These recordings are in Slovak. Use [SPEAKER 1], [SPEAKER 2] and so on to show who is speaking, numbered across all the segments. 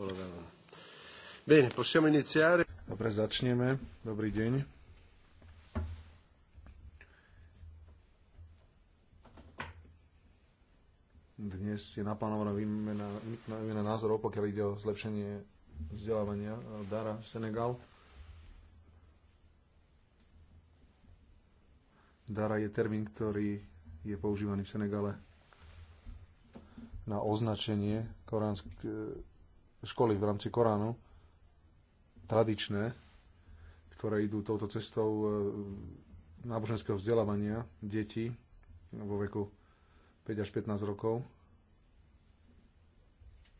[SPEAKER 1] Polodávam. Bene, possiamo iniziare. Dobre, začneme. Dobrý deň.
[SPEAKER 2] Dnes je naplánovaná výmena, výmena názorov, pokiaľ ide o zlepšenie vzdelávania Dara Senegal. Dara je termín, ktorý je používaný v Senegale na označenie koránsk, školy v rámci Koránu, tradičné, ktoré idú touto cestou e, náboženského vzdelávania detí vo veku 5 až 15 rokov.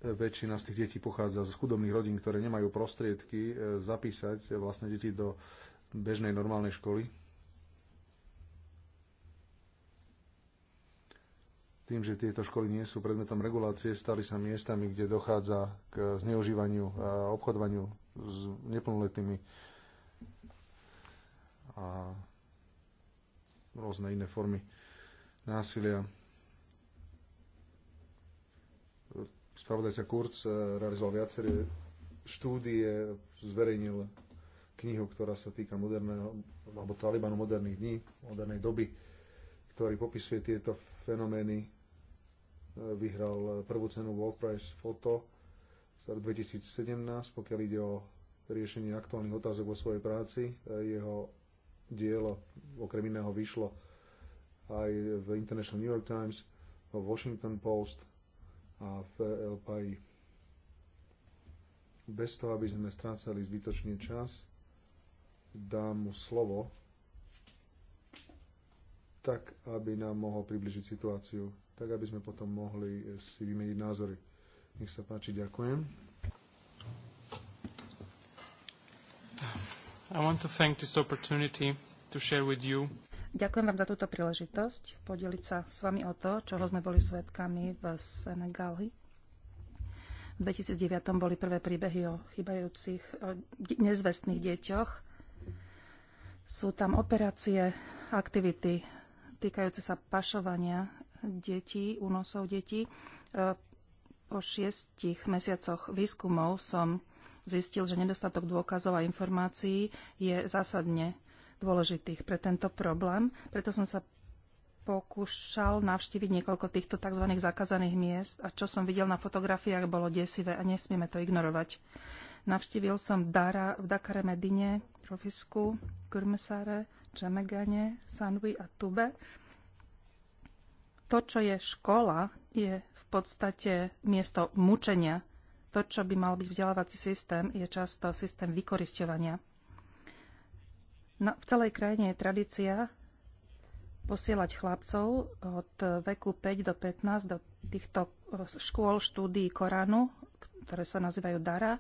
[SPEAKER 2] E, väčšina z tých detí pochádza z chudobných rodín, ktoré nemajú prostriedky e, zapísať vlastne deti do bežnej normálnej školy, tým, že tieto školy nie sú predmetom regulácie, stali sa miestami, kde dochádza k zneužívaniu a obchodovaniu s neplnoletými a rôzne iné formy násilia. Spravodajca Kurz eh, realizoval viaceré štúdie, zverejnil knihu, ktorá sa týka moderného, alebo Talibanu moderných dní, modernej doby, ktorý popisuje tieto fenomény E, vyhral prvú cenu World Prize Photo za 2017, pokiaľ ide o riešenie aktuálnych otázok vo svojej práci. E, jeho dielo okrem iného vyšlo aj v International New York Times, v Washington Post a v LPI. Bez toho, aby sme strácali zbytočne čas, dám mu slovo, tak aby nám mohol približiť situáciu tak aby sme potom mohli eh, si vymeniť názory. Nech sa páči, ďakujem.
[SPEAKER 3] I want to thank this opportunity to share with you
[SPEAKER 4] Ďakujem vám za túto príležitosť podeliť sa s vami o to, čoho sme boli svetkami v Senegali. V 2009 boli prvé príbehy o chybajúcich, o nezvestných deťoch. Sú tam operácie, aktivity týkajúce sa pašovania detí, únosov detí. E, po šiestich mesiacoch výskumov som zistil, že nedostatok dôkazov a informácií je zásadne dôležitých pre tento problém. Preto som sa pokúšal navštíviť niekoľko týchto tzv. zakázaných miest a čo som videl na fotografiách, bolo desivé a nesmieme to ignorovať. Navštívil som Dara v Dakare Medine, Profisku, kurmesare, Čemegane, Sanvi a Tube to, čo je škola, je v podstate miesto mučenia. To, čo by mal byť vzdelávací systém, je často systém vykoristovania. No, v celej krajine je tradícia posielať chlapcov od veku 5 do 15 do týchto e, škôl štúdií Koránu, ktoré sa nazývajú Dara.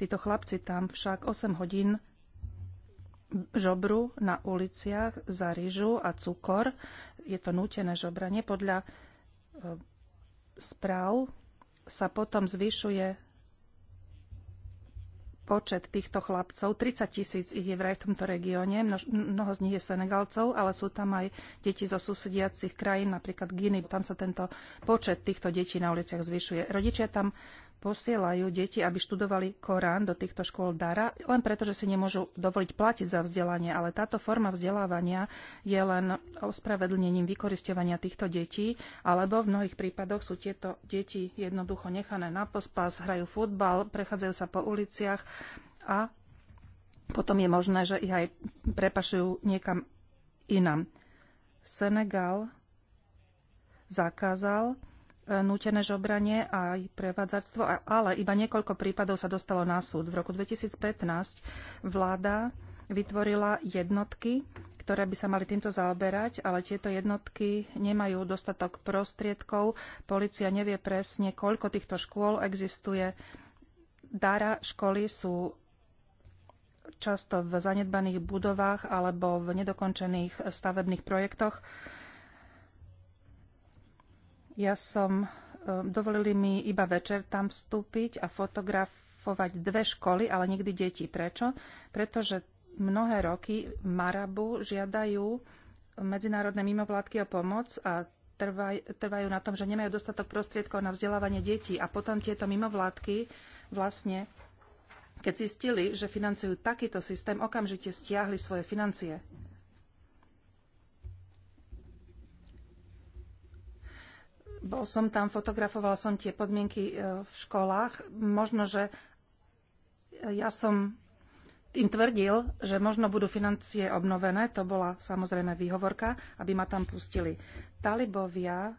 [SPEAKER 4] Títo chlapci tam však 8 hodín žobru na uliciach za ryžu a cukor je to nútené žobranie, podľa e, správ sa potom zvyšuje počet týchto chlapcov. 30 tisíc ich je vraj v tomto regióne, mnoho z nich je Senegalcov, ale sú tam aj deti zo susediacich krajín, napríklad Giny. Tam sa tento počet týchto detí na uliciach zvyšuje. Rodičia tam posielajú deti, aby študovali Korán do týchto škôl dara, len preto, že si nemôžu dovoliť platiť za vzdelanie. Ale táto forma vzdelávania je len ospravedlnením vykoristovania týchto detí, alebo v mnohých prípadoch sú tieto deti jednoducho nechané na pospas, hrajú futbal, prechádzajú sa po uliciach a potom je možné, že ich aj prepašujú niekam inam. Senegal zakázal nútené žobranie a aj prevádzactvo, ale iba niekoľko prípadov sa dostalo na súd. V roku 2015 vláda vytvorila jednotky, ktoré by sa mali týmto zaoberať, ale tieto jednotky nemajú dostatok prostriedkov. Polícia nevie presne, koľko týchto škôl existuje. Dára školy sú často v zanedbaných budovách alebo v nedokončených stavebných projektoch ja som, eh, dovolili mi iba večer tam vstúpiť a fotografovať dve školy, ale nikdy deti. Prečo? Pretože mnohé roky Marabu žiadajú medzinárodné mimovládky o pomoc a trvaj, trvajú na tom, že nemajú dostatok prostriedkov na vzdelávanie detí. A potom tieto mimovládky vlastne, keď zistili, že financujú takýto systém, okamžite stiahli svoje financie. bol som tam, fotografovala som tie podmienky e, v školách. Možno, že ja som im tvrdil, že možno budú financie obnovené, to bola samozrejme výhovorka, aby ma tam pustili. Talibovia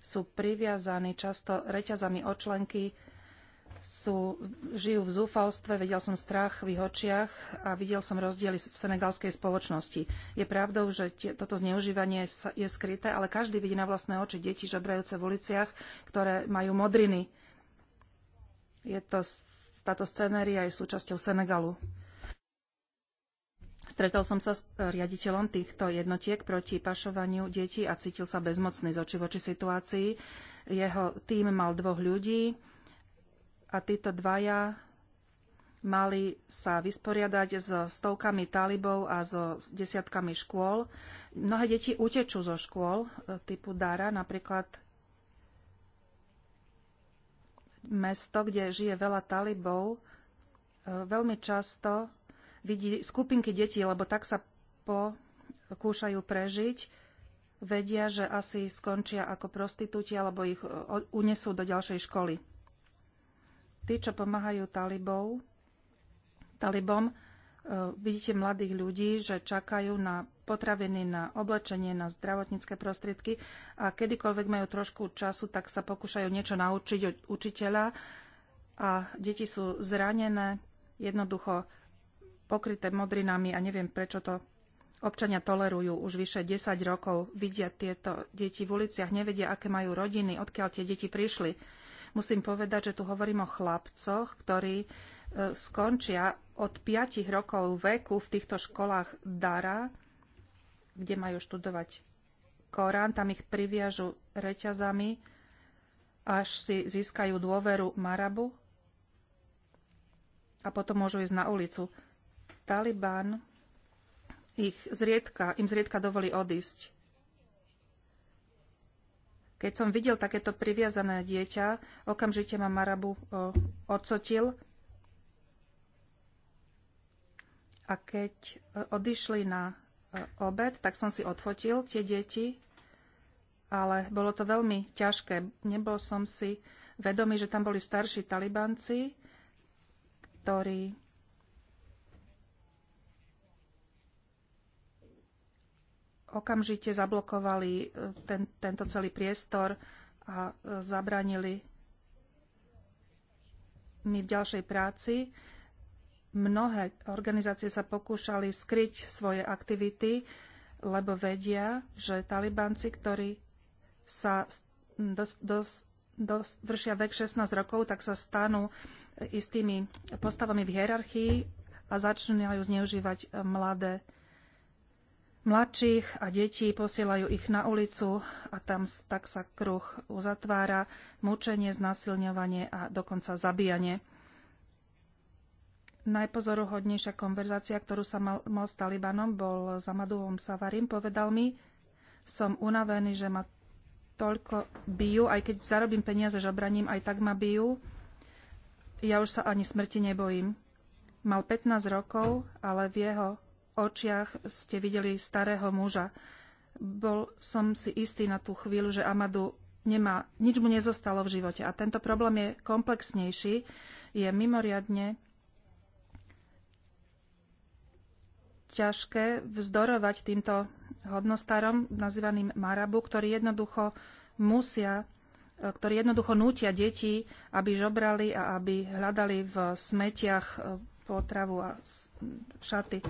[SPEAKER 4] sú priviazaní často reťazami očlenky. členky sú, žijú v zúfalstve, videl som strach v ich očiach a videl som rozdiely v senegalskej spoločnosti. Je pravdou, že tie, toto zneužívanie je skryté, ale každý vidí na vlastné oči deti žabrajúce v uliciach, ktoré majú modriny. Je to, táto scenéria je súčasťou Senegalu. Stretol som sa s riaditeľom týchto jednotiek proti pašovaniu detí a cítil sa bezmocný z oči voči situácii. Jeho tým mal dvoch ľudí, a títo dvaja mali sa vysporiadať so stovkami talibov a so desiatkami škôl. Mnohé deti utečú zo škôl e, typu Dara, napríklad mesto, kde žije veľa talibov, e, veľmi často vidí skupinky detí, lebo tak sa pokúšajú prežiť, vedia, že asi skončia ako prostitúti alebo ich e, unesú do ďalšej školy tí, čo pomáhajú talibov, talibom, e, vidíte mladých ľudí, že čakajú na potraviny, na oblečenie, na zdravotnícke prostriedky a kedykoľvek majú trošku času, tak sa pokúšajú niečo naučiť od učiteľa a deti sú zranené, jednoducho pokryté modrinami a neviem, prečo to občania tolerujú už vyše 10 rokov. Vidia tieto deti v uliciach, nevedia, aké majú rodiny, odkiaľ tie deti prišli Musím povedať, že tu hovorím o chlapcoch, ktorí e, skončia od 5 rokov veku v týchto školách Dara, kde majú študovať Korán, tam ich priviažu reťazami, až si získajú dôveru Marabu a potom môžu ísť na ulicu. Taliban ich zriedka, im zriedka dovolí odísť. Keď som videl takéto priviazané dieťa, okamžite ma Marabu odsotil. A keď e, odišli na e, obed, tak som si odfotil tie deti, ale bolo to veľmi ťažké. Nebol som si vedomý, že tam boli starší talibanci, ktorí okamžite zablokovali e, ten, tento celý priestor a e, zabranili mi v ďalšej práci. Mnohé organizácie sa pokúšali skryť svoje aktivity, lebo vedia, že talibanci, ktorí sa dos, dos, dos, vršia vek 16 rokov, tak sa stanú e, istými postavami v hierarchii a začínajú zneužívať mladé mladších a detí, posielajú ich na ulicu a tam tak sa kruh uzatvára, mučenie, znasilňovanie a dokonca zabíjanie. Najpozoruhodnejšia konverzácia, ktorú sa mal, mal s Talibanom, bol s Amaduom Savarim. Povedal mi, som unavený, že ma toľko bijú, aj keď zarobím peniaze obraním aj tak ma bijú. Ja už sa ani smrti nebojím. Mal 15 rokov, ale v jeho očiach ste videli starého muža. Bol som si istý na tú chvíľu, že Amadu nemá, nič mu nezostalo v živote. A tento problém je komplexnejší, je mimoriadne ťažké vzdorovať týmto hodnostarom, nazývaným Marabu, ktorí jednoducho musia e, ktorí jednoducho nútia deti, aby žobrali a aby hľadali v smetiach e, potravu a šaty.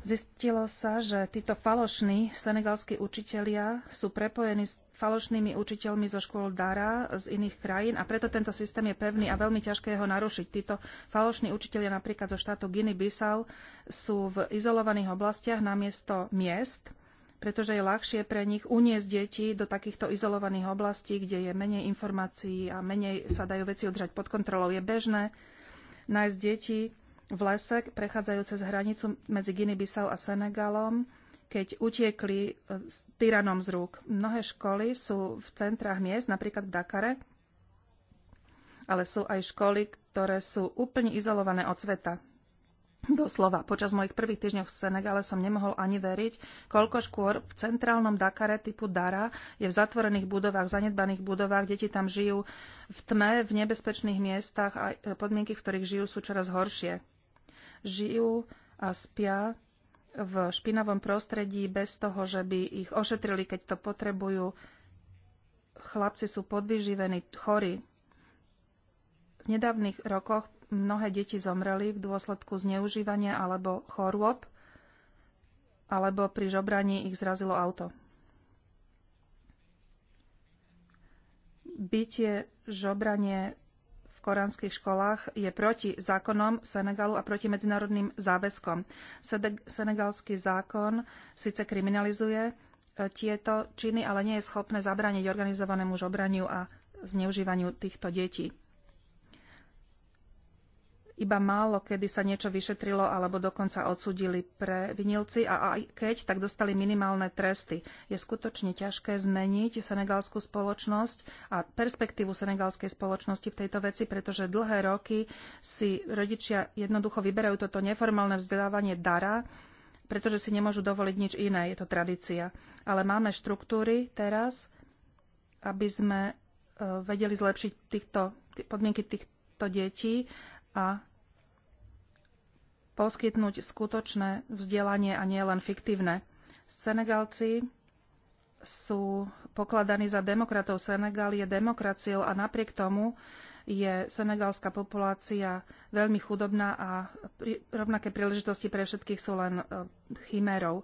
[SPEAKER 4] Zistilo sa, že títo falošní senegalskí učitelia sú prepojení s falošnými učiteľmi zo škôl Dara z iných krajín a preto tento systém je pevný a veľmi ťažké ho narušiť. Títo falošní učitelia napríklad zo štátu Guinea-Bissau sú v izolovaných oblastiach namiesto miest, pretože je ľahšie pre nich uniesť deti do takýchto izolovaných oblastí, kde je menej informácií a menej sa dajú veci udržať pod kontrolou. Je bežné nájsť deti v lese, prechádzajú cez hranicu medzi Guinea-Bissau a Senegalom, keď utiekli e, s tyranom z rúk. Mnohé školy sú v centrách miest, napríklad v Dakare, ale sú aj školy, ktoré sú úplne izolované od sveta. Doslova, počas mojich prvých týždňov v Senegale som nemohol ani veriť, koľko škôr v centrálnom Dakare typu Dara je v zatvorených budovách, v zanedbaných budovách, deti tam žijú v tme, v nebezpečných miestach a e, podmienky, v ktorých žijú, sú čoraz horšie žijú a spia v špinavom prostredí bez toho, že by ich ošetrili, keď to potrebujú. Chlapci sú podvyživení, chorí. V nedávnych rokoch mnohé deti zomreli v dôsledku zneužívania alebo chorôb, alebo pri žobraní ich zrazilo auto. Bytie, žobranie v koránskych školách je proti zákonom Senegalu a proti medzinárodným záväzkom. Senegalský zákon síce kriminalizuje e, tieto činy, ale nie je schopné zabrániť organizovanému žobraniu a zneužívaniu týchto detí. Iba málo kedy sa niečo vyšetrilo alebo dokonca odsudili pre vinilci a aj keď, tak dostali minimálne tresty. Je skutočne ťažké zmeniť senegalskú spoločnosť a perspektívu senegalskej spoločnosti v tejto veci, pretože dlhé roky si rodičia jednoducho vyberajú toto neformálne vzdelávanie dara, pretože si nemôžu dovoliť nič iné, je to tradícia. Ale máme štruktúry teraz, aby sme e, vedeli zlepšiť týchto, podmienky týchto detí a poskytnúť skutočné vzdelanie a nie len fiktívne. Senegalci sú pokladaní za demokratov. Senegal je demokraciou a napriek tomu je senegalská populácia veľmi chudobná a rovnaké príležitosti pre všetkých sú len e, chimérou.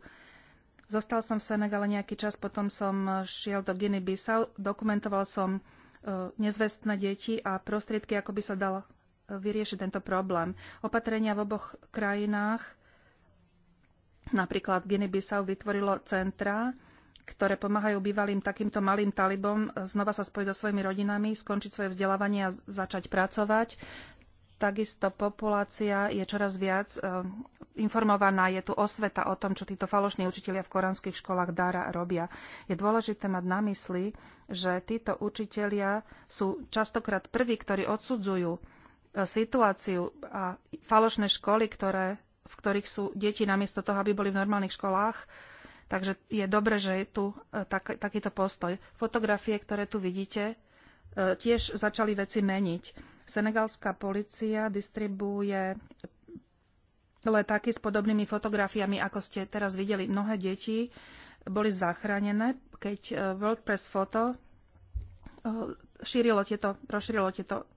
[SPEAKER 4] Zostal som v Senegale nejaký čas, potom som šiel do Guinea-Bissau, dokumentoval som e, nezvestné deti a prostriedky, ako by sa dal vyriešiť tento problém. Opatrenia v oboch krajinách, napríklad Guinea-Bissau vytvorilo centra, ktoré pomáhajú bývalým takýmto malým talibom znova sa spojiť so svojimi rodinami, skončiť svoje vzdelávanie a začať pracovať. Takisto populácia je čoraz viac e, informovaná, je tu osveta o tom, čo títo falošní učitelia v koránskych školách dára robia. Je dôležité mať na mysli, že títo učitelia sú častokrát prví, ktorí odsudzujú situáciu a falošné školy, ktoré, v ktorých sú deti namiesto toho, aby boli v normálnych školách. Takže je dobre, že je tu e, tak, takýto postoj. Fotografie, ktoré tu vidíte, e, tiež začali veci meniť. Senegalská policia distribuje letáky s podobnými fotografiami, ako ste teraz videli. Mnohé deti boli zachránené, keď e, WordPress Photo šírilo tieto, rozšírilo tieto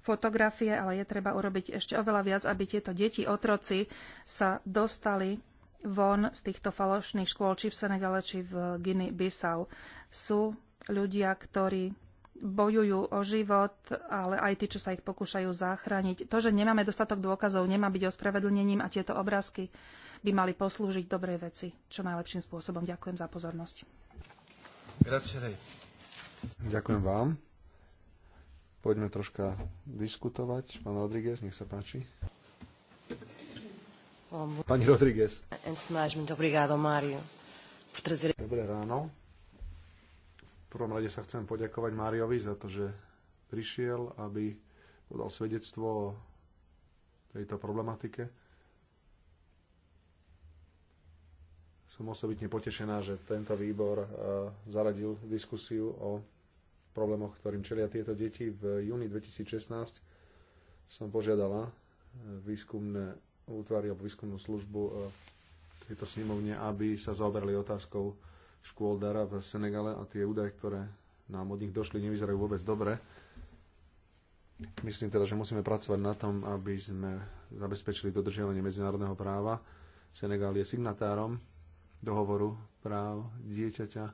[SPEAKER 4] fotografie, ale je treba urobiť ešte oveľa viac, aby tieto deti, otroci sa dostali von z týchto falošných škôl, či v Senegale, či v Guinea-Bissau. Sú ľudia, ktorí bojujú o život, ale aj tí, čo sa ich pokúšajú zachrániť. To, že nemáme dostatok dôkazov, nemá byť ospravedlnením a tieto obrázky by mali poslúžiť dobrej veci čo najlepším spôsobom. Ďakujem za pozornosť.
[SPEAKER 1] Grazie. Ďakujem vám.
[SPEAKER 2] Poďme troška diskutovať. Pán Rodriguez, nech sa páči.
[SPEAKER 3] Pani Rodriguez.
[SPEAKER 2] Dobré ráno. V prvom rade sa chcem poďakovať Máriovi za to, že prišiel, aby podal svedectvo o tejto problematike. Som osobitne potešená, že tento výbor eh, zaradil diskusiu o problémoch, ktorým čelia tieto deti. V júni 2016 som požiadala eh, výskumné útvary alebo výskumnú službu eh, tejto snemovne, aby sa zaoberali otázkou škôl Dara v Senegale a tie údaje, ktoré nám od nich došli, nevyzerajú vôbec dobre. Myslím teda, že musíme pracovať na tom, aby sme zabezpečili dodržiavanie medzinárodného práva. Senegal je signatárom dohovoru práv dieťaťa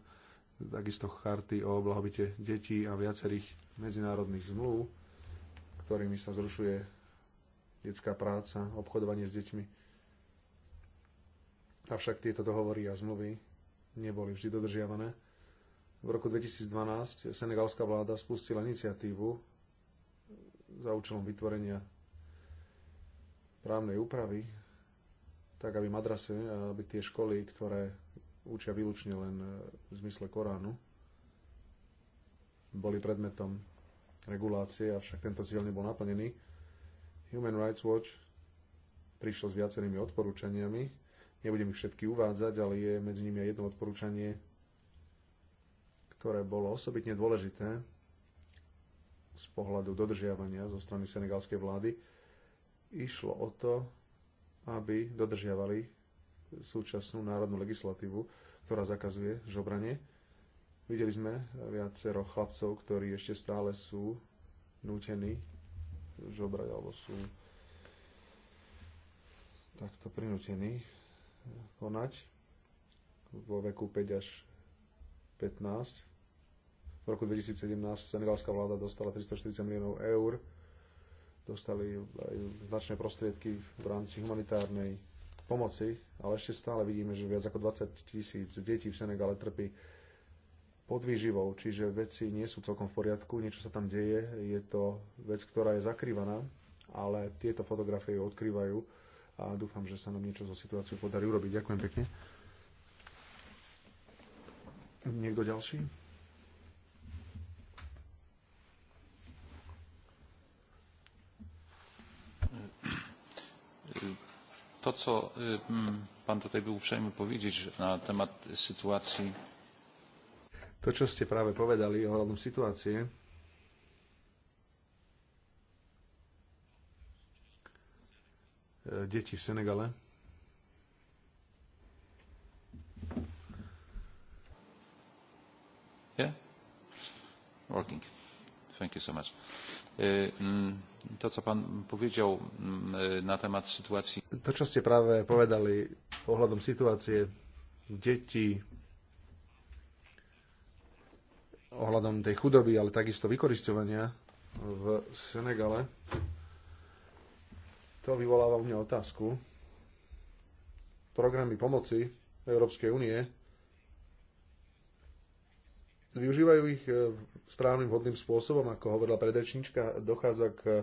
[SPEAKER 2] takisto charty o blahobite detí a viacerých medzinárodných zmluv, ktorými sa zrušuje detská práca, obchodovanie s deťmi. Avšak tieto dohovory a zmluvy neboli vždy dodržiavané. V roku 2012 senegalská vláda spustila iniciatívu za účelom vytvorenia právnej úpravy, tak aby madrase, aby tie školy, ktoré učia výlučne len e, v zmysle Koránu, boli predmetom regulácie, avšak tento cieľ nebol naplnený. Human Rights Watch prišlo s viacerými odporúčaniami. Nebudem ich všetky uvádzať, ale je medzi nimi aj jedno odporúčanie, ktoré bolo osobitne dôležité z pohľadu dodržiavania zo strany senegalskej vlády. Išlo o to, aby dodržiavali súčasnú národnú legislatívu, ktorá zakazuje žobranie. Videli sme viacero chlapcov, ktorí ešte stále sú nútení žobrať alebo sú takto prinútení konať vo veku 5 až 15. V roku 2017 senegalská vláda dostala 340 miliónov eur, dostali aj značné prostriedky v rámci humanitárnej pomoci, ale ešte stále vidíme, že viac ako 20 tisíc detí v Senegale trpí pod výživou, čiže veci nie sú celkom v poriadku, niečo sa tam deje, je to vec, ktorá je zakrývaná, ale tieto fotografie ju odkrývajú a dúfam, že sa nám niečo zo situáciu podarí urobiť. Ďakujem pekne. Niekto ďalší?
[SPEAKER 1] to, co mm, pan tutaj był uprzejmy powiedzieć na temat sytuacji.
[SPEAKER 2] To, čo ste práve povedali ohľadom situácie, deti v Senegale.
[SPEAKER 1] Yeah? Working. Thank you so much. Uh, mm to, co pan powiedział mm, na temat sytuacji.
[SPEAKER 2] To, čo ste práve povedali ohľadom situácie detí, ohľadom tej chudoby, ale takisto vykoristovania v Senegale, to vyvoláva u mňa otázku. Programy pomoci Európskej únie využívajú ich eh, správnym vhodným spôsobom, ako hovorila predečnička, dochádza k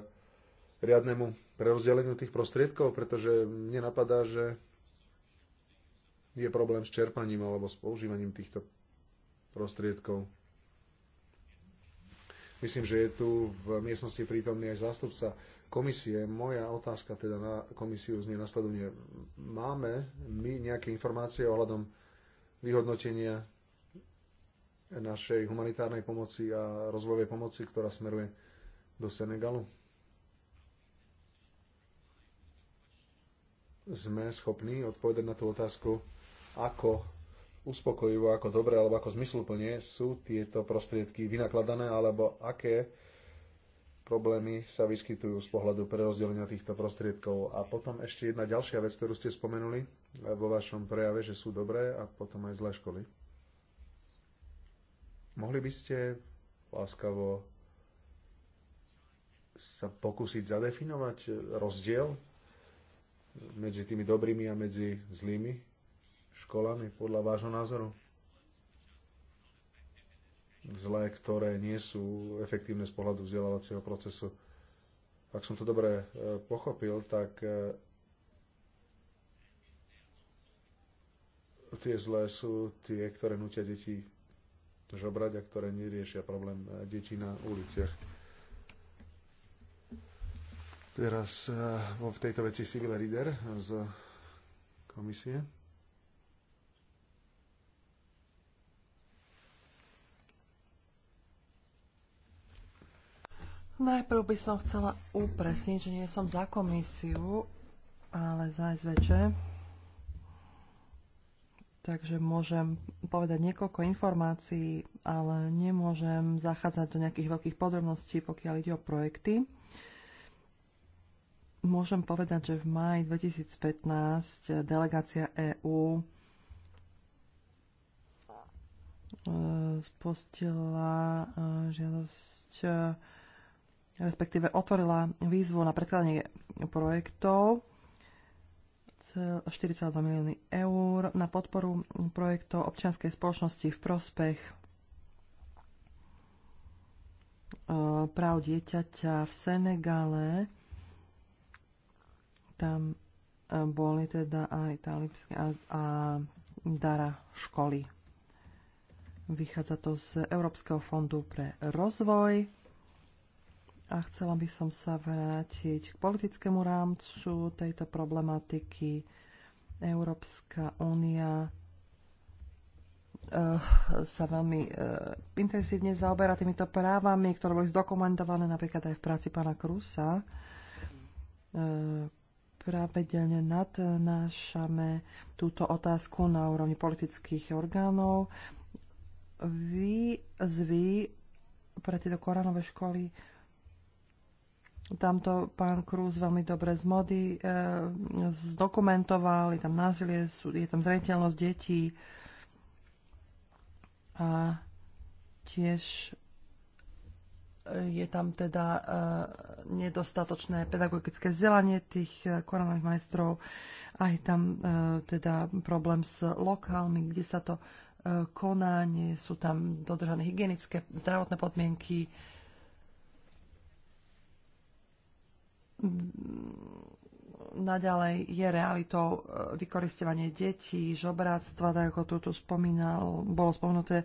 [SPEAKER 2] riadnemu prerozdeleniu tých prostriedkov, pretože mne napadá, že je problém s čerpaním alebo s používaním týchto prostriedkov. Myslím, že je tu v miestnosti prítomný aj zástupca komisie. Moja otázka teda na komisiu znie nasledovne. Máme my nejaké informácie ohľadom vyhodnotenia našej humanitárnej pomoci a rozvojovej pomoci, ktorá smeruje do Senegalu? sme schopní odpovedať na tú otázku, ako uspokojivo, ako dobre alebo ako zmysluplne sú tieto prostriedky vynakladané alebo aké problémy sa vyskytujú z pohľadu prerozdelenia týchto prostriedkov. A potom ešte jedna ďalšia vec, ktorú ste spomenuli vo vašom prejave, že sú dobré a potom aj zlé školy. Mohli by ste láskavo sa pokúsiť zadefinovať rozdiel medzi tými dobrými a medzi zlými školami, podľa vášho názoru? Zlé, ktoré nie sú efektívne z pohľadu vzdelávacieho procesu. Ak som to dobre e, pochopil, tak e, tie zlé sú tie, ktoré nutia deti žobrať a ktoré neriešia problém e, detí na uliciach. Teraz eh, v tejto veci Silver Rider z komisie.
[SPEAKER 3] Najprv by som chcela upresniť, že nie som za komisiu, ale za SVČ. Takže môžem povedať niekoľko informácií, ale nemôžem zachádzať do nejakých veľkých podrobností, pokiaľ ide o projekty môžem povedať, že v maji 2015 delegácia EÚ e, spustila e, žiadosť, e, respektíve otvorila výzvu na predkladanie projektov 4,2 milióny eur na podporu projektov občianskej spoločnosti v prospech práv dieťaťa v Senegale tam e, boli teda aj talibské a, a dara školy. Vychádza to z Európskeho fondu pre rozvoj. A chcela by som sa vrátiť k politickému rámcu tejto problematiky. Európska únia e, sa veľmi e, intenzívne zaoberá týmito právami, ktoré boli zdokumentované napríklad aj v práci pána Krusa, pravidelne nadnášame túto otázku na úrovni politických orgánov. Výzvy pre tieto koránové školy Tamto pán Krúz veľmi dobre z mody e, zdokumentoval, je tam násilie, je tam zreteľnosť detí a tiež je tam teda e, nedostatočné pedagogické vzdelanie tých e, koranových majstrov, aj tam e, teda problém s lokálmi, kde sa to koná, nie sú tam dodržané hygienické zdravotné podmienky. Naďalej je realitou vykoristovanie detí, žobráctva, tak ako tu spomínal, bolo spomenuté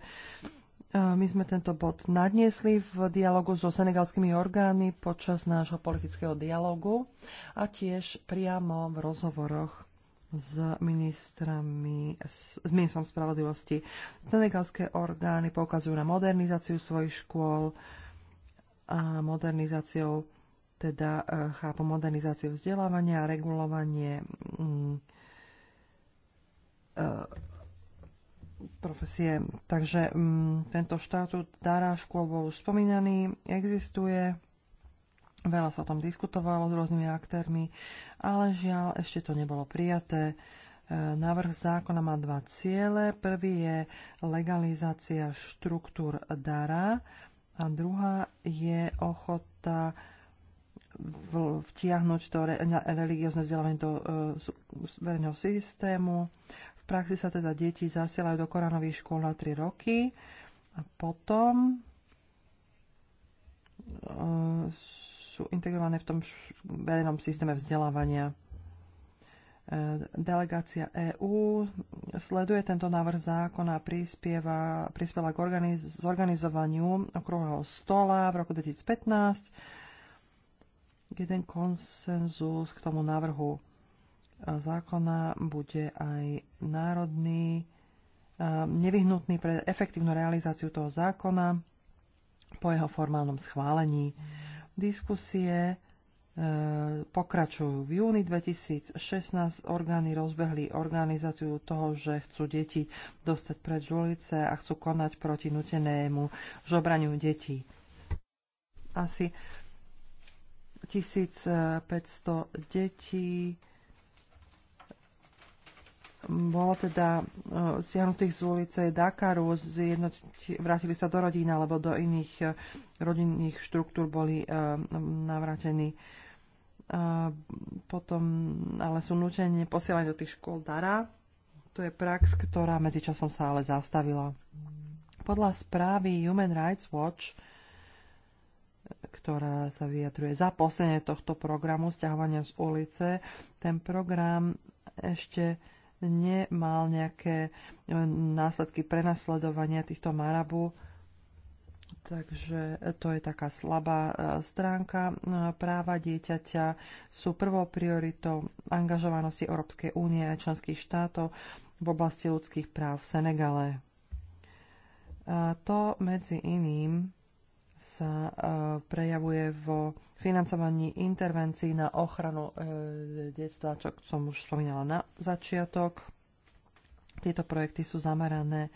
[SPEAKER 3] my sme tento bod nadniesli v dialogu so senegalskými orgánmi počas nášho politického dialogu a tiež priamo v rozhovoroch s ministrami, s ministrom spravodlivosti. Senegalské orgány poukazujú na modernizáciu svojich škôl a modernizáciou, teda e, chápu modernizáciu vzdelávania a regulovanie mm, e, profesie. Takže m, mm, tento štatút škôl bol už spomínaný, existuje, veľa sa o tom diskutovalo s rôznymi aktérmi, ale žiaľ ešte to nebolo prijaté. E, návrh zákona má dva ciele. Prvý je legalizácia štruktúr dara a druhá je ochota vtiahnuť to re, religiózne vzdelávanie do e, verejného systému praxi sa teda deti zasielajú do koranových škôl na 3 roky a potom e, sú integrované v tom verejnom systéme vzdelávania. E, delegácia EÚ sleduje tento návrh zákona a prispieva, prispiela k organiz- zorganizovaniu okrúhleho stola v roku 2015. Jeden konsenzus k tomu návrhu zákona bude aj národný, nevyhnutný pre efektívnu realizáciu toho zákona po jeho formálnom schválení. Diskusie e, pokračujú. V júni 2016 orgány rozbehli organizáciu toho, že chcú deti dostať pred žulice a chcú konať proti nutenému žobraniu detí. Asi 1500 detí bolo teda e, stiahnutých z ulice Dakaru, vrátili sa do rodín alebo do iných e, rodinných štruktúr boli e, navrátení. Potom ale sú nutení posielať do tých škôl Dara. To je prax, ktorá medzičasom sa ale zastavila. Podľa správy Human Rights Watch ktorá sa vyjadruje za posledne tohto programu stiahovania z ulice. Ten program ešte nemal nejaké e, následky prenasledovania týchto marabu. Takže to je taká slabá e, stránka. E, práva dieťaťa sú prvou prioritou angažovanosti Európskej únie a členských štátov v oblasti ľudských práv v Senegale. A to medzi iným sa e, prejavuje vo financovaní intervencií na ochranu e, detstva, čo som už spomínala na začiatok. Tieto projekty sú zamerané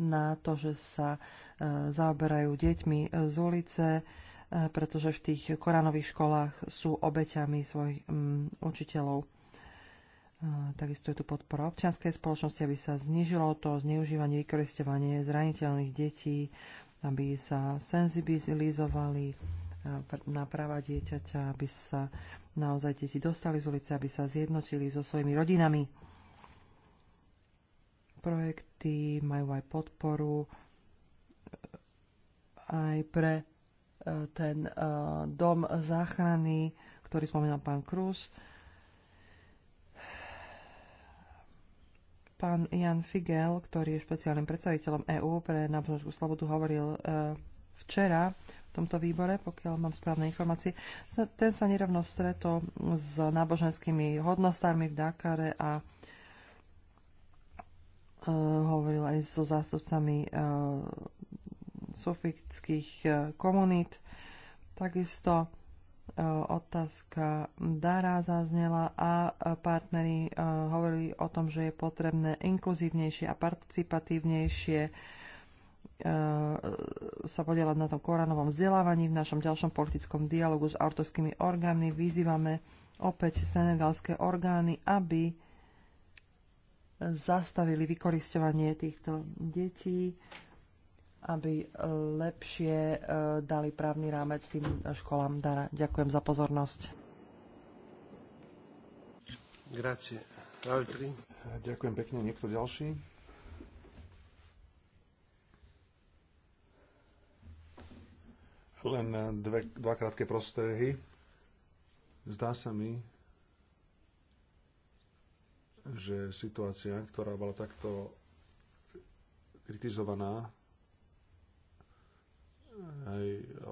[SPEAKER 3] na to, že sa e, zaoberajú deťmi z ulice, pretože v tých koranových školách sú obeťami svojich učiteľov. Takisto je tu podpora občianskej spoločnosti, aby sa znižilo to zneužívanie, vykoristovanie zraniteľných detí aby sa senzibilizovali eh, na práva dieťaťa, aby sa naozaj deti dostali z ulice, aby sa zjednotili so svojimi rodinami. Projekty majú aj podporu eh, aj pre eh, ten dom záchrany, ktorý spomínal pán Krus Pán Jan Figel, ktorý je špeciálnym predstaviteľom EÚ pre náboženskú slobodu, hovoril e, včera v tomto výbore, pokiaľ mám správne informácie. Ten sa nerovno stretol s náboženskými hodnostármi v Dakare a e, hovoril aj so zástupcami e, sofických komunít. Takisto otázka Dara zaznela a partneri e, hovorili o tom, že je potrebné inkluzívnejšie a participatívnejšie e, sa podielať na tom koránovom vzdelávaní. V našom ďalšom politickom dialogu s autorskými orgánmi vyzývame opäť senegalské orgány, aby zastavili vykoristovanie týchto detí aby e, lepšie e, dali právny rámec tým školám dara. Ďakujem za pozornosť.
[SPEAKER 1] Ďakujem pekne. Niekto ďalší? Len e,
[SPEAKER 2] dve, dva krátke prostrehy. Zdá sa mi, že situácia, ktorá bola takto kritizovaná aj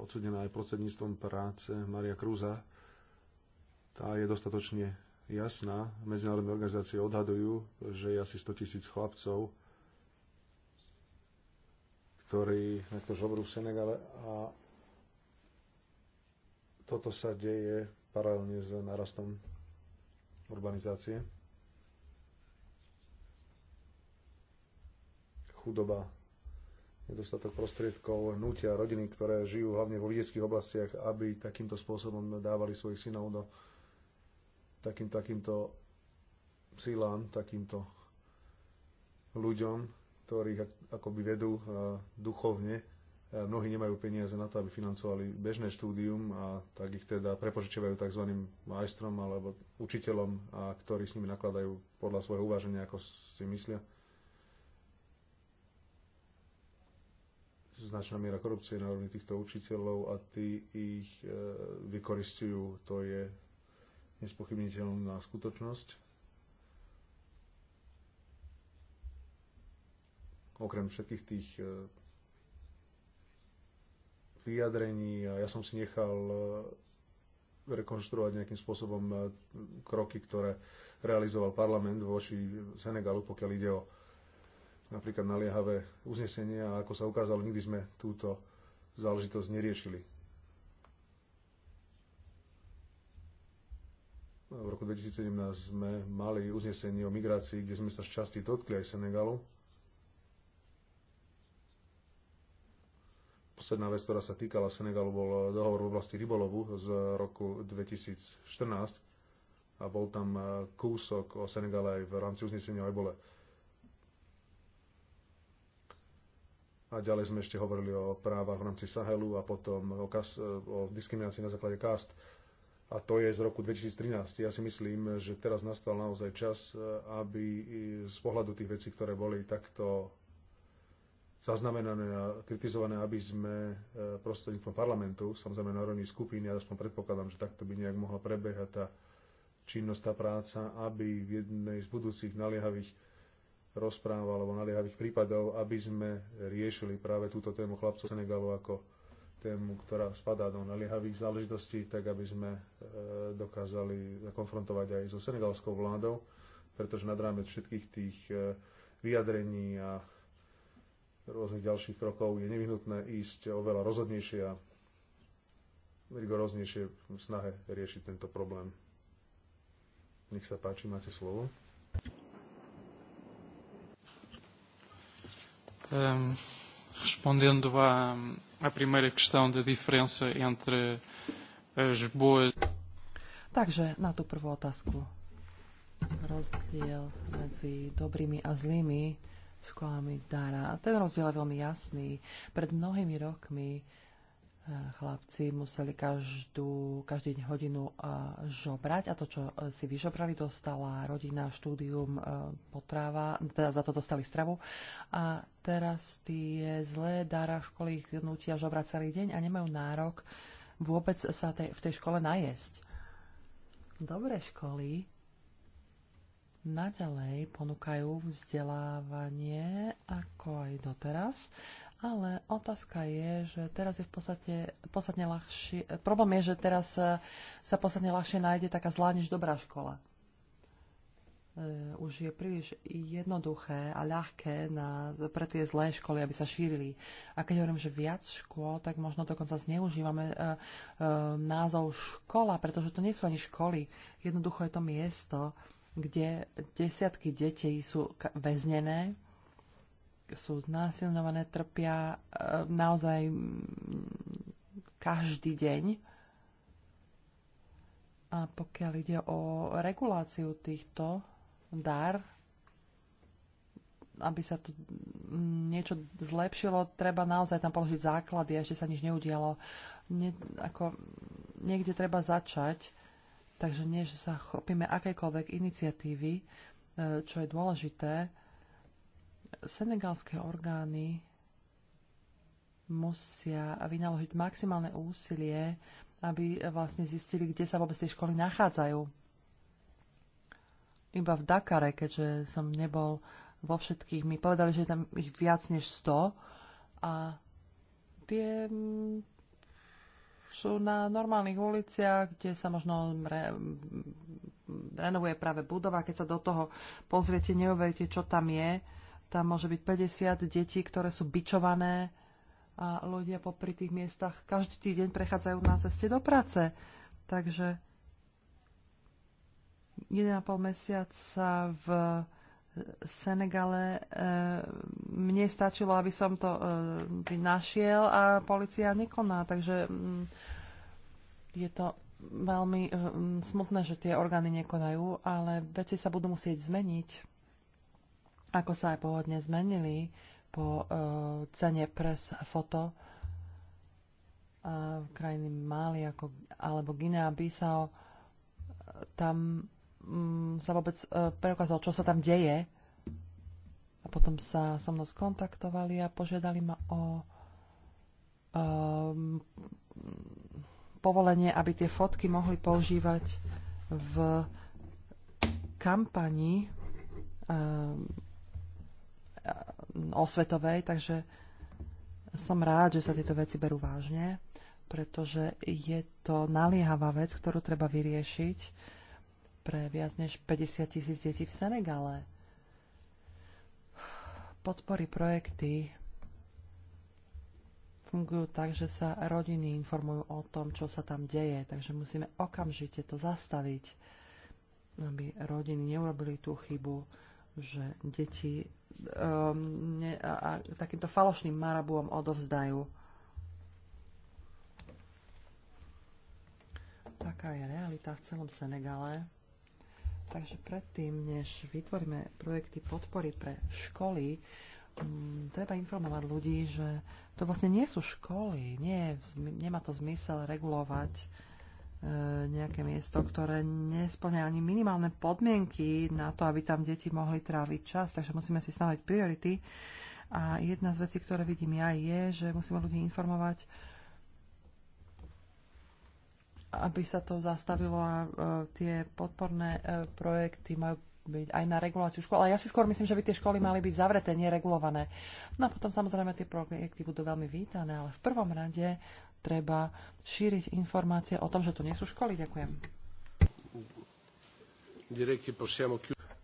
[SPEAKER 2] odsudená aj prostredníctvom práce Maria Krúza. Tá je dostatočne jasná. Medzinárodné organizácie odhadujú, že je asi 100 tisíc chlapcov, ktorí na to žobrú v Senegale a toto sa deje paralelne s narastom urbanizácie. Chudoba nedostatok prostriedkov nutia rodiny, ktoré žijú hlavne vo vidieckých oblastiach, aby takýmto spôsobom dávali svojich synov do takým, takýmto sílám, takýmto ľuďom, ktorých akoby vedú e, duchovne. E, mnohí nemajú peniaze na to, aby financovali bežné štúdium a tak ich teda prepožičiavajú tzv. majstrom alebo učiteľom, a ktorí s nimi nakladajú podľa svojho uváženia, ako si myslia značná miera korupcie na úrovni týchto učiteľov a tí ich e, vykoristujú. To je nespochybniteľná skutočnosť. Okrem všetkých tých e, vyjadrení a ja som si nechal e, rekonštruovať nejakým spôsobom e, kroky, ktoré realizoval parlament voči Senegalu, pokiaľ ide o napríklad naliehavé uznesenie a ako sa ukázalo, nikdy sme túto záležitosť neriešili. V roku 2017 sme mali uznesenie o migrácii, kde sme sa z časti dotkli aj Senegalu. Posledná vec, ktorá sa týkala Senegalu, bol dohovor v oblasti rybolovu z roku 2014 a bol tam eh, kúsok o Senegale aj v rámci uznesenia o ebole A ďalej sme ešte hovorili o právach v rámci Sahelu a potom o, kas, o diskriminácii na základe kast. A to je z roku 2013. Ja si myslím, že teraz nastal naozaj čas, e, aby z pohľadu tých vecí, ktoré boli takto zaznamenané a kritizované, aby sme e, prostredníctvom parlamentu, samozrejme na rovni skupiny, ja aspoň predpokladám, že takto by nejak mohla prebiehať tá činnosť, tá práca, aby v jednej z budúcich naliehavých rozpráv alebo naliehavých prípadov, aby sme riešili práve túto tému chlapcov Senegalu ako tému, ktorá spadá do naliehavých záležitostí, tak aby sme e, dokázali konfrontovať aj so senegalskou vládou, pretože nad rámec všetkých tých e, vyjadrení a rôznych ďalších krokov je nevyhnutné ísť oveľa rozhodnejšie a rigoróznejšie v snahe riešiť tento problém. Nech sa páči,
[SPEAKER 1] máte slovo. Um, respondendo à, à primeira questão da diferença entre as boas.
[SPEAKER 3] Takže na tú prvú otázku. Rozdiel medzi dobrými a zlými školami dára. A Ten rozdiel je veľmi jasný. Pred mnohými rokmi chlapci museli každú, každý hodinu e, žobrať a to, čo e, si vyžobrali, dostala rodina, štúdium, e, potráva, teda za to dostali stravu. A teraz tie zlé dára školy ich nutia žobrať celý deň a nemajú nárok vôbec sa tej, v tej škole najesť. Dobré školy naďalej ponúkajú vzdelávanie ako aj doteraz ale otázka je, že teraz je v podstate podstatne ľahšie. Problém je, že teraz e, sa podstatne ľahšie nájde taká zlá než dobrá škola. E, už je príliš jednoduché a ľahké na, pre tie zlé školy, aby sa šírili. A keď hovorím, že viac škôl, tak možno dokonca zneužívame e, názov škola, pretože to nie sú ani školy. Jednoducho je to miesto, kde desiatky detí sú väznené, sú znásilňované, trpia eh, naozaj mm, každý deň. A pokiaľ ide o reguláciu týchto dar, aby sa tu mm, niečo zlepšilo, treba naozaj tam položiť základy, ešte sa nič neudialo. Nie, ako, niekde treba začať, takže nie, že sa chopíme akékoľvek iniciatívy, eh, čo je dôležité, senegalské orgány musia vynaložiť maximálne úsilie, aby vlastne zistili, kde sa vôbec tie školy nachádzajú. Iba v Dakare, keďže som nebol vo všetkých, mi povedali, že je tam ich viac než 100 a tie mm, sú na normálnych uliciach, kde sa možno re, renovuje práve budova. Keď sa do toho pozriete, neuveríte, čo tam je. Tam môže byť 50 detí, ktoré sú bičované a ľudia popri tých miestach každý týždeň prechádzajú na ceste do práce. Takže 1,5 mesiaca v Senegale. E, mne stačilo, aby som to vynašiel e, našiel a policia nekoná. Takže mm, je to veľmi e, mm, smutné, že tie orgány nekonajú, ale veci sa budú musieť zmeniť ako sa aj pôvodne zmenili po uh, cene pres foto uh, krajiny Mali ako, alebo Guinea Bissau e, tam um, sa vôbec uh, preukázalo, čo sa tam deje a potom sa so mnou skontaktovali a požiadali ma o um, povolenie, aby tie fotky mohli používať v kampani um, Eh, osvetovej, takže som rád, že sa tieto veci berú vážne, pretože je to naliehavá vec, ktorú treba vyriešiť pre viac než 50 tisíc detí v Senegale. Podpory projekty fungujú tak, že sa rodiny informujú o tom, čo sa tam deje, takže musíme okamžite to zastaviť, aby rodiny neurobili tú chybu, že deti um, ne, a, a takýmto falošným marabúom odovzdajú. Taká je realita v celom Senegale. Takže predtým, než vytvoríme projekty podpory pre školy, um, treba informovať ľudí, že to vlastne nie sú školy, nie, nemá to zmysel regulovať E, nejaké miesto, ktoré nesplňa ani minimálne podmienky na to, aby tam deti mohli tráviť čas, takže musíme si stanoviť priority. A jedna z vecí, ktoré vidím ja, je, že musíme ľudí informovať, aby sa to zastavilo a e, tie podporné e, projekty majú byť aj na reguláciu škôl. Ale ja si skôr myslím, že by tie školy mali byť zavreté, neregulované. No a potom samozrejme tie projekty budú veľmi vítané, ale v prvom rade treba šíriť informácie o tom, že tu nie sú školy. Ďakujem.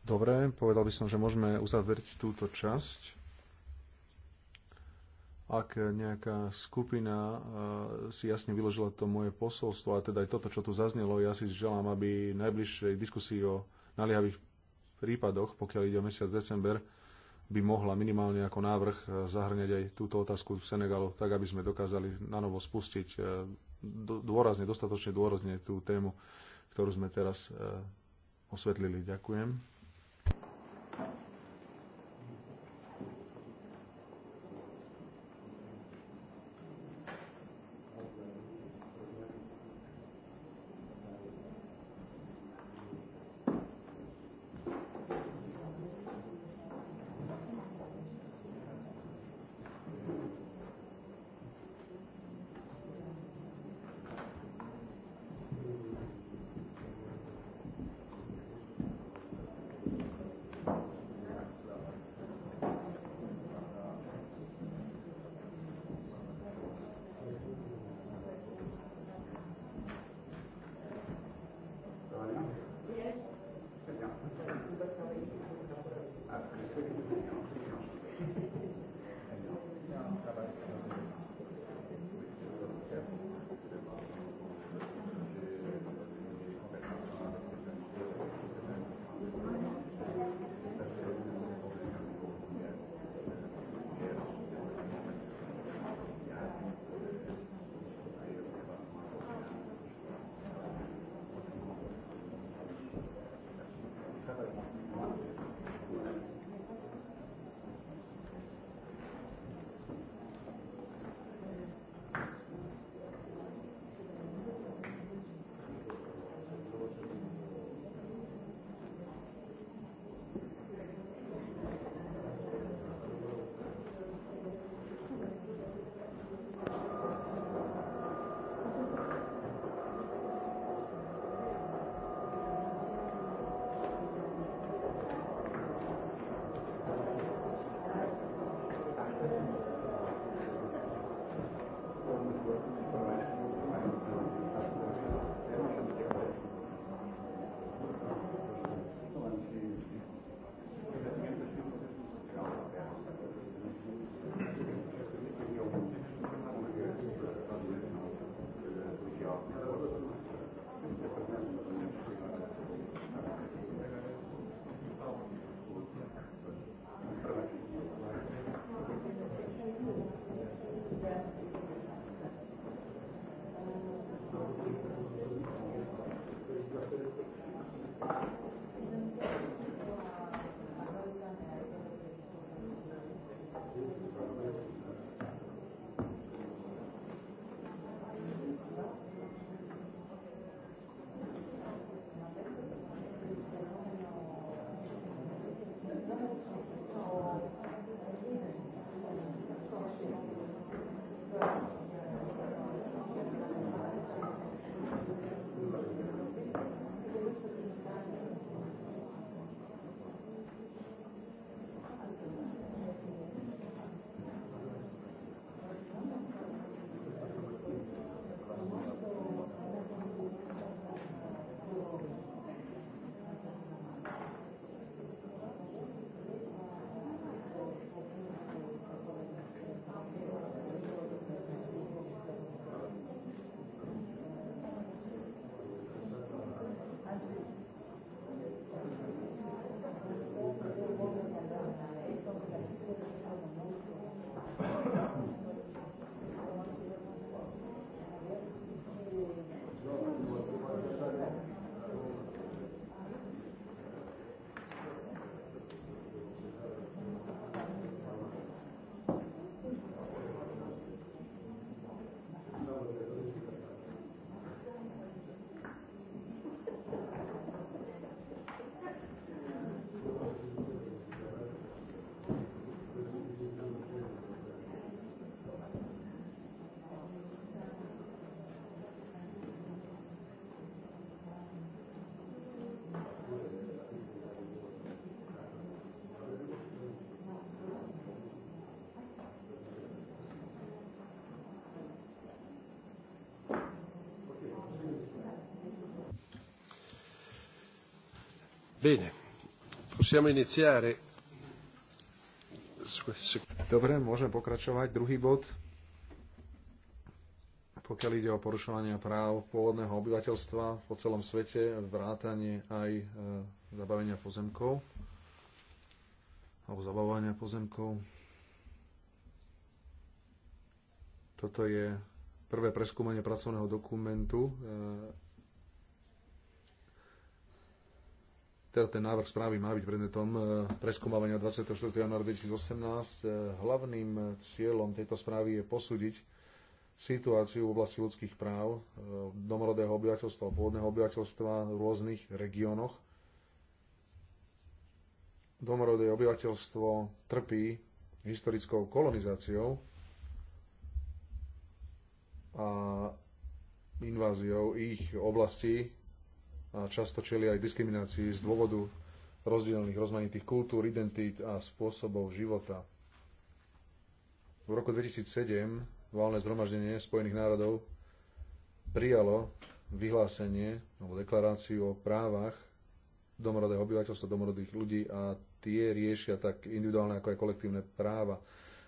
[SPEAKER 2] Dobre, povedal by som, že môžeme uzavrieť túto časť. Ak nejaká skupina e, si jasne vyložila to moje posolstvo, a teda aj toto, čo tu zaznelo, ja si želám, aby najbližšej diskusii o naliehavých prípadoch, pokiaľ ide o mesiac december, by mohla minimálne ako návrh e, zahrňať aj túto otázku v Senegalu, tak aby sme dokázali na novo spustiť e, dôrazne, dostatočne dôrazne tú tému, ktorú sme teraz e, osvetlili. Ďakujem.
[SPEAKER 1] Bene, possiamo iniziare. Dobre, môžeme
[SPEAKER 2] pokračovať. Druhý bod. Pokiaľ ide o porušovanie práv pôvodného obyvateľstva po celom svete, vrátanie aj e, zabavenia pozemkov alebo zabavovania pozemkov. Toto je prvé preskúmanie pracovného dokumentu e, teda ten návrh správy má byť predmetom e, preskúmavania 24. januára 2018. E, hlavným cieľom tejto správy je posúdiť situáciu v oblasti ľudských práv e, domorodého obyvateľstva, pôvodného obyvateľstva v rôznych regiónoch. Domorodé obyvateľstvo trpí historickou kolonizáciou a inváziou ich oblastí často čeli aj diskriminácii z dôvodu rozdielných rozmanitých kultúr, identít a spôsobov života. V roku 2007 valné zhromaždenie Spojených národov prijalo vyhlásenie alebo deklaráciu o právach domorodého obyvateľstva, domorodých ľudí a tie riešia tak individuálne ako aj kolektívne práva.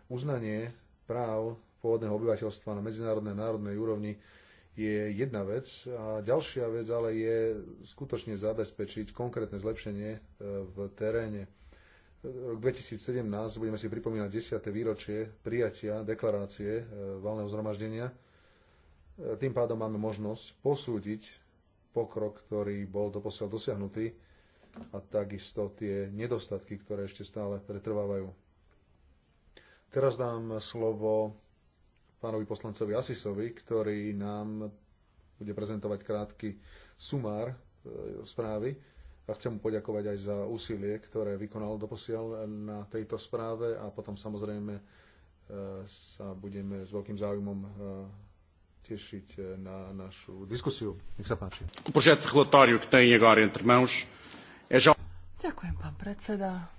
[SPEAKER 2] Uznanie práv pôvodného obyvateľstva na medzinárodnej národnej úrovni je jedna vec a ďalšia vec ale je skutočne zabezpečiť konkrétne zlepšenie e, v teréne. Rok 2017 budeme si pripomínať 10. výročie prijatia deklarácie e, valného zhromaždenia. E, tým pádom máme možnosť posúdiť pokrok, ktorý bol doposiaľ dosiahnutý a takisto tie nedostatky, ktoré ešte stále pretrvávajú. Teraz dám slovo pánovi poslancovi Asisovi, ktorý nám bude prezentovať krátky sumár e, správy a chcem mu poďakovať aj za úsilie, ktoré vykonal doposiaľ na tejto správe a potom samozrejme e, sa budeme s veľkým záujmom e, tešiť na našu diskusiu. Nech sa páči.
[SPEAKER 3] Ďakujem, pán predseda.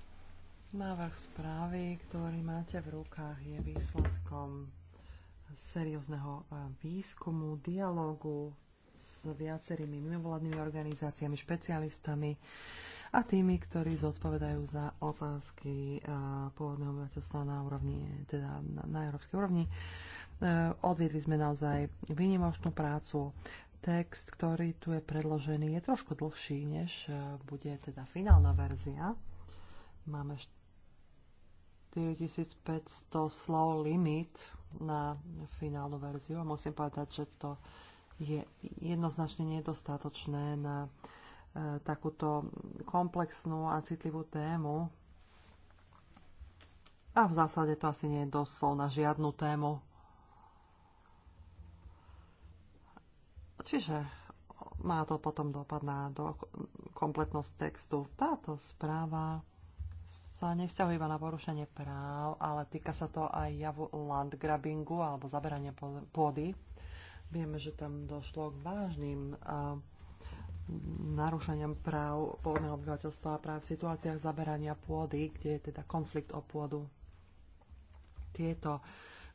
[SPEAKER 3] Návrh správy, ktorý máte v rukách, je výsledkom seriózneho eh, výskumu, dialógu s viacerými mimovládnymi organizáciami, špecialistami a tými, ktorí zodpovedajú za otázky eh, pôvodného obyvateľstva na úrovni, teda na, na európskej úrovni. Eh, odviedli sme naozaj výnimočnú prácu. Text, ktorý tu je predložený, je trošku dlhší, než bude teda finálna verzia. Máme 4500 slov limit na finálnu verziu a musím povedať, že to je jednoznačne nedostatočné na e, takúto komplexnú a citlivú tému. A v zásade to asi nie je doslov na žiadnu tému. Čiže má to potom dopad na do, kompletnosť textu. Táto správa sa nevzťahuje iba na porušenie práv, ale týka sa to aj javu landgrabingu alebo zaberania pôdy. Vieme, že tam došlo k vážnym narušeniam práv pôdneho obyvateľstva a práv v situáciách zaberania pôdy, kde je teda konflikt o pôdu. Tieto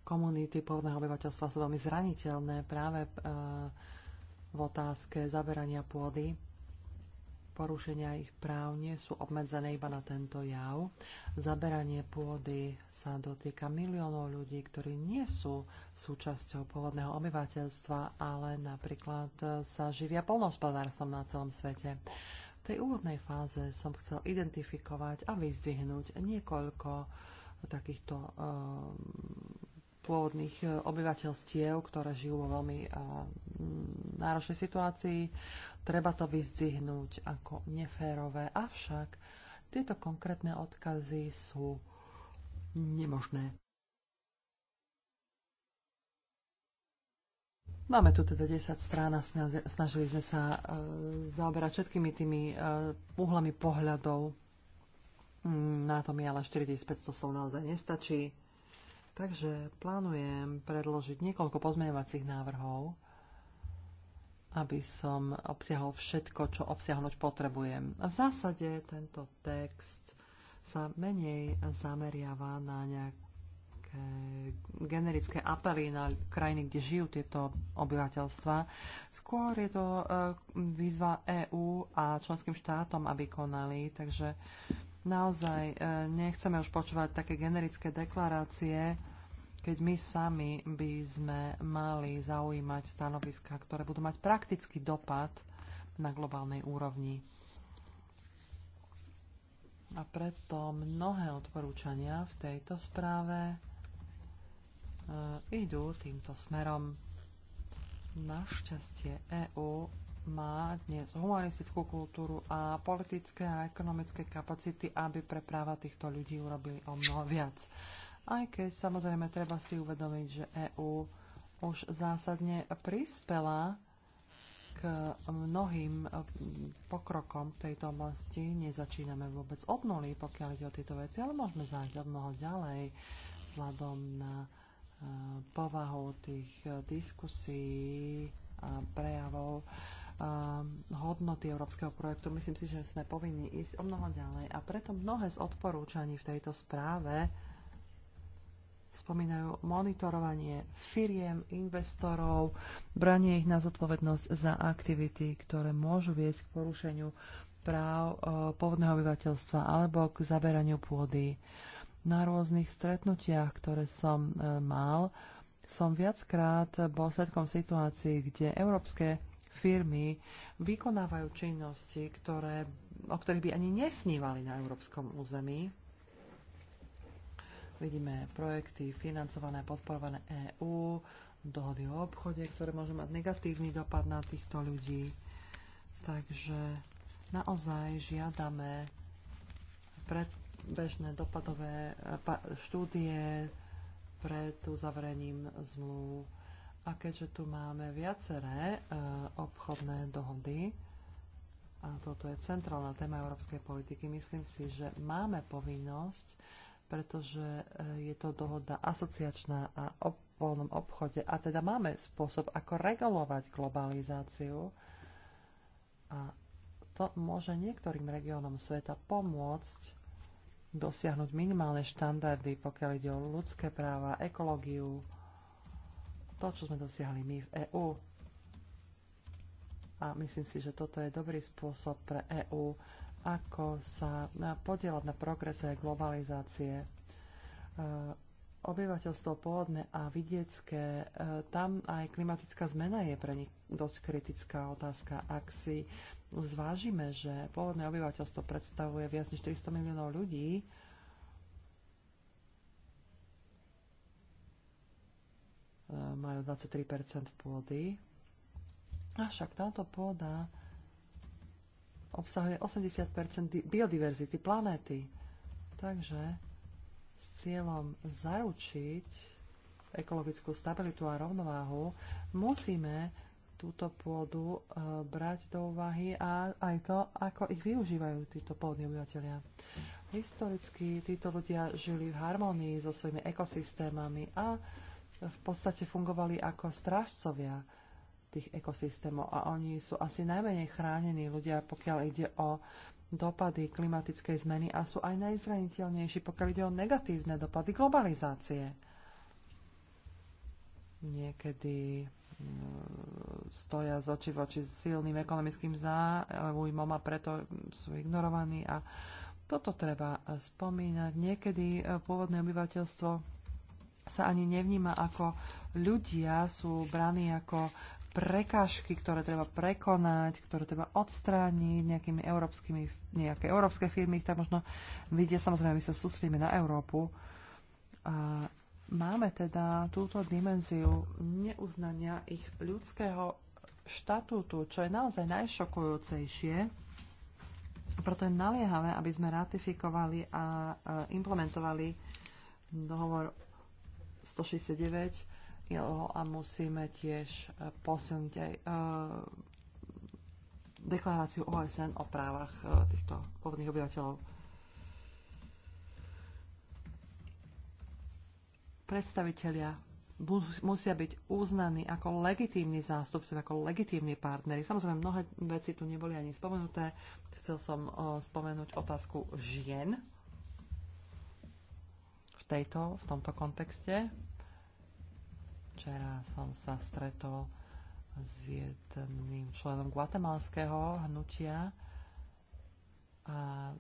[SPEAKER 3] komunity pôvodného obyvateľstva sú veľmi zraniteľné práve v otázke zaberania pôdy porušenia ich práv nie sú obmedzené iba na tento jav. Zaberanie pôdy sa dotýka miliónov ľudí, ktorí nie sú súčasťou pôvodného obyvateľstva, ale napríklad sa živia polnohospodárstvom na celom svete. V tej úvodnej fáze som chcel identifikovať a vyzdvihnúť niekoľko takýchto uh, pôvodných obyvateľstiev, ktoré žijú vo veľmi uh, náročnej situácii Treba to vyzdvihnúť ako neférové, avšak tieto konkrétne odkazy sú nemožné. Máme tu teda 10 strán a snažili sme sa e, zaoberať všetkými tými e, uhlami pohľadov. Mm, na to mi ale 4500 slov naozaj nestačí. Takže plánujem predložiť niekoľko pozmeňovacích návrhov aby som obsiahol všetko, čo obsiahnuť potrebujem. v zásade tento text sa menej zameriava na nejaké generické apely na krajiny, kde žijú tieto obyvateľstva. Skôr je to e, výzva EÚ a členským štátom, aby konali, takže naozaj e, nechceme už počúvať také generické deklarácie, keď my sami by sme mali zaujímať stanoviska, ktoré budú mať praktický dopad na globálnej úrovni. A preto mnohé odporúčania v tejto správe e, idú týmto smerom. Našťastie EÚ má dnes humanistickú kultúru a politické a ekonomické kapacity, aby pre práva týchto ľudí urobili o mnoho viac aj keď samozrejme treba si uvedomiť, že EÚ už zásadne prispela k mnohým mm, pokrokom v tejto oblasti. Nezačíname vôbec od nuly, pokiaľ ide o tieto veci, ale môžeme zájsť o mnoho ďalej vzhľadom na e, povahu tých e, diskusí a prejavov e, hodnoty európskeho projektu. Myslím si, že sme povinni ísť o mnoho ďalej a preto mnohé z odporúčaní v tejto správe spomínajú monitorovanie firiem, investorov, branie ich na zodpovednosť za aktivity, ktoré môžu viesť k porušeniu práv e, pôvodného obyvateľstva alebo k zaberaniu pôdy. Na rôznych stretnutiach, ktoré som e, mal, som viackrát bol svetkom situácií, kde európske firmy vykonávajú činnosti, ktoré, o ktorých by ani nesnívali na európskom území Vidíme projekty financované, podporované EÚ, dohody o obchode, ktoré môžu mať negatívny dopad na týchto ľudí. Takže naozaj žiadame predbežné dopadové eh, štúdie pred uzavrením zmluv. A keďže tu máme viaceré eh, obchodné dohody, a toto je centrálna téma európskej politiky, myslím si, že máme povinnosť pretože e, je to dohoda asociačná a o voľnom obchode. A teda máme spôsob, ako regulovať globalizáciu. A to môže niektorým regiónom sveta pomôcť dosiahnuť minimálne štandardy, pokiaľ ide o ľudské práva, ekológiu, to, čo sme dosiahli my v EÚ. A myslím si, že toto je dobrý spôsob pre EÚ ako sa eh, podielať na progrese globalizácie. Eh, obyvateľstvo pôvodné a vidiecké, eh, tam aj klimatická zmena je pre nich dosť kritická otázka. Ak si zvážime, že pôvodné obyvateľstvo predstavuje viac než 400 miliónov ľudí, majú 23% pôdy. Avšak táto pôda obsahuje 80 biodiverzity planéty. Takže s cieľom zaručiť ekologickú stabilitu a rovnováhu musíme túto pôdu e, brať do úvahy a aj to, ako ich využívajú títo pôdni obyvateľia. Historicky títo ľudia žili v harmonii so svojimi ekosystémami a v podstate fungovali ako strážcovia tých ekosystémov a oni sú asi najmenej chránení ľudia, pokiaľ ide o dopady klimatickej zmeny a sú aj najzraniteľnejší, pokiaľ ide o negatívne dopady globalizácie. Niekedy mm, stoja z oči v oči s silným ekonomickým záujmom a preto sú ignorovaní a toto treba spomínať. Niekedy e, pôvodné obyvateľstvo sa ani nevníma ako ľudia, sú braní ako prekážky, ktoré treba prekonať, ktoré treba odstrániť nejakými európskymi, nejaké európske firmy, ich tak možno vidia, samozrejme my sa sústredíme na Európu. A máme teda túto dimenziu neuznania ich ľudského štatútu, čo je naozaj najšokujúcejšie. Preto je naliehavé, aby sme ratifikovali a implementovali dohovor 169 ILO a musíme tiež eh, posilniť aj uh, deklaráciu OSN o právach uh, týchto pôvodných obyvateľov. Predstavitelia musia byť uznaní ako legitímni zástupci, ako legitímni partnery. Samozrejme, mnohé veci tu neboli ani spomenuté. Chcel som uh, spomenúť otázku žien v, tejto, v tomto kontexte Včera som sa stretol s jedným členom guatemalského hnutia a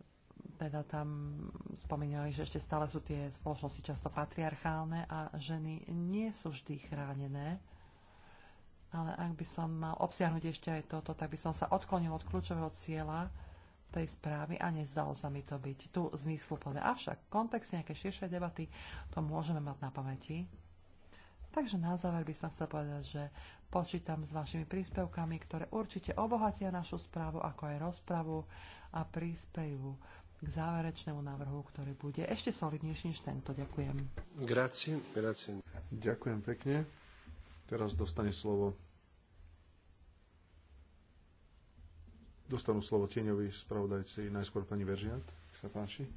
[SPEAKER 3] teda tam spomínali, že ešte stále sú tie spoločnosti často patriarchálne a ženy nie sú vždy chránené. Ale ak by som mal obsiahnuť ešte aj toto, tak by som sa odklonil od kľúčového cieľa tej správy a nezdalo sa mi to byť tu zmysluplné. Avšak v kontexte nejakej širšej debaty to môžeme mať na pamäti. Takže na záver by som chcel povedať, že počítam s vašimi príspevkami, ktoré určite obohatia našu správu, ako aj rozpravu a príspejú k záverečnému návrhu, ktorý bude ešte solidnejší než tento. Ďakujem.
[SPEAKER 1] Grazie, grazie. Ďakujem pekne. Teraz dostane slovo
[SPEAKER 2] dostanú slovo tieňovi spravodajci, najskôr pani Veržiat, sa páči.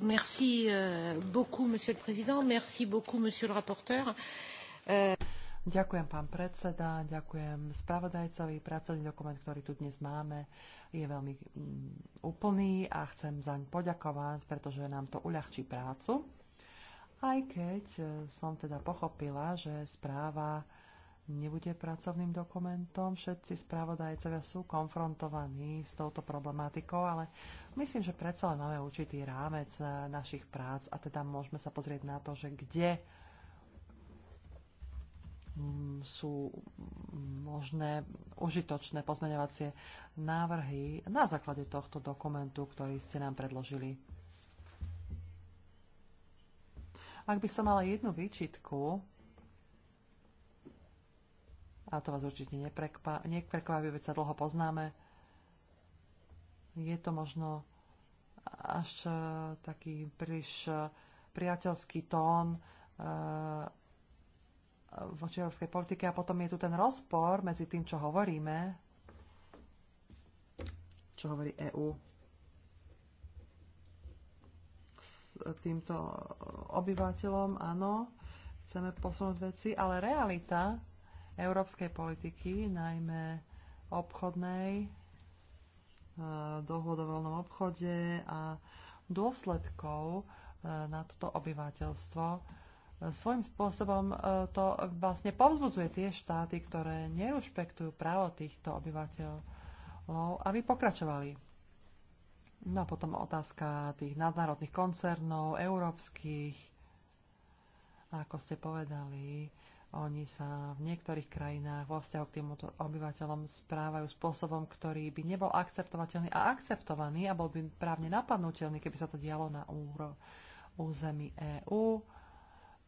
[SPEAKER 5] Merci euh, beaucoup, monsieur le président. Merci
[SPEAKER 3] beaucoup, monsieur le rapporteur. Euh, ďakujem, pán predseda, ďakujem spravodajcovi. Pracovný dokument, ktorý tu dnes máme, je veľmi mm, úplný a chcem zaň poďakovať, pretože nám to uľahčí prácu. Aj keď e, som teda pochopila, že správa nebude pracovným dokumentom. Všetci správodajcovia sú konfrontovaní s touto problematikou, ale myslím, že predsa len máme určitý rámec eh, našich prác a teda môžeme sa pozrieť na to, že kde mm, sú mm, možné užitočné pozmeňovacie návrhy na základe tohto dokumentu, ktorý ste nám predložili. Ak by som mala jednu výčitku, a to vás určite neprekvapí, veď sa dlho poznáme. Je to možno až e, taký príliš e, priateľský tón e, voči európskej politike a potom je tu ten rozpor medzi tým, čo hovoríme, čo hovorí EÚ s týmto obyvateľom, áno, chceme posunúť veci, ale realita európskej politiky, najmä obchodnej, e, dohod o voľnom obchode a dôsledkov e, na toto obyvateľstvo. E, svojím spôsobom to vlastne povzbudzuje tie štáty, ktoré nerušpektujú právo týchto obyvateľov, aby pokračovali. No a potom otázka tých nadnárodných koncernov, európskych, ako ste povedali, oni sa v niektorých krajinách vo vzťahu k týmto obyvateľom správajú spôsobom, ktorý by nebol akceptovateľný a akceptovaný a bol by právne napadnutelný, keby sa to dialo na úro, území EÚ.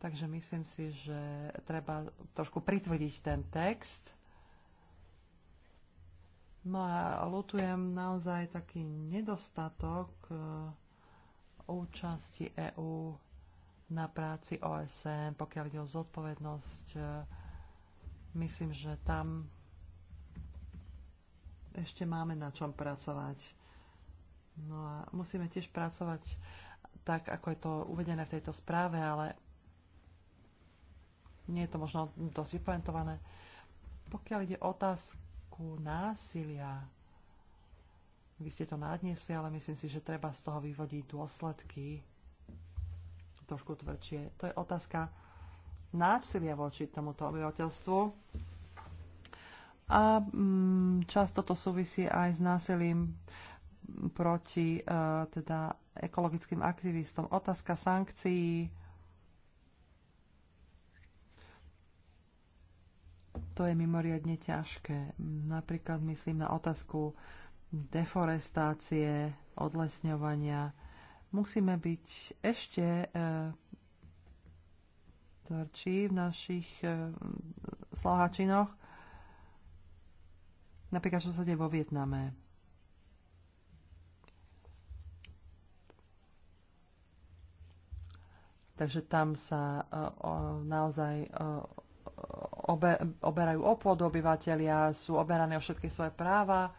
[SPEAKER 3] Takže myslím si, že treba trošku pritvrdiť ten text. No a lutujem naozaj taký nedostatok eh, účasti EÚ na práci OSN, pokiaľ ide o zodpovednosť. E, myslím, že tam ešte máme na čom pracovať. No a musíme tiež pracovať tak, ako je to uvedené v tejto správe, ale nie je to možno dosť vypoentované. Pokiaľ ide otázku násilia, vy ste to nadniesli, ale myslím si, že treba z toho vyvodiť dôsledky trošku tvrdšie. To je otázka náčilia voči tomuto obyvateľstvu. A mm, často to súvisí aj s násilím proti e, teda ekologickým aktivistom. Otázka sankcií. To je mimoriadne ťažké. Napríklad myslím na otázku deforestácie, odlesňovania, Musíme byť ešte eh, tvrdší v našich eh, slohačinoch, napríklad čo sa deje vo Vietname. Takže tam sa eh, naozaj oberajú o pôdu obyvateľia, sú oberané o všetky svoje práva.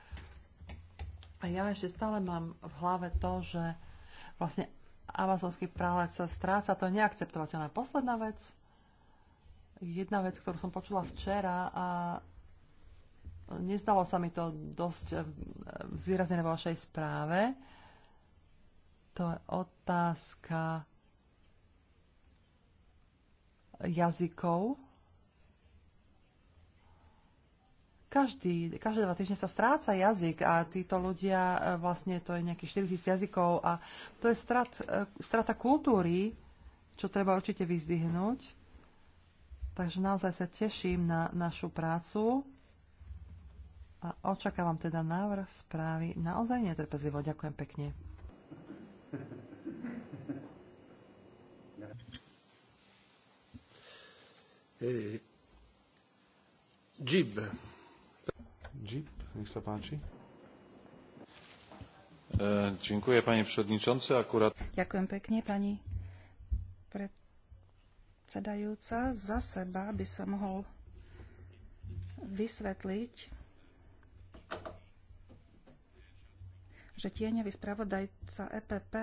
[SPEAKER 3] A ja ešte stále mám v hlave to, že vlastne amazonský pralec sa stráca. To je neakceptovateľná. Posledná vec, jedna vec, ktorú som počula včera a nezdalo sa mi to dosť eh, zvýraznené vo vašej správe, to je otázka jazykov každý, každé dva týždne sa stráca jazyk a títo ľudia, e, vlastne to je nejakých 4000 jazykov a to je strat, e, strata kultúry, čo treba určite vyzdvihnúť. Takže naozaj sa teším na našu prácu a očakávam teda návrh správy naozaj netrpezlivo. Ďakujem pekne.
[SPEAKER 1] Eh, Jib. Jeep, nech sa páči. E, ďakujem, pani Akurát...
[SPEAKER 4] Ďakujem pekne, pani predsedajúca. Za seba by sa mohol vysvetliť, že tieňový spravodajca EPP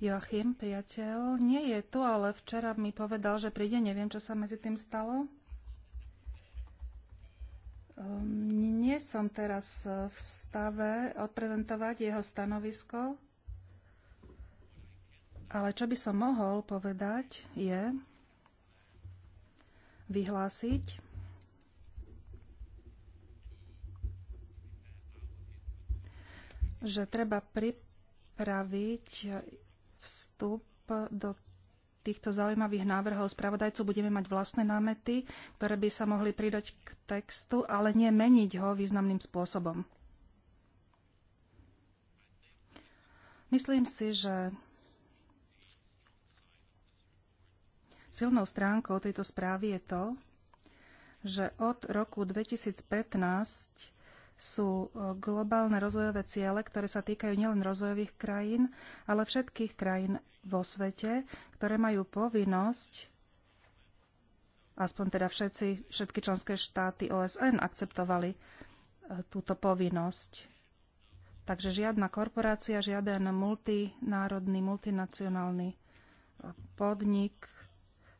[SPEAKER 4] Joachim, priateľ, nie je tu, ale včera mi povedal, že príde, neviem, čo sa medzi tým stalo. Ehm, nie som teraz e, v stave odprezentovať jeho stanovisko, ale čo by som mohol povedať je vyhlásiť, že treba pripraviť vstup do týchto zaujímavých návrhov spravodajcu budeme mať vlastné námety, ktoré by sa mohli pridať k textu, ale nie meniť ho významným spôsobom. Myslím si, že silnou stránkou tejto správy je to, že od roku 2015 sú e, globálne rozvojové ciele, ktoré sa týkajú nielen rozvojových krajín, ale všetkých krajín vo svete, ktoré majú povinnosť, aspoň teda všetci, všetky členské štáty OSN akceptovali e, túto povinnosť. Takže žiadna korporácia, žiaden multinárodný, multinacionálny e, podnik,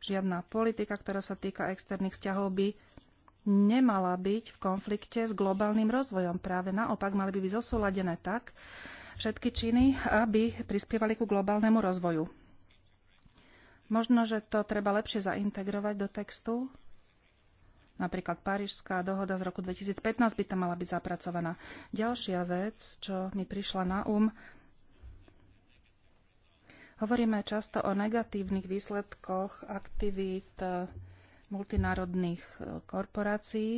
[SPEAKER 4] žiadna politika, ktorá sa týka externých vzťahov by nemala byť v konflikte s globálnym rozvojom. Práve naopak, mali by byť zosúladené tak všetky činy, aby prispievali ku globálnemu rozvoju. Možno, že to treba lepšie zaintegrovať do textu. Napríklad Parížská dohoda z roku 2015 by tam mala byť zapracovaná. Ďalšia vec, čo mi prišla na um, hovoríme často o negatívnych výsledkoch aktivít multinárodných e, korporácií.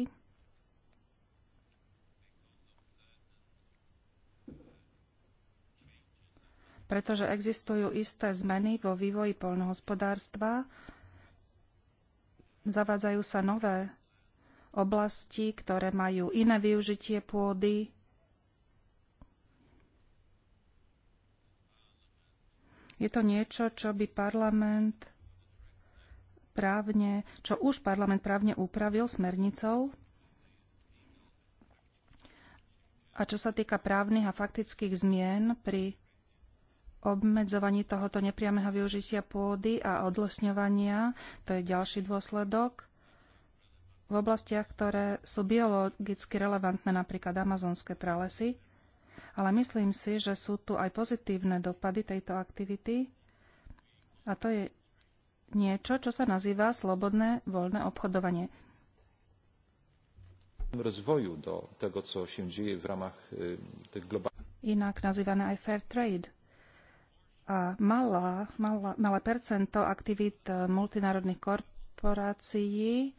[SPEAKER 4] Pretože existujú isté zmeny vo vývoji poľnohospodárstva, zavádzajú sa nové oblasti, ktoré majú iné využitie pôdy, Je to niečo, čo by parlament právne, čo už parlament právne upravil smernicou. A čo sa týka právnych a faktických zmien pri obmedzovaní tohoto nepriameho využitia pôdy a odlesňovania, to je ďalší dôsledok, v oblastiach, ktoré sú biologicky relevantné, napríklad amazonské pralesy, ale myslím si, že sú tu aj pozitívne dopady tejto aktivity a to je niečo, čo sa nazýva slobodné voľné obchodovanie.
[SPEAKER 1] Rozvoju do tego, co się dzieje v ramach tych globálnych...
[SPEAKER 4] Inak nazývané aj fair trade. A malá, malá, malé percento aktivít e, multinárodných korporácií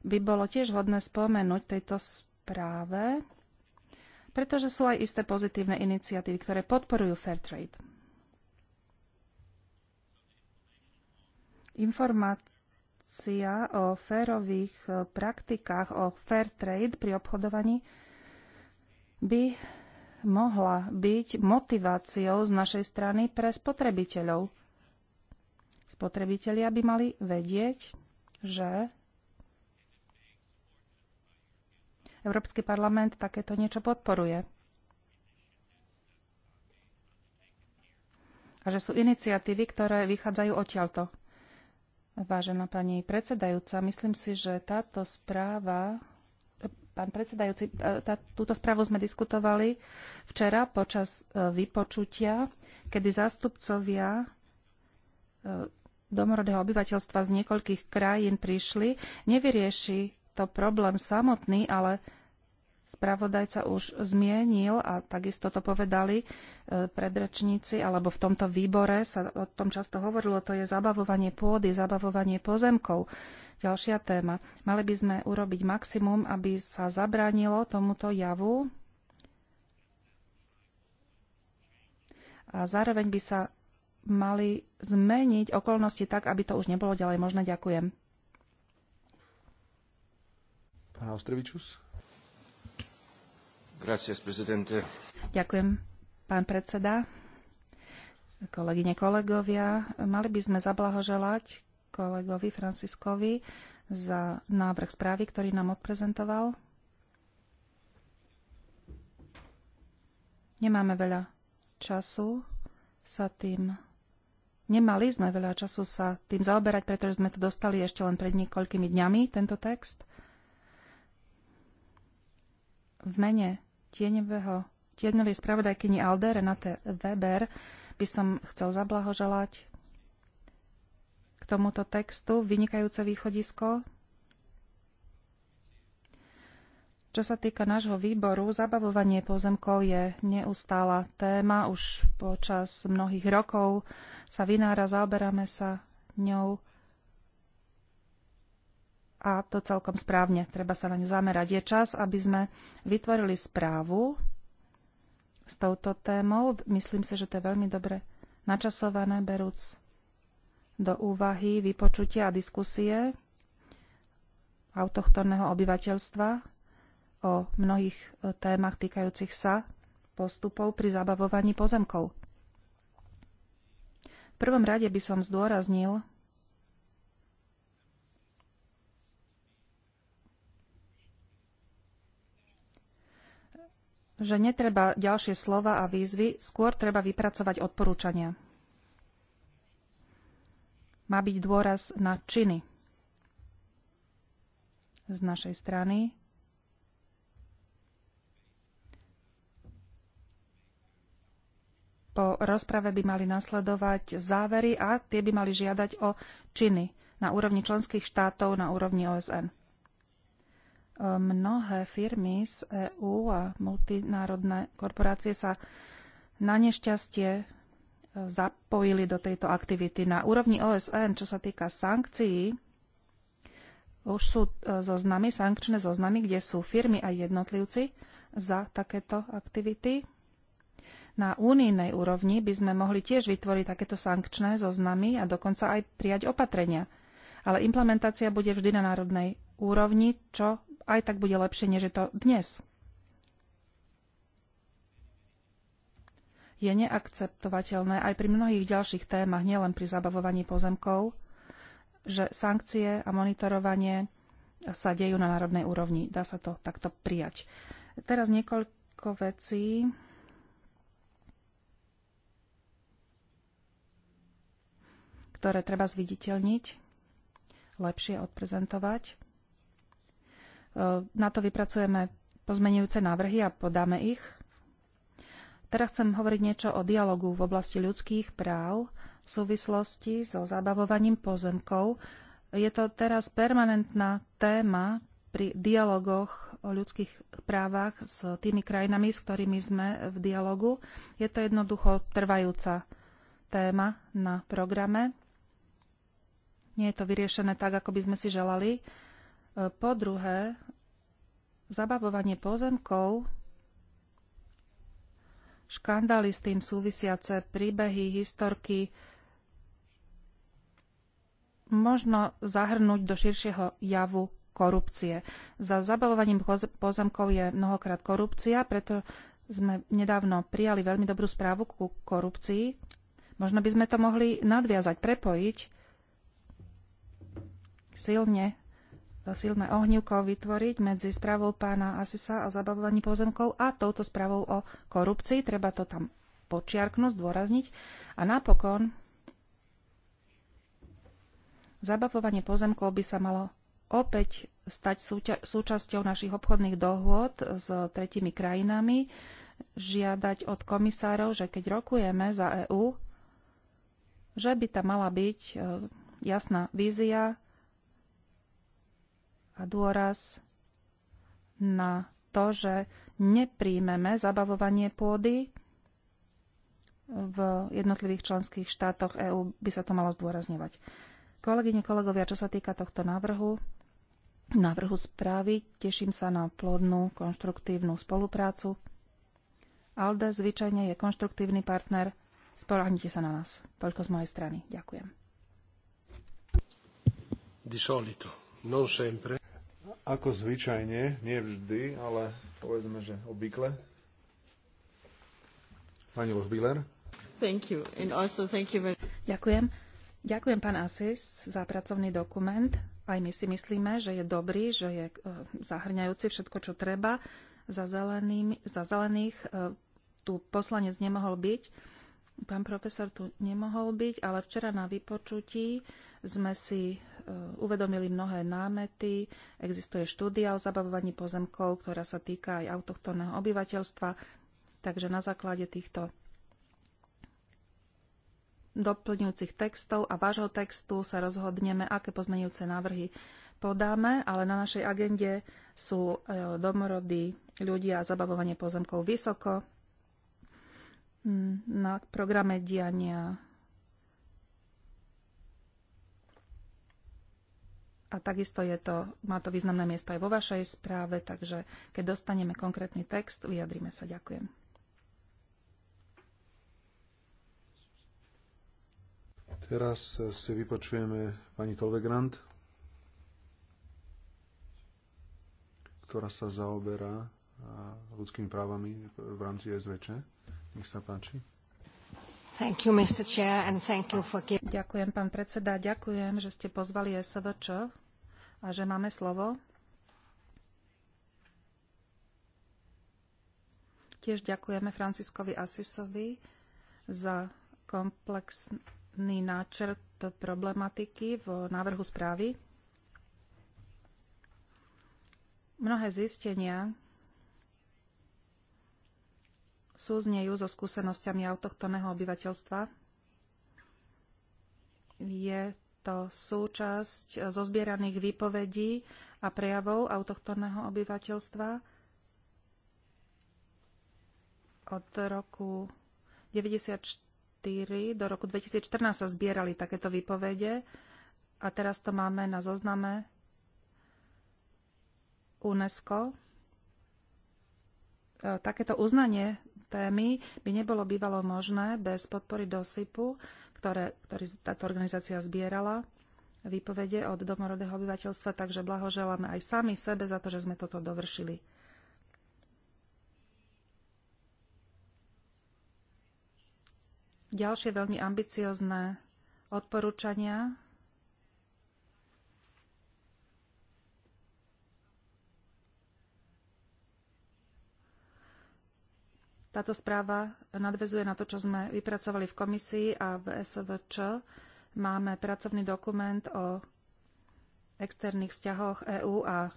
[SPEAKER 4] by bolo tiež hodné spomenúť tejto správe, pretože sú aj isté pozitívne iniciatívy, ktoré podporujú fair trade. informácia o férových eh, praktikách, o fair trade pri obchodovaní by mohla byť motiváciou z našej strany pre spotrebiteľov. Spotrebitelia by mali vedieť, že Európsky parlament takéto niečo podporuje. A že sú iniciatívy, ktoré vychádzajú odtiaľto. Vážená pani predsedajúca, myslím si, že táto správa Pán predsedajúci, e, tá, túto správu sme diskutovali včera počas e, vypočutia, kedy zástupcovia e, domorodého obyvateľstva z niekoľkých krajín prišli. Nevyrieši to problém samotný, ale Spravodajca už zmienil, a takisto to povedali e, predrečníci, alebo v tomto výbore sa o tom často hovorilo, to je zabavovanie pôdy, zabavovanie pozemkov. Ďalšia téma. Mali by sme urobiť maximum, aby sa zabránilo tomuto javu a zároveň by sa mali zmeniť okolnosti tak, aby to už nebolo ďalej možné. Ďakujem.
[SPEAKER 2] Pán Ostrevičus?
[SPEAKER 4] Ďakujem, pán predseda. Kolegyne, kolegovia, mali by sme zablahoželať kolegovi Franciskovi za návrh správy, ktorý nám odprezentoval. Nemáme veľa času sa tým Nemali sme veľa času sa tým zaoberať, pretože sme to dostali ešte len pred niekoľkými dňami, tento text. V mene tieňového, tieňovej spravodajkyni Alde Renate Weber by som chcel zablahoželať k tomuto textu vynikajúce východisko. Čo sa týka nášho výboru, zabavovanie pozemkov je neustála téma. Už počas mnohých rokov sa vynára, zaoberáme sa ňou a to celkom správne. Treba sa na ňu zamerať. Je čas, aby sme vytvorili správu s touto témou. Myslím si, že to je veľmi dobre načasované, berúc do úvahy vypočutia a diskusie autochtónneho obyvateľstva o mnohých e, témach týkajúcich sa postupov pri zabavovaní pozemkov. V prvom rade by som zdôraznil že netreba ďalšie slova a výzvy, skôr treba vypracovať odporúčania. Má byť dôraz na činy z našej strany. Po rozprave by mali nasledovať závery a tie by mali žiadať o činy na úrovni členských štátov, na úrovni OSN mnohé firmy z EÚ a multinárodné korporácie sa na nešťastie e, zapojili do tejto aktivity. Na úrovni OSN, čo sa týka sankcií, už sú e, zoznamy, sankčné zoznamy, kde sú firmy a jednotlivci za takéto aktivity. Na únijnej úrovni by sme mohli tiež vytvoriť takéto sankčné zoznamy a dokonca aj prijať opatrenia. Ale implementácia bude vždy na národnej úrovni, čo aj tak bude lepšie, než je to dnes. Je neakceptovateľné aj pri mnohých ďalších témach, nielen pri zabavovaní pozemkov, že sankcie a monitorovanie sa dejú na národnej úrovni. Dá sa to takto prijať. Teraz niekoľko vecí. ktoré treba zviditeľniť, lepšie odprezentovať. Eh, na to vypracujeme pozmenujúce návrhy a podáme ich. Teraz chcem hovoriť niečo o dialogu v oblasti ľudských práv v súvislosti so zabavovaním pozemkov. Je to teraz permanentná téma pri dialogoch o ľudských právach s tými krajinami, s ktorými sme v dialogu. Je to jednoducho trvajúca téma na programe. Nie je to vyriešené tak, ako by sme si želali. Eh, po druhé, zabavovanie pozemkov, škandály s tým súvisiace, príbehy, historky, možno zahrnúť do širšieho javu korupcie. Za zabavovaním pozemkov je mnohokrát korupcia, preto sme nedávno prijali veľmi dobrú správu ku korupcii. Možno by sme to mohli nadviazať, prepojiť silne silné ohnívko vytvoriť medzi správou pána Asisa o zabavovaní pozemkov a touto správou o korupcii. Treba to tam počiarknúť, zdôrazniť. A napokon zabavovanie pozemkov by sa malo opäť stať súčasťou našich obchodných dohôd s tretimi krajinami, žiadať od komisárov, že keď rokujeme za EÚ, že by tam mala byť e, jasná vízia a dôraz na to, že nepríjmeme zabavovanie pôdy v jednotlivých členských štátoch EÚ by sa to malo zdôrazňovať. Kolegyne, kolegovia, čo sa týka tohto návrhu, návrhu správy, teším sa na plodnú, konštruktívnu spoluprácu. ALDE zvyčajne je konštruktívny partner. Spolahnite sa na nás. Toľko z mojej strany. Ďakujem.
[SPEAKER 1] Di solito, non sempre.
[SPEAKER 2] Ako zvyčajne, nie vždy, ale povedzme, že obvykle. Pani Lohbiller.
[SPEAKER 5] Thank you. And also thank you very... Ďakujem.
[SPEAKER 4] Ďakujem, pán Asis, za pracovný dokument. Aj my si myslíme, že je dobrý, že je e, zahrňajúci všetko, čo treba. Za, zeleným, za zelených e, tu poslanec nemohol byť. Pán profesor tu nemohol byť, ale včera na vypočutí sme si E, uvedomili mnohé námety, existuje štúdia o zabavovaní pozemkov, ktorá sa týka aj autochtónneho obyvateľstva, takže na základe týchto doplňujúcich textov a vášho textu sa rozhodneme, aké pozmenujúce návrhy podáme, ale na našej agende sú e, domorody ľudia a zabavovanie pozemkov vysoko. Na programe diania a takisto je to, má to významné miesto aj vo vašej správe, takže keď dostaneme konkrétny text, vyjadrime sa. Ďakujem.
[SPEAKER 1] Teraz
[SPEAKER 2] si vypočujeme pani Tolvegrant, ktorá sa zaoberá ľudskými právami v rámci SVČ. Nech sa páči.
[SPEAKER 4] You, Chair, for... Ďakujem, pán predseda. Ďakujem, že ste pozvali SVČ a že máme slovo. Tiež ďakujeme Franciskovi Asisovi za komplexný náčrt problematiky v návrhu správy. Mnohé zistenia sú so skúsenosťami autochtónneho obyvateľstva. Je to súčasť zozbieraných výpovedí a prejavov autochtónneho obyvateľstva od roku 1994 do roku 2014 sa zbierali takéto výpovede a teraz to máme na zozname UNESCO. E, takéto uznanie témy by nebolo bývalo možné bez podpory dosypu ktoré, ktoré táto organizácia zbierala, výpovede od domorodého obyvateľstva, takže blahoželáme aj sami sebe za to, že sme toto dovršili. Ďalšie veľmi ambiciozne odporúčania Táto správa nadvezuje na to, čo sme vypracovali v komisii a v SVČ. Máme pracovný dokument o externých vzťahoch EÚ a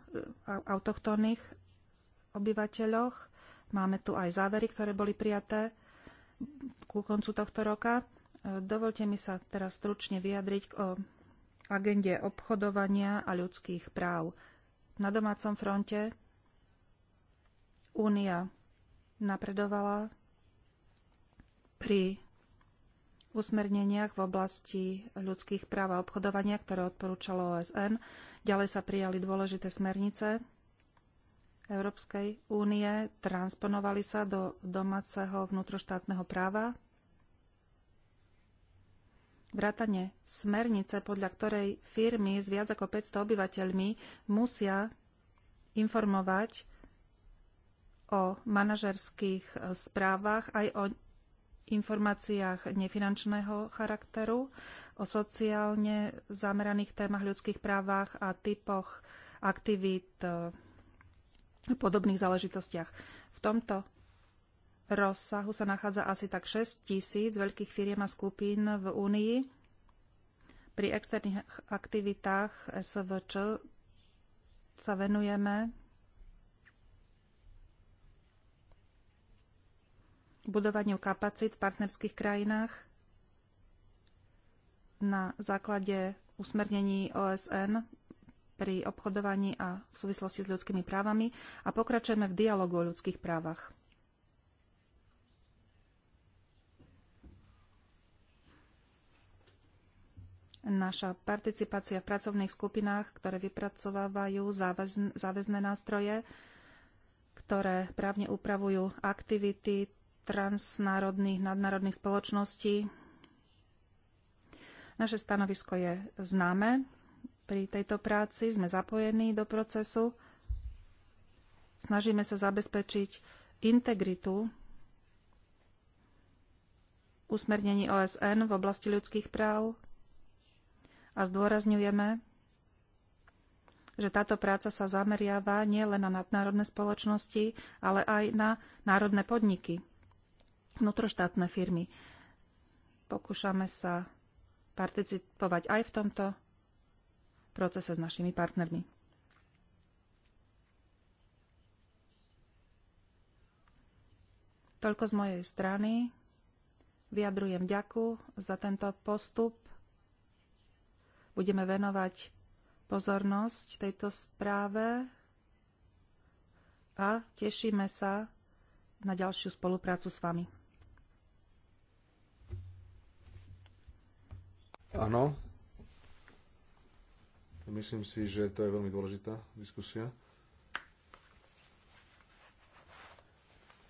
[SPEAKER 4] autochtónnych obyvateľoch. Máme tu aj závery, ktoré boli prijaté ku koncu tohto roka. Dovolte mi sa teraz stručne vyjadriť o agende obchodovania a ľudských práv. Na domácom fronte Únia napredovala pri usmerneniach v oblasti ľudských práv a obchodovania, ktoré odporúčalo OSN. Ďalej sa prijali dôležité smernice Európskej únie, transponovali sa do domáceho vnútroštátneho práva. Vrátane smernice, podľa ktorej firmy s viac ako 500 obyvateľmi musia informovať o manažerských eh, správach, aj o informáciách nefinančného charakteru, o sociálne zameraných témach, ľudských právach a typoch aktivít eh, podobných záležitostiach. V tomto rozsahu sa nachádza asi tak 6 tisíc veľkých firiem a skupín v Únii. Pri externých aktivitách SVČ sa venujeme budovaniu kapacít v partnerských krajinách na základe usmernení OSN pri obchodovaní a v súvislosti s ľudskými právami a pokračujeme v dialogu o ľudských právach. Naša participácia v pracovných skupinách, ktoré vypracovávajú záväzné nástroje, ktoré právne upravujú aktivity transnárodných, nadnárodných spoločností. Naše stanovisko je známe. Pri tejto práci sme zapojení do procesu. Snažíme sa zabezpečiť integritu usmernení OSN v oblasti ľudských práv a zdôrazňujeme, že táto práca sa zameriava nielen na nadnárodné spoločnosti, ale aj na národné podniky vnútroštátne firmy. Pokúšame sa participovať aj v tomto procese s našimi partnermi. Toľko z mojej strany. Vyjadrujem ďaku za tento postup. Budeme venovať pozornosť tejto správe a tešíme sa na ďalšiu spoluprácu s vami.
[SPEAKER 1] Áno.
[SPEAKER 2] Myslím si, že to je veľmi dôležitá diskusia.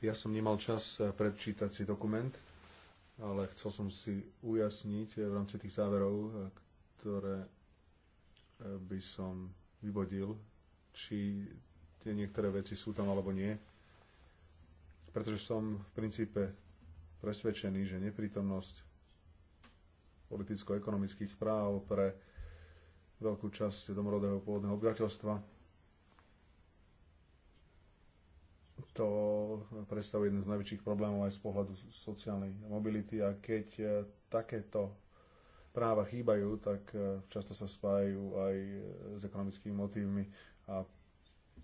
[SPEAKER 2] Ja som nemal čas eh, prečítať si dokument, ale chcel som si ujasniť eh, v rámci tých záverov, eh, ktoré by som vyvodil, či tie niektoré veci sú tam alebo nie. Pretože som v princípe presvedčený, že neprítomnosť politicko-ekonomických práv pre veľkú časť domorodého pôvodného obyvateľstva. to predstavuje jeden z najväčších problémov aj z pohľadu sociálnej mobility a keď eh, takéto práva chýbajú, tak eh, často sa spájajú aj eh, s ekonomickými motívmi a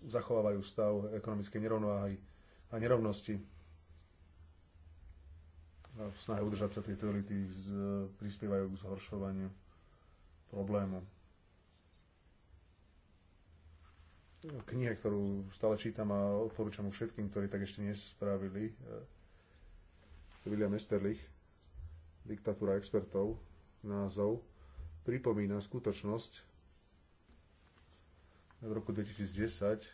[SPEAKER 2] zachovávajú stav ekonomickej nerovnováhy a nerovnosti a v snahe udržať sa tieto elity z, prispievajú k zhoršovaniu problému. No, kniha, ktorú stále čítam a odporúčam všetkým, ktorí tak ešte nespravili, e, William Esterlich, Diktatúra expertov, názov, pripomína skutočnosť v roku 2010,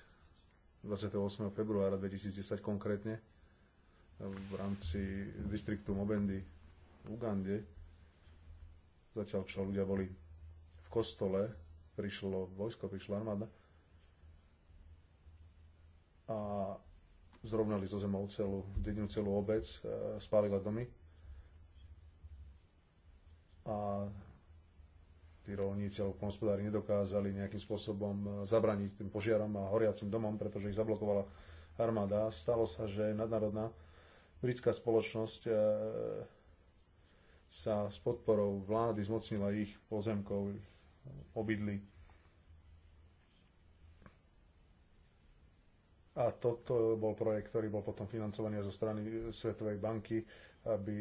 [SPEAKER 2] 28. februára 2010 konkrétne, v rámci distriktu Mobendy v Ugande. Zatiaľ, čo ľudia boli v kostole, prišlo vojsko, prišla armáda a zrovnali zo zemou celú dedinu, celú obec, e, spálila domy a tí rolníci alebo hospodári nedokázali nejakým spôsobom e, zabraniť tým požiarom a horiacim domom, pretože ich zablokovala armáda. Stalo sa, že nadnárodná britská spoločnosť e, sa s podporou vlády zmocnila ich pozemkov, ich obydli. A toto bol projekt, ktorý bol potom financovaný zo strany Svetovej banky, aby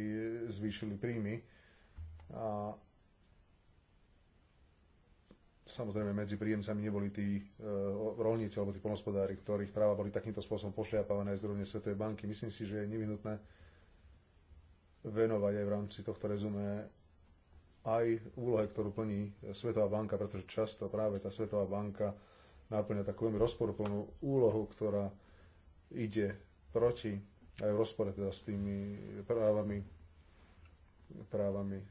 [SPEAKER 2] zvýšili príjmy. A samozrejme medzi príjemcami neboli tí e, rolníci alebo tí polnospodári, ktorých práva boli takýmto spôsobom pošliapávané z úrovne Svetovej banky. Myslím si, že je nevyhnutné venovať aj v rámci tohto rezumé aj úlohe, ktorú plní Svetová banka, pretože často práve tá Svetová banka náplňa takú veľmi rozporuplnú úlohu, ktorá ide proti aj v rozpore teda s tými právami právami e,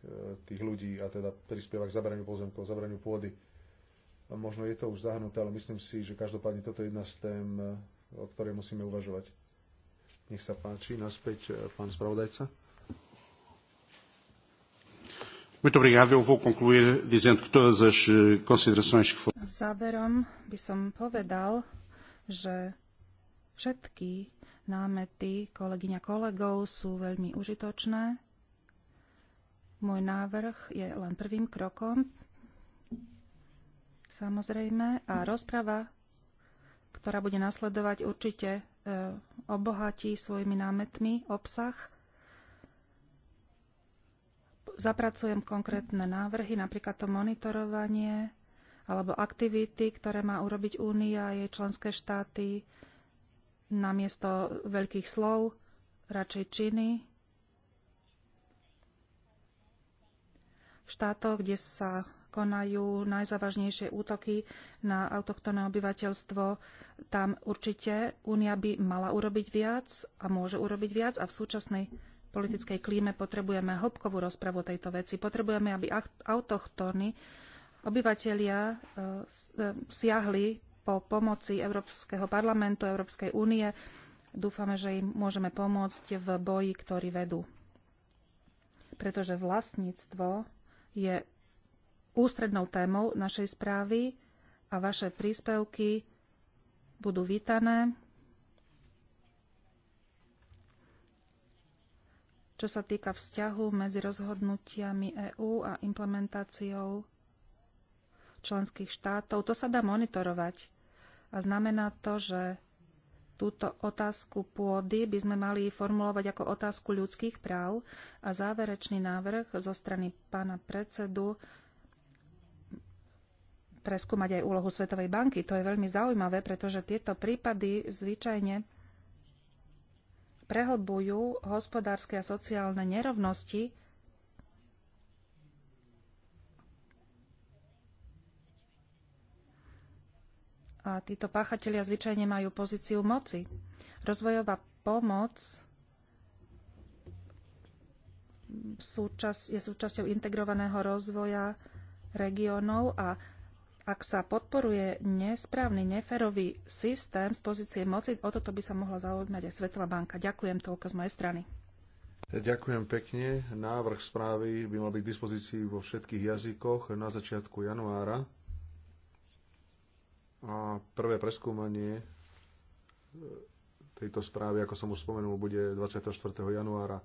[SPEAKER 2] tých ľudí a teda prispieva k zabraniu pozemkov, zabraniu pôdy. Možno je to už zahnuté, ale myslím si, že každopádne toto je jedna z tém, eh, o ktorej musíme uvažovať. Nech sa páči, naspäť eh, pán spravodajca.
[SPEAKER 1] Muito obrigado. Eu vou concluir dizendo que todas as eh, considerações que foram.
[SPEAKER 4] Záverom by som povedal, že všetky námety kolegyň a kolegov sú veľmi užitočné. Môj návrh je len prvým krokom Samozrejme. A mhm. rozprava, ktorá bude nasledovať, určite e, obohatí svojimi námetmi obsah. Zapracujem konkrétne návrhy, napríklad to monitorovanie alebo aktivity, ktoré má urobiť Únia a jej členské štáty namiesto veľkých slov, radšej činy. V štátoch, kde sa konajú najzávažnejšie útoky na autochtónne obyvateľstvo, tam určite Únia by mala urobiť viac a môže urobiť viac a v súčasnej politickej klíme potrebujeme hĺbkovú rozpravu tejto veci. Potrebujeme, aby autochtóny obyvatelia e, e, siahli po pomoci Európskeho parlamentu, Európskej únie. Dúfame, že im môžeme pomôcť v boji, ktorý vedú. Pretože vlastníctvo je ústrednou témou našej správy a vaše príspevky budú vítané. Čo sa týka vzťahu medzi rozhodnutiami EÚ a implementáciou členských štátov, to sa dá monitorovať. A znamená to, že túto otázku pôdy by sme mali formulovať ako otázku ľudských práv a záverečný návrh zo strany pána predsedu preskúmať aj úlohu Svetovej banky. To je veľmi zaujímavé, pretože tieto prípady zvyčajne prehlbujú hospodárske a sociálne nerovnosti, a títo páchatelia zvyčajne majú pozíciu moci. Rozvojová pomoc je súčasťou integrovaného rozvoja regiónov a ak sa podporuje nesprávny, neferový systém z pozície moci, o toto by sa mohla zaujímať aj Svetová banka. Ďakujem toľko z mojej strany.
[SPEAKER 2] Ďakujem pekne. Návrh správy by mal byť k dispozícii vo všetkých jazykoch na začiatku januára. A prvé preskúmanie e, tejto správy, ako som už spomenul, bude 24. januára.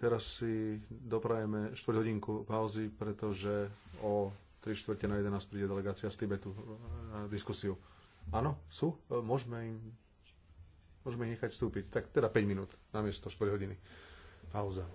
[SPEAKER 2] Teraz si doprajeme 4 hodinku pauzy, pretože o 3 čtvrte na 11 príde delegácia z Tibetu na e, diskusiu. Áno, sú? E, môžeme im môžeme ich nechať vstúpiť. Tak teda 5 minút namiesto 4 hodiny. Pauza.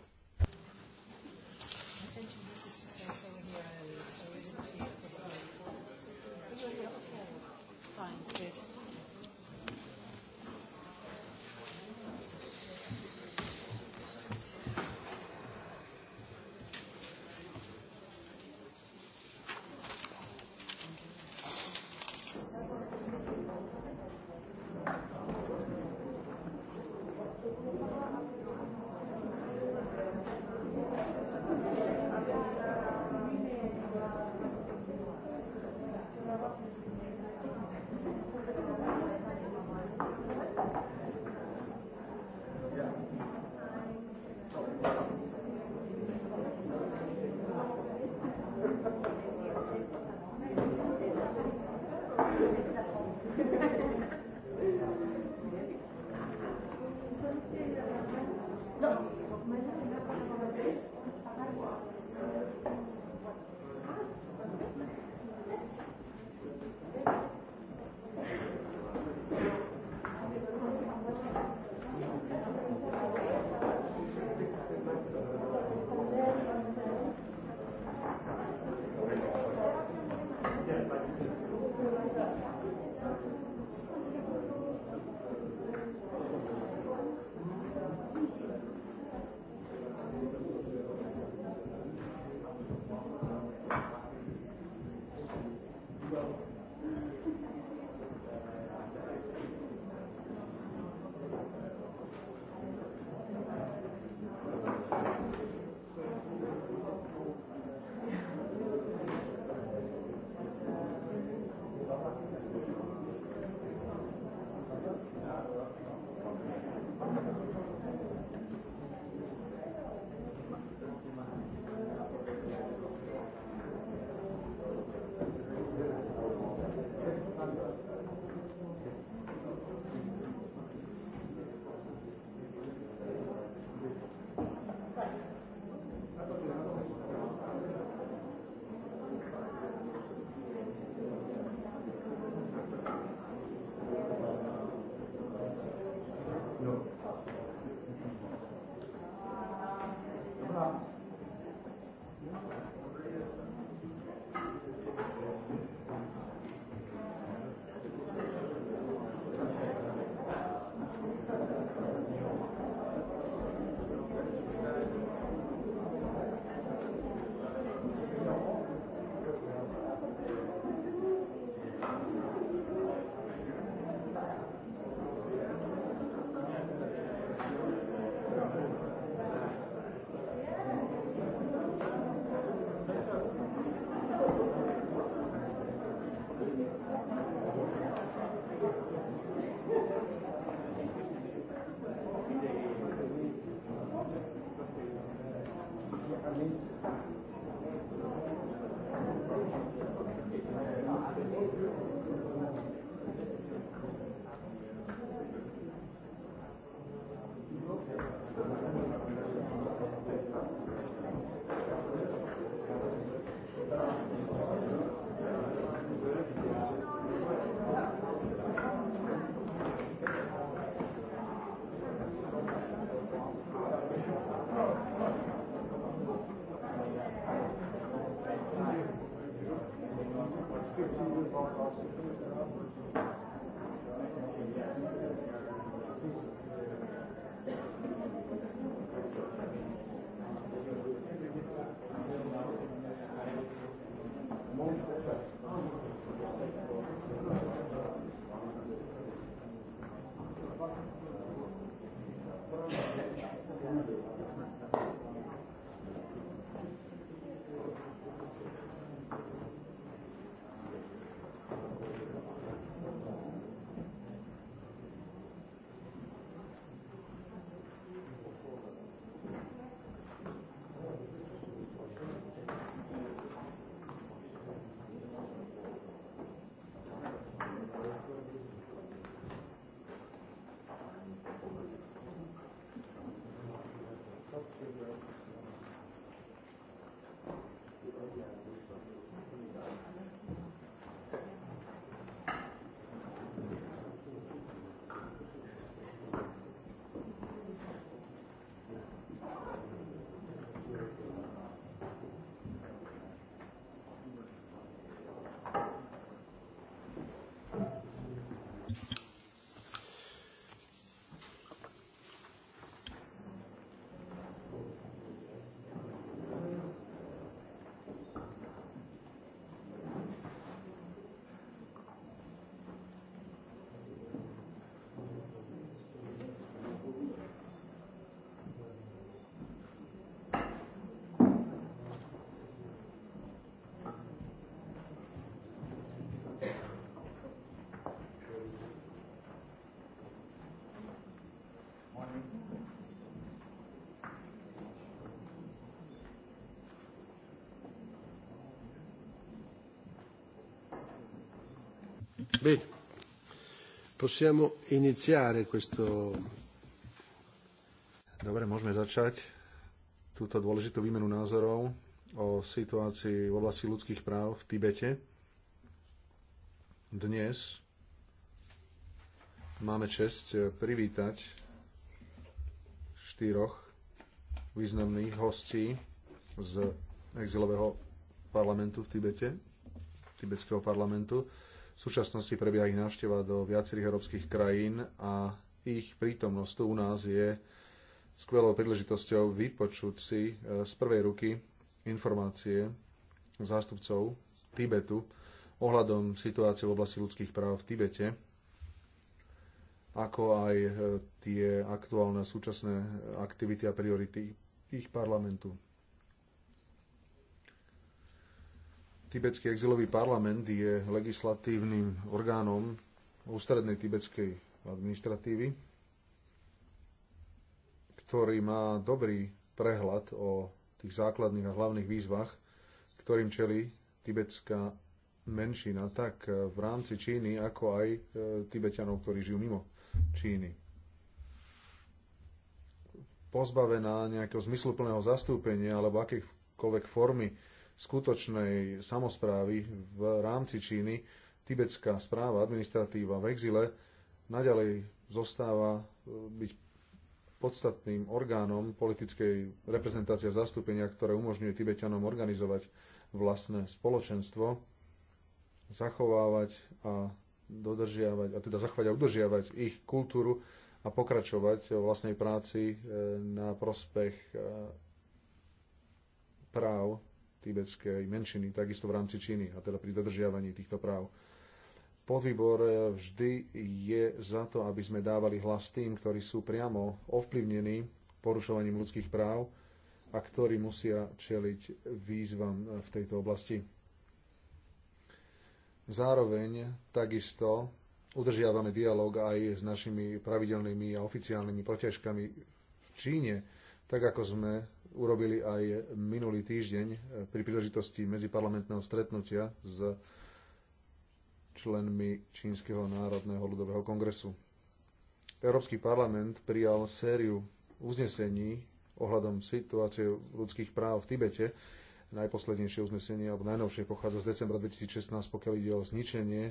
[SPEAKER 1] Bene, possiamo iniziare questo...
[SPEAKER 2] Dobre, môžeme začať túto dôležitú výmenu názorov o situácii v oblasti ľudských práv v Tibete. Dnes máme čest privítať štyroch významných hostí z exilového parlamentu v Tibete, tibetského parlamentu. V súčasnosti prebieha ich návšteva do viacerých európskych krajín a ich prítomnosť tu u nás je skvelou príležitosťou vypočuť si e, z prvej ruky informácie zástupcov Tibetu ohľadom situácie v oblasti ľudských práv v Tibete, ako aj e, tie aktuálne súčasné aktivity a priority ich parlamentu. Tibetský exilový parlament je legislatívnym orgánom ústrednej tibetskej administratívy, ktorý má dobrý prehľad o tých základných a hlavných výzvach, ktorým čeli tibetská menšina tak v rámci Číny, ako aj e, tibetianov, ktorí žijú mimo Číny. Pozbavená nejakého zmysluplného zastúpenia alebo akýchkoľvek formy skutočnej samozprávy v rámci Číny, tibetská správa, administratíva v exile, naďalej zostáva e, byť podstatným orgánom politickej reprezentácie a zastúpenia, ktoré umožňuje Tibetanom organizovať vlastné spoločenstvo, zachovávať a dodržiavať, a teda zachovať a udržiavať ich kultúru a pokračovať v vlastnej práci e, na prospech e, práv tibetskej menšiny, takisto v rámci Číny, a teda pri dodržiavaní týchto práv. Podvýbor eh, vždy je za to, aby sme dávali hlas tým, ktorí sú priamo ovplyvnení porušovaním ľudských práv a ktorí musia čeliť výzvam eh, v tejto oblasti. Zároveň takisto udržiavame dialog aj s našimi pravidelnými a oficiálnymi protiažkami v Číne, tak ako sme urobili aj minulý týždeň eh, pri príležitosti medziparlamentného stretnutia s členmi Čínskeho národného ľudového kongresu. Európsky parlament prijal sériu uznesení ohľadom situácie ľudských práv v Tibete. Najposlednejšie uznesenie, alebo najnovšie, pochádza z decembra 2016, pokiaľ ide o zničenie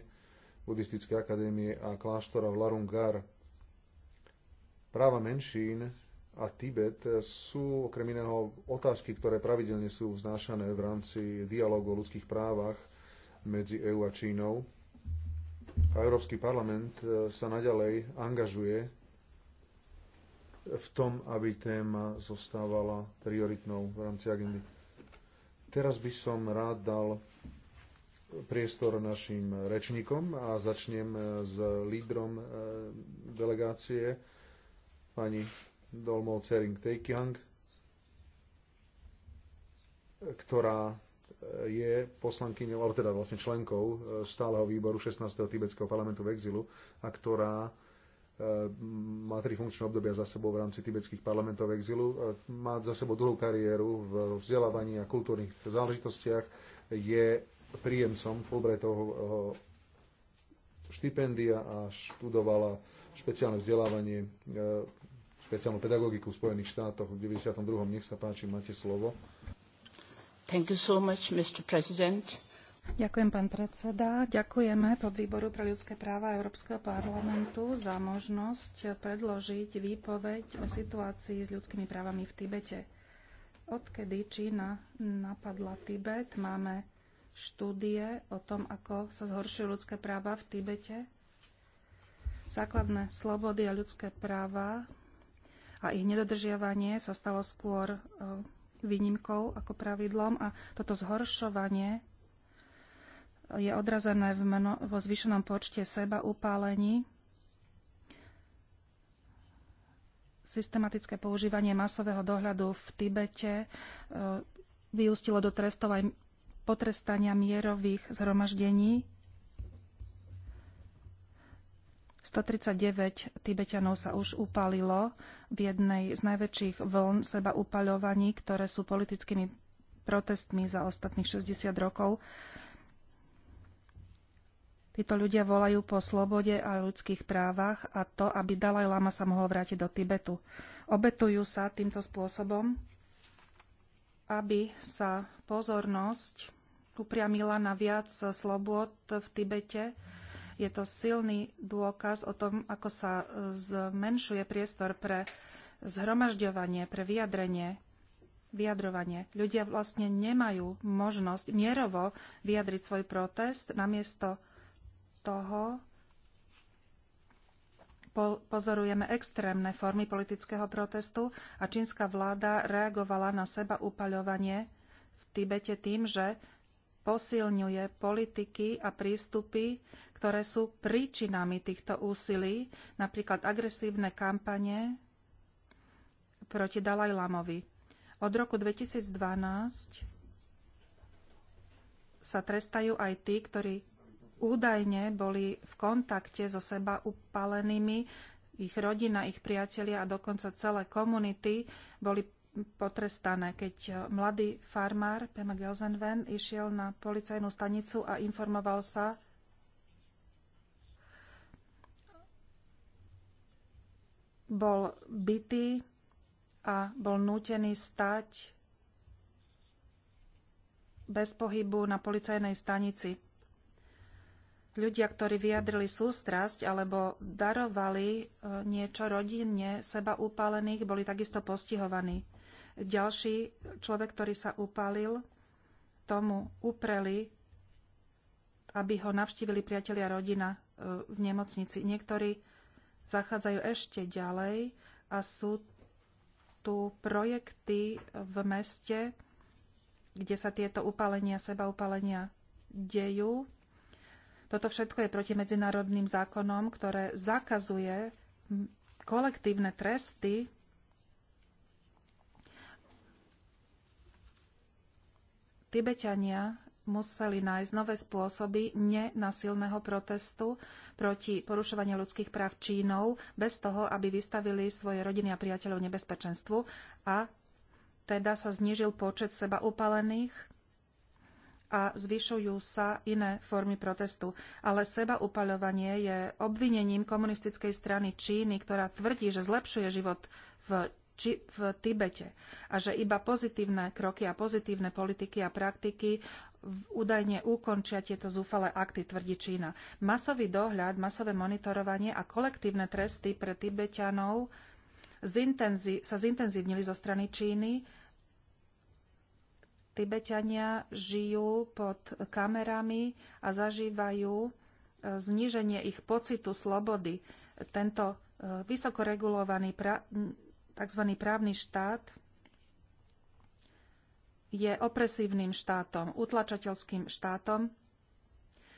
[SPEAKER 2] buddhistické akadémie a kláštora v Larungar. Práva menšín a Tibet sú okrem iného otázky, ktoré pravidelne sú vznášané v rámci dialogu o ľudských právach medzi EÚ a Čínou. A Európsky parlament e, sa naďalej angažuje v tom, aby téma zostávala prioritnou v rámci agendy. Teraz by som rád dal priestor našim rečníkom a začnem s lídrom e, delegácie, pani Dolmo Cering Tejkihang, ktorá je poslankyňou, alebo teda vlastne členkou eh, stáleho výboru 16. tibetského parlamentu v exilu a ktorá eh, má tri funkčné obdobia za sebou v rámci tibetských parlamentov v exilu. Eh, má za sebou dlhú kariéru v vzdelávaní a kultúrnych záležitostiach. Je príjemcom Fulbrightovho štipendia a študovala špeciálne vzdelávanie špeciálnu pedagogiku v Spojených štátoch v 92. Nech sa páči, máte slovo. Thank you so much, Mr. President.
[SPEAKER 4] Ďakujem, pán predseda. Ďakujeme pod výboru pre ľudské práva Európskeho parlamentu za možnosť predložiť výpoveď o situácii s ľudskými právami v Tibete. Odkedy Čína napadla Tibet, máme štúdie o tom, ako sa zhoršujú ľudské práva v Tibete. Základné slobody a ľudské práva a ich nedodržiavanie sa stalo skôr e, výnimkou ako pravidlom a toto zhoršovanie je odrazené v meno, vo zvyšenom počte seba upálení, systematické používanie masového dohľadu v Tibete e, vyústilo do trestov aj potrestania mierových zhromaždení 139 Tibetanov sa už upálilo v jednej z najväčších vln seba upaľovaní, ktoré sú politickými protestmi za ostatných 60 rokov. Títo ľudia volajú po slobode a ľudských právach a to, aby Dalaj Lama sa mohol vrátiť do Tibetu. Obetujú sa týmto spôsobom, aby sa pozornosť upriamila na viac slobod v Tibete, je to silný dôkaz o tom, ako sa e, zmenšuje priestor pre zhromažďovanie, pre vyjadrenie, vyjadrovanie. Ľudia vlastne nemajú možnosť mierovo vyjadriť svoj protest, namiesto toho pozorujeme extrémne formy politického protestu a čínska vláda reagovala na seba upaľovanie v Tibete tým, že posilňuje politiky a prístupy, ktoré sú príčinami týchto úsilí, napríklad agresívne kampane proti Lamovi. Od roku 2012 sa trestajú aj tí, ktorí údajne boli v kontakte so seba upalenými, ich rodina, ich priatelia a dokonca celé komunity boli potrestané, keď mladý farmár Pema Gelsenven išiel na policajnú stanicu a informoval sa, bol bitý a bol nútený stať bez pohybu na policajnej stanici. Ľudia, ktorí vyjadrili sústrasť alebo darovali e, niečo rodinne seba upálených, boli takisto postihovaní. Ďalší človek, ktorý sa upálil, tomu upreli, aby ho navštívili priatelia rodina e, v nemocnici. Niektorí zachádzajú ešte ďalej a sú tu projekty v meste, kde sa tieto upálenia, seba upálenia dejú. Toto všetko je proti medzinárodným zákonom, ktoré zakazuje kolektívne tresty Tibetania museli nájsť nové spôsoby nenasilného protestu proti porušovaniu ľudských práv Čínou, bez toho, aby vystavili svoje rodiny a priateľov nebezpečenstvu a teda sa znížil počet seba upalených a zvyšujú sa iné formy protestu. Ale seba upaľovanie je obvinením komunistickej strany Číny, ktorá tvrdí, že zlepšuje život v či v Tibete a že iba pozitívne kroky a pozitívne politiky a praktiky údajne ukončia tieto zúfale akty, tvrdí Čína. Masový dohľad, masové monitorovanie a kolektívne tresty pre Tibetanov zintenzi- sa zintenzívnili zo strany Číny. Tibetania žijú pod kamerami a zažívajú e, zníženie ich pocitu slobody. Tento e, vysokoregulovaný pra- tzv. právny štát je opresívnym štátom, utlačateľským štátom,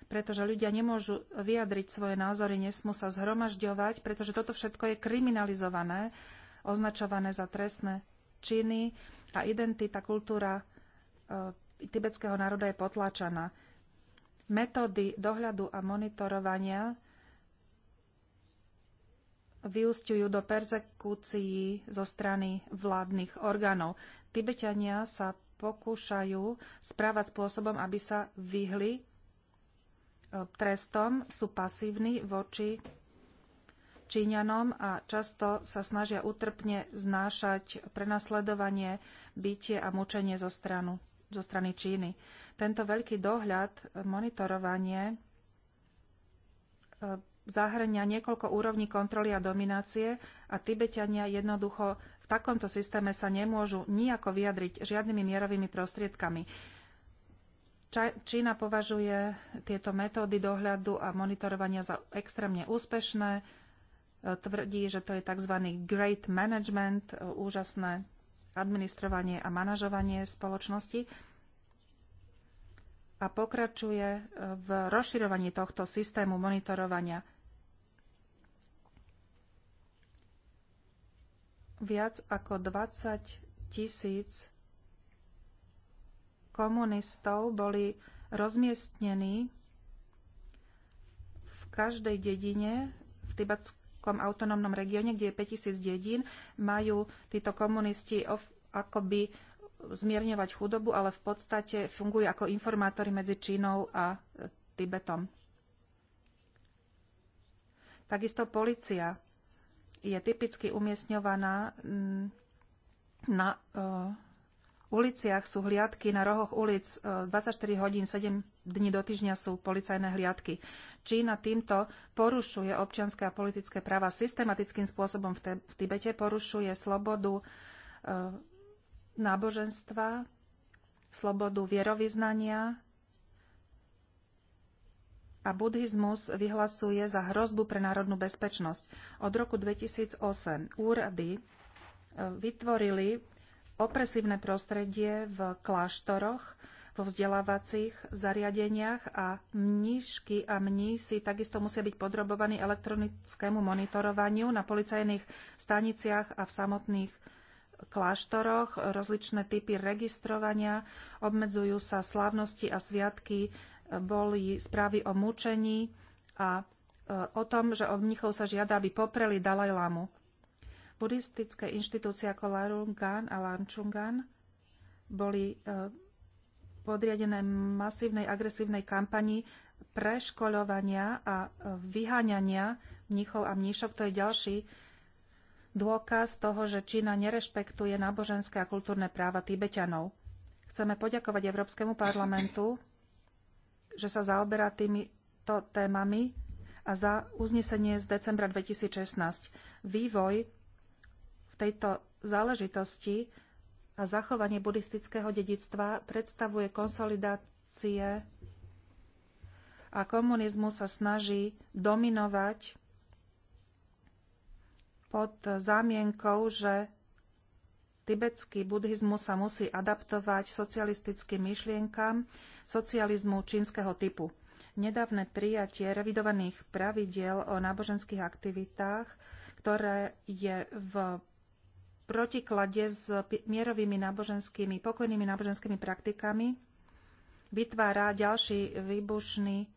[SPEAKER 4] pretože ľudia nemôžu vyjadriť svoje názory, nesmú sa zhromažďovať, pretože toto všetko je kriminalizované, označované za trestné činy a identita, kultúra e, tibetského národa je potláčaná. Metódy dohľadu a monitorovania vyústiujú do perzekúcií zo strany vládnych orgánov. Tibetania sa pokúšajú správať spôsobom, aby sa vyhli e, trestom, sú pasívni voči Číňanom a často sa snažia utrpne znášať prenasledovanie, bytie a mučenie zo, stranu, zo strany Číny. Tento veľký dohľad, monitorovanie e, zahŕňa niekoľko úrovní kontroly a dominácie a Tibetania jednoducho v takomto systéme sa nemôžu nijako vyjadriť žiadnymi mierovými prostriedkami. Čína považuje tieto metódy dohľadu a monitorovania za extrémne úspešné. E, tvrdí, že to je tzv. great management, e, úžasné administrovanie a manažovanie spoločnosti a pokračuje e, v rozširovaní tohto systému monitorovania viac ako 20 tisíc komunistov boli rozmiestnení v každej dedine v tibetskom autonómnom regióne, kde je 5000 dedín, majú títo komunisti akoby zmierňovať chudobu, ale v podstate fungujú ako informátori medzi Čínou a e, Tibetom. Takisto policia je typicky umiestňovaná mm, na e, uliciach sú hliadky, na rohoch ulic 24 e, hodín, 7 dní do týždňa sú policajné hliadky. Čína týmto porušuje občianské a politické práva systematickým spôsobom v, Tibete, porušuje slobodu e, náboženstva, slobodu vierovýznania, a buddhizmus vyhlasuje za hrozbu pre národnú bezpečnosť. Od roku 2008 úrady e, vytvorili opresívne prostredie v kláštoroch, vo vzdelávacích zariadeniach a mníšky a mnísi takisto musia byť podrobovaní elektronickému monitorovaniu na policajných staniciach a v samotných kláštoroch. Rozličné typy registrovania, obmedzujú sa slávnosti a sviatky boli správy o mučení a e, o tom, že od mnichov sa žiada, aby popreli Dalaj Lámu. Budistické inštitúcie ako Larungan a Lanchungan boli e, podriadené masívnej agresívnej kampani preškoľovania a e, vyháňania mníchov a mníšok. To je ďalší dôkaz toho, že Čína nerešpektuje náboženské a kultúrne práva Tibetanov. Chceme poďakovať Európskemu parlamentu že sa zaoberá týmito témami a za uznesenie z decembra 2016. Vývoj v tejto záležitosti a zachovanie buddhistického dedictva predstavuje konsolidácie a komunizmu sa snaží dominovať pod zámienkou, že Tibetský buddhizmus sa musí adaptovať socialistickým myšlienkam socializmu čínskeho typu. Nedávne prijatie revidovaných pravidiel o náboženských aktivitách, ktoré je v protiklade s mierovými náboženskými, pokojnými náboženskými praktikami, vytvára ďalší výbušný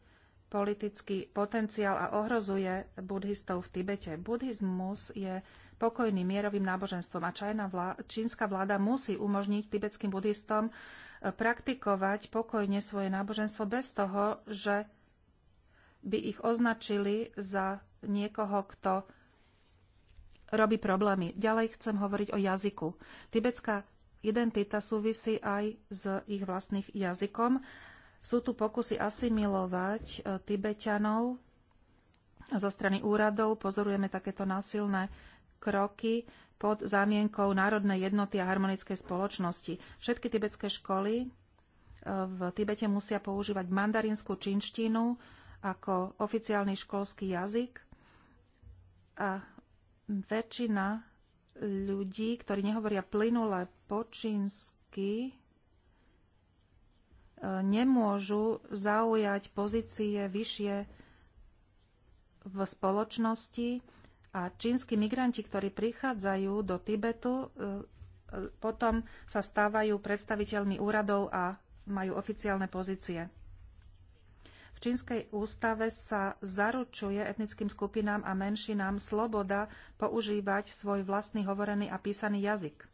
[SPEAKER 4] politický potenciál a ohrozuje buddhistov v Tibete. Buddhizmus je pokojným mierovým náboženstvom a vlá, čínska vláda musí umožniť tibetským buddhistom eh, praktikovať pokojne svoje náboženstvo bez toho, že by ich označili za niekoho, kto robí problémy. Ďalej chcem hovoriť o jazyku. Tibetská identita súvisí aj s ich vlastným jazykom sú tu pokusy asimilovať e, Tibetanov zo strany úradov. Pozorujeme takéto násilné kroky pod zámienkou národnej jednoty a harmonickej spoločnosti. Všetky tibetské školy e, v Tibete musia používať mandarinskú činštinu ako oficiálny školský jazyk a väčšina ľudí, ktorí nehovoria plynule po čínsky, nemôžu zaujať pozície vyššie v spoločnosti a čínsky migranti, ktorí prichádzajú do Tibetu, e, potom sa stávajú predstaviteľmi úradov a majú oficiálne pozície. V čínskej ústave sa zaručuje etnickým skupinám a menšinám sloboda používať svoj vlastný hovorený a písaný jazyk.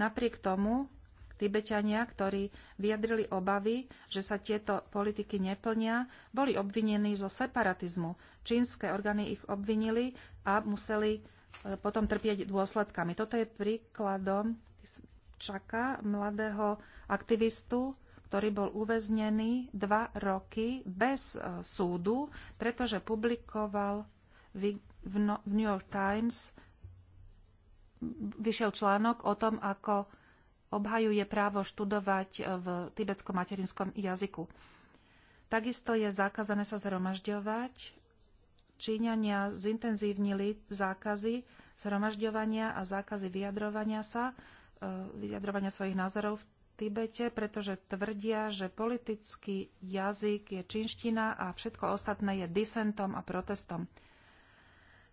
[SPEAKER 4] Napriek tomu Tibetania, ktorí vyjadrili obavy, že sa tieto politiky neplnia, boli obvinení zo separatizmu. Čínske orgány ich obvinili a museli e, potom trpieť dôsledkami. Toto je príkladom Čaka, mladého aktivistu, ktorý bol uväznený dva roky bez e, súdu, pretože publikoval no- v New York Times vyšiel článok o tom, ako obhajuje právo študovať e, v tibetskom materinskom jazyku. Takisto je zakázané sa zhromažďovať. Číňania zintenzívnili zákazy zhromažďovania a zákazy vyjadrovania sa, e, vyjadrovania svojich názorov v Tibete, pretože tvrdia, že politický jazyk je čínština a všetko ostatné je disentom a protestom.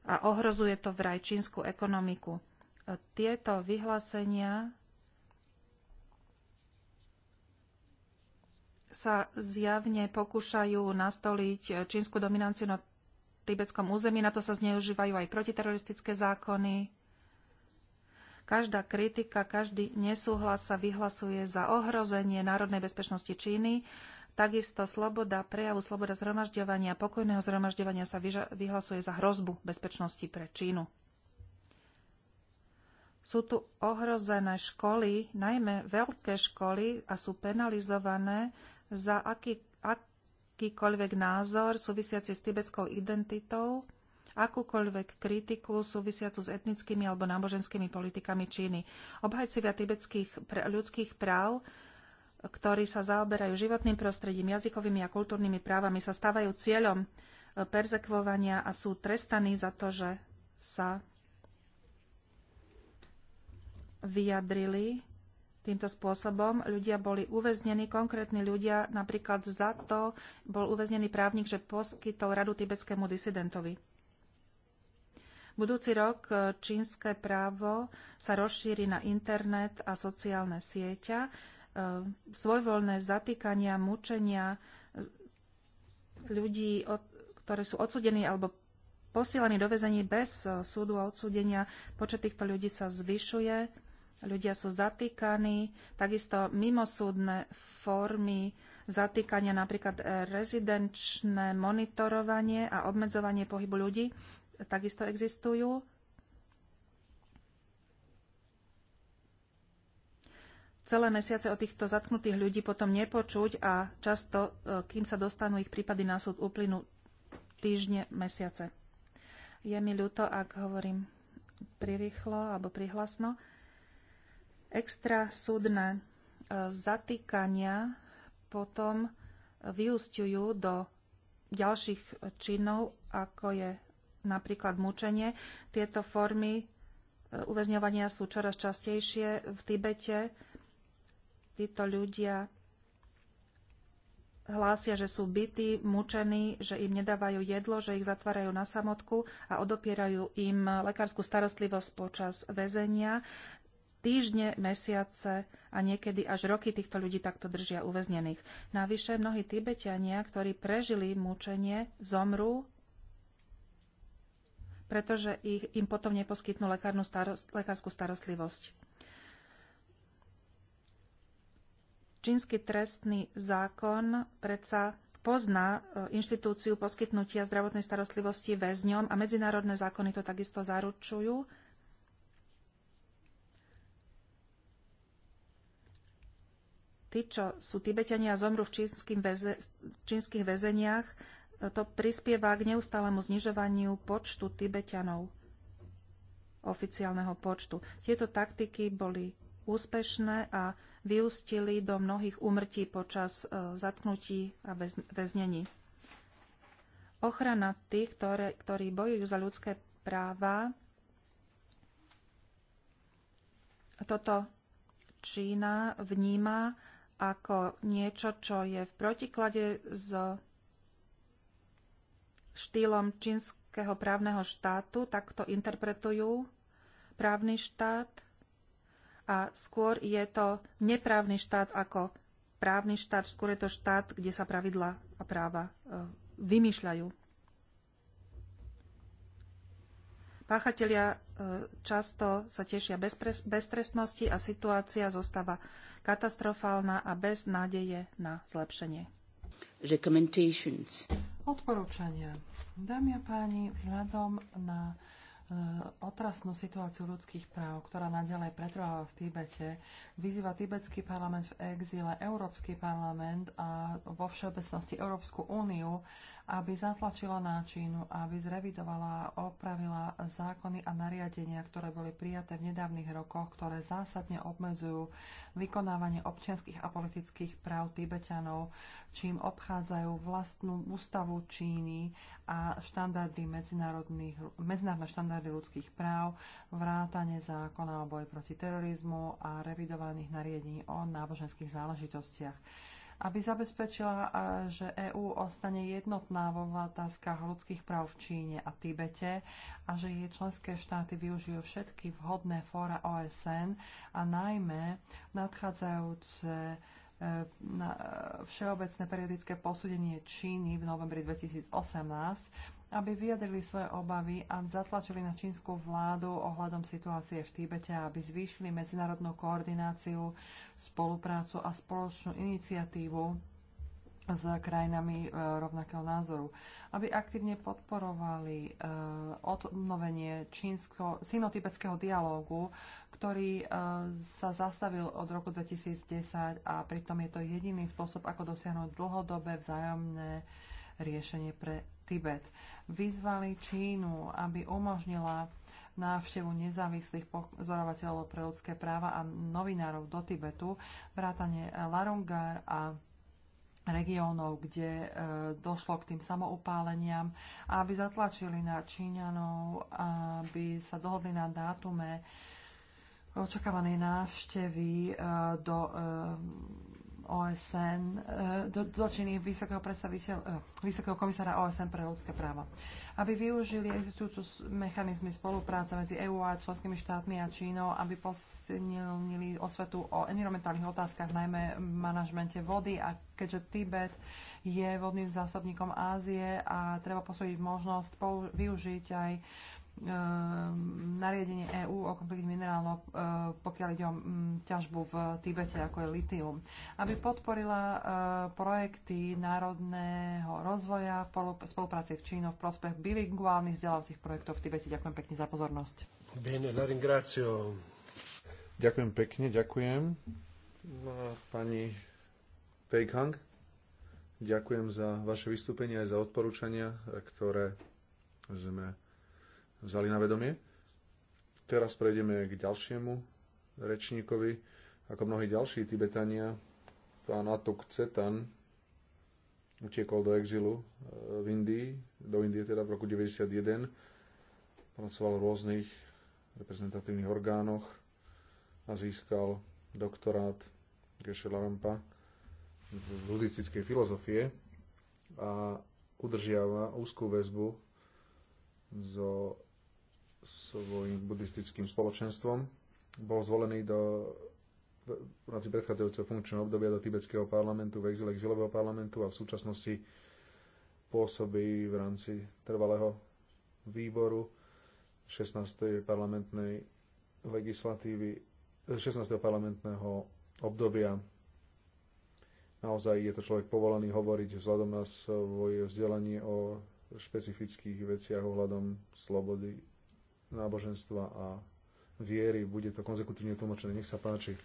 [SPEAKER 4] A ohrozuje to vraj čínsku ekonomiku. E, tieto vyhlásenia sa zjavne pokúšajú nastoliť čínsku dominanciu na tibetskom území. Na to sa zneužívajú aj protiteroristické zákony. Každá kritika, každý nesúhlas sa vyhlasuje za ohrozenie národnej bezpečnosti Číny. Takisto sloboda prejavu, sloboda zhromažďovania, pokojného zhromažďovania sa vyhlasuje za hrozbu bezpečnosti pre Čínu. Sú tu ohrozené školy, najmä veľké školy a sú penalizované za aký, akýkoľvek názor súvisiaci s tibetskou identitou, akúkoľvek kritiku súvisiacu s etnickými alebo náboženskými politikami Číny. Obhajcovia tibetských pr- ľudských práv ktorí sa zaoberajú životným prostredím, jazykovými a kultúrnymi právami, sa stávajú cieľom e, perzekvovania a sú trestaní za to, že sa vyjadrili Týmto spôsobom ľudia boli uväznení, konkrétni ľudia, napríklad za to bol uväznený právnik, že poskytol radu tibetskému disidentovi. Budúci rok e, čínske právo sa rozšíri na internet a sociálne sieťa. E, svojvoľné zatýkania, mučenia ľudí, ktoré sú odsudení alebo posielaní do väzení bez e, súdu a odsúdenia, počet týchto ľudí sa zvyšuje ľudia sú zatýkaní, takisto mimosúdne formy zatýkania, napríklad e, rezidenčné monitorovanie a obmedzovanie pohybu ľudí, takisto existujú. Celé mesiace o týchto zatknutých ľudí potom nepočuť a často, e, kým sa dostanú ich prípady na súd, uplynú týždne, mesiace. Je mi ľúto, ak hovorím prirýchlo alebo prihlasno. Extrasúdne e, zatýkania potom vyústiujú do ďalších činov, ako je napríklad mučenie. Tieto formy e, uväzňovania sú čoraz častejšie v Tibete. Títo ľudia hlásia, že sú bytí, mučení, že im nedávajú jedlo, že ich zatvárajú na samotku a odopierajú im lekárskú starostlivosť počas väzenia týždne, mesiace a niekedy až roky týchto ľudí takto držia uväznených. Navyše mnohí Tibetiania, ktorí prežili mučenie, zomrú, pretože ich, im potom neposkytnú lekárnu starost, lekárskú starostlivosť. Čínsky trestný zákon predsa pozná e, inštitúciu poskytnutia zdravotnej starostlivosti väzňom a medzinárodné zákony to takisto zaručujú. tí, čo sú Tibetania a zomru v väze, čínskych väzeniach, to prispieva k neustálemu znižovaniu počtu Tibetanov, oficiálneho počtu. Tieto taktiky boli úspešné a vyústili do mnohých úmrtí počas e, zatknutí a väznení. Ochrana tých, ktoré, ktorí bojujú za ľudské práva, toto Čína vníma ako niečo, čo je v protiklade s štýlom čínskeho právneho štátu, tak to interpretujú právny štát a skôr je to neprávny štát ako právny štát, skôr je to štát, kde sa pravidla a práva e, vymýšľajú. Páchatelia e, často sa tešia beztrestnosti a situácia zostáva katastrofálna a bez nádeje na zlepšenie.
[SPEAKER 3] Odporúčania. Dámy a páni, vzhľadom na e, otrasnú situáciu ľudských práv, ktorá nadalej pretrváva v Tibete, vyzýva tibetský parlament v exíle, Európsky parlament a vo všeobecnosti Európsku úniu, aby zatlačila na Čínu, aby zrevidovala a opravila zákony a nariadenia, ktoré boli prijaté v nedávnych rokoch, ktoré zásadne obmedzujú vykonávanie občianských a politických práv Tibetanov, čím obchádzajú vlastnú ústavu Číny a štandardy medzinárodné štandardy ľudských práv, vrátane zákona o boji proti terorizmu a revidovaných nariadení o náboženských záležitostiach aby zabezpečila, že EÚ ostane jednotná vo otázkach ľudských práv v Číne a Tibete a že jej členské štáty využijú všetky vhodné fóra OSN a najmä nadchádzajúce e, na e, všeobecné periodické posúdenie Číny v novembri 2018 aby vyjadrili svoje obavy a zatlačili na čínsku vládu ohľadom situácie v Tibete, aby zvýšili medzinárodnú koordináciu, spoluprácu a spoločnú iniciatívu s krajinami e, rovnakého názoru, aby aktívne podporovali e, odnovenie čínsko, sino-tibetského dialógu, ktorý e, sa zastavil od roku 2010 a pritom je to jediný spôsob, ako dosiahnuť dlhodobé vzájomné riešenie pre Tibet. Vyzvali Čínu, aby umožnila návštevu nezávislých pozorovateľov pre ľudské práva a novinárov do Tibetu, vrátane Larungar a regiónov, kde e, došlo k tým samoupáleniam, aby zatlačili na Číňanov, aby sa dohodli na dátume očakávanej návštevy e, do e, OSN, e, do, do činy vysokého, e, vysokého komisára OSN pre ľudské práva, aby využili existujúcu mechanizmy spolupráce medzi EU a členskými štátmi a Čínou, aby posilnili osvetu o environmentálnych otázkach, najmä v manažmente vody a keďže Tibet je vodným zásobníkom Ázie a treba posúdiť možnosť využiť aj Ehm, nariadenie EÚ o konfliktných minerálov, e, pokiaľ ide o mm, ťažbu v Tibete, ako je litium, aby podporila e, projekty národného rozvoja v spolupráci v Čínu v prospech bilinguálnych vzdelávacích projektov v Tibete. Ďakujem pekne za pozornosť.
[SPEAKER 1] Bene, la ringrazio. Ďakujem
[SPEAKER 2] pekne, ďakujem. No pani Peikhang, ďakujem za vaše vystúpenie aj za odporúčania, ktoré sme vzali na vedomie. Teraz prejdeme k ďalšiemu rečníkovi. Ako mnohí ďalší Tibetania, pán Atok Cetan utiekol do exilu e, v Indii, do Indie teda v roku 1991. Pracoval v rôznych reprezentatívnych orgánoch a získal doktorát geshe Rampa z buddhistickej filozofie a udržiava úzkú väzbu so svojim buddhistickým spoločenstvom. Bol zvolený do v rámci predchádzajúceho funkčného obdobia do tibetského parlamentu, v exile exilového parlamentu a v súčasnosti pôsobí v rámci trvalého výboru 16. parlamentnej legislatívy, 16. Eh, parlamentného obdobia. Naozaj je to človek povolený hovoriť vzhľadom na svoje vzdelanie o špecifických veciach ohľadom slobody náboženstva a viery. Bude to konzekutívne tlmočené. Nech sa
[SPEAKER 6] páči.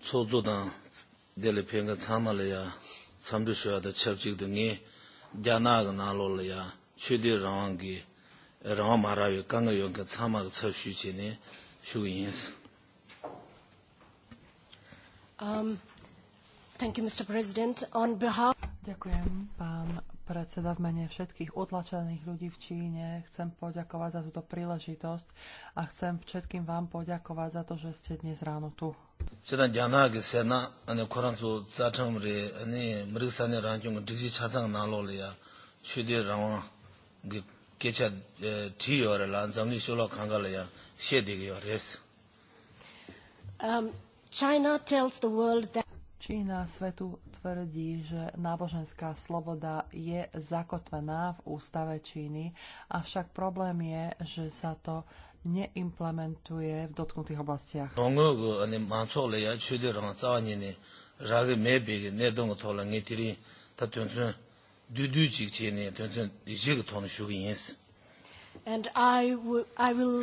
[SPEAKER 6] Codzodan dele penga tsamaleya samdushoya da chapchik do ne janaga nalo leya chudi rawangi rawa marawi kanga yonka tsamaga tsapshu che ne shugu yinsa.
[SPEAKER 5] Um, thank you,
[SPEAKER 3] Mr. President. On behalf... Ďakujem, pán predseda, v mene všetkých utlačených ľudí v Číne chcem poďakovať za túto príležitosť a chcem všetkým vám poďakovať za to, že ste dnes ráno tu.
[SPEAKER 6] Um,
[SPEAKER 5] China tells the world that Čína svetu
[SPEAKER 3] tvrdí, že náboženská sloboda je zakotvená v ústave Číny, avšak problém je, že sa to neimplementuje v dotknutých oblastiach.
[SPEAKER 6] And
[SPEAKER 5] I, I will...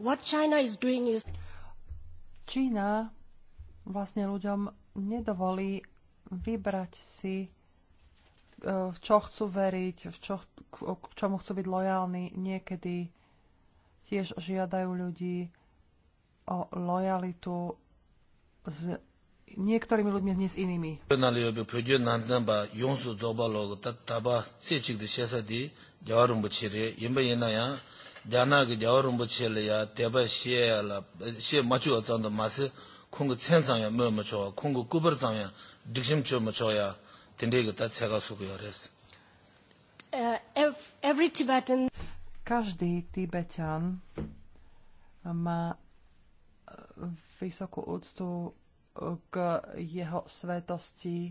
[SPEAKER 5] What China is doing
[SPEAKER 3] is... Čína vlastne ľuďom nedovolí vybrať si, e, v čo chcú veriť, v čo, k čomu chcú byť lojálni. Niekedy tiež žiadajú ľudí o lojalitu s niektorými ľuďmi, nie s inými
[SPEAKER 6] gyānā kī gyāwa rōmbu chē lī yā, tēpa xie yā lā, xie mā chūwa tsaṅ tā mā sī, khōng kī cēn tsāng yā mē mā dikshim chō mā chōwa tēndē kī tā cē kā sū
[SPEAKER 3] Every Tibetan... Každý Tibetan ma eh, vysokú úctu eh, k jeho svetosti,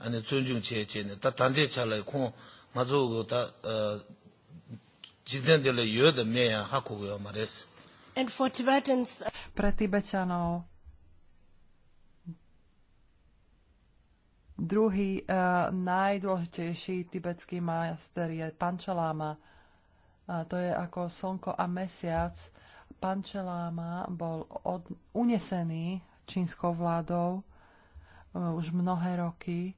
[SPEAKER 6] 아니 존중 제제네 다 단대 차라에 콩 맞고 다 직전들에 여도 매야 하고요 말했어.
[SPEAKER 5] And for Tibetans uh, pre Tibetanov
[SPEAKER 3] druhý uh, najdôležitejší tibetský majster je Pančeláma. Uh, to je ako slnko a mesiac. Pančeláma bol od, unesený čínskou vládou uh, už mnohé roky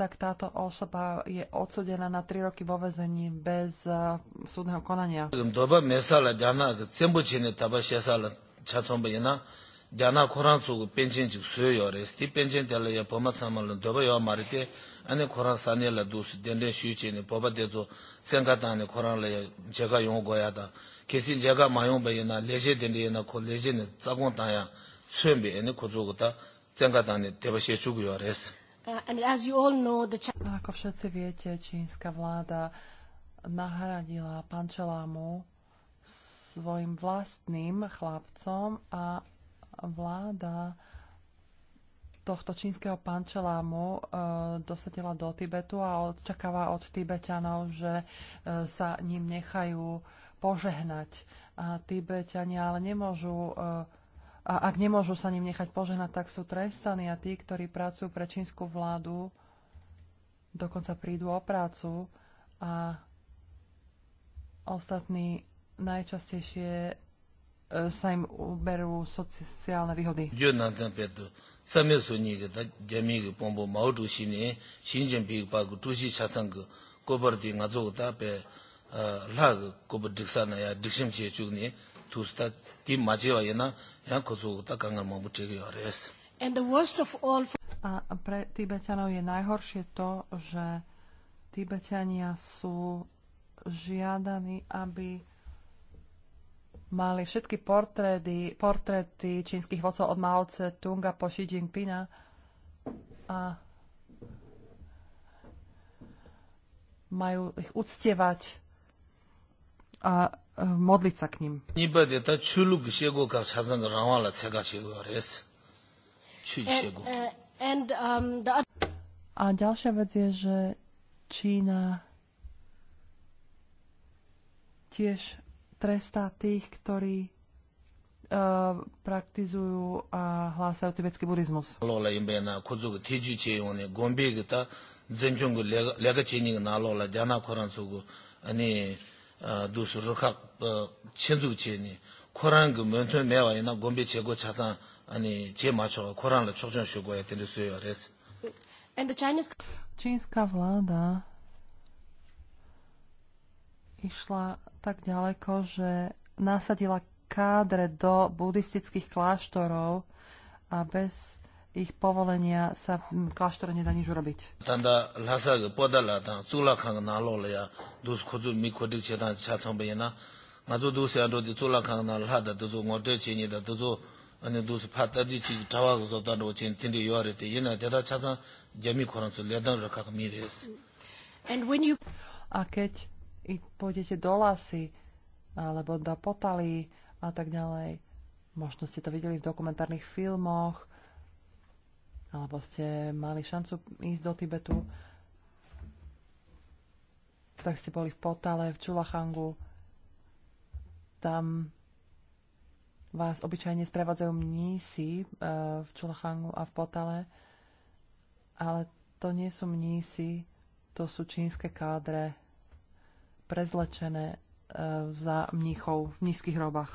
[SPEAKER 3] tak táto osoba je odsudená na 3 roky vo vezení bez uh, súdneho konania.
[SPEAKER 6] ᱡᱟᱱᱟ ᱠᱚᱨᱟᱱ ᱥᱩ ᱯᱮᱱᱥᱤᱱ ᱪᱤ ᱥᱩᱭᱚ ᱨᱮᱥ ᱛᱤ ᱯᱮᱱᱥᱤᱱ ᱛᱮᱞᱮ ᱭᱟ ᱯᱚᱢᱟ ᱥᱟᱢᱟᱞ ᱫᱚᱵᱟ ᱭᱟ ᱢᱟᱨᱛᱮ ᱟᱱᱮ ᱠᱚᱨᱟᱱ ᱥᱟᱱᱮ ᱞᱟ ᱫᱩᱥ ᱫᱮᱱᱫᱮ ᱥᱩᱭ ᱪᱤ ᱱᱮ ᱯᱚᱵᱟ ᱫᱮᱡᱚ ᱥᱮᱝᱜᱟ ᱛᱟᱱᱮ ᱠᱚᱨᱟᱱ ᱞᱮ ᱡᱮᱜᱟ ᱭᱚ ᱜᱚᱭᱟ ᱫᱟ 계신 제가 마용 배이나 레제 된데나 콜레제는 자고 다야 수행비 에네 고조고다 생각다네 대버시에 주고요 그랬어
[SPEAKER 5] Uh, no, ako všetci viete, čínska
[SPEAKER 3] vláda nahradila pančelámu svojim vlastným chlapcom a vláda tohto čínskeho pančelámu e, uh, dosadila do Tibetu a očakáva od Tibetanov, že e, sa ním nechajú požehnať. A Tibetania ale nemôžu e, a ak nemôžu sa ním nechať požehnať, tak sú trestaní a tí, ktorí pracujú pre čínsku vládu, dokonca prídu o prácu a ostatní najčastejšie e, sa im uberú sociálne
[SPEAKER 6] výhody. Ďakujem yena 디 마지와이나 양코조 다강을 뭐 붙이게 res
[SPEAKER 5] And the worst of
[SPEAKER 3] all a pre Tibetanov je najhoršie to, že Tibetania sú žiadaní, aby mali všetky portréty, portréty čínskych vodcov od Mao Tse Tunga po Xi Jinpinga a majú ich uctievať a modliť sa k ním. Uh, um, a ďalšia vec je, že Čína tiež trestá tých, ktorí
[SPEAKER 6] uh, praktizujú a hlásajú tibetský buddhizmus. 아니 dusu rukha chinzuk che ni Koran gu mentun mewa ina gombe che go chatan ani che macho Koran la chokchon shu go ya tenri suyo res.
[SPEAKER 5] And the Chinese... Čínska vláda
[SPEAKER 3] išla tak ďaleko, že nasadila kádre do buddhistických kláštorov a bez ich povolenia sa v kláštore nedá nič urobiť. You... A keď pôjdete do lasy, alebo do potaly a tak ďalej, možno ste to videli v dokumentárnych filmoch, alebo ste mali šancu ísť do Tibetu, tak ste boli v Potale, v Čulachangu. Tam vás obyčajne sprevádzajú mnísi e, v Čulachangu a v Potale, ale to nie sú mnísi, to sú čínske kádre prezlečené e, za mníchov v nízkych robách.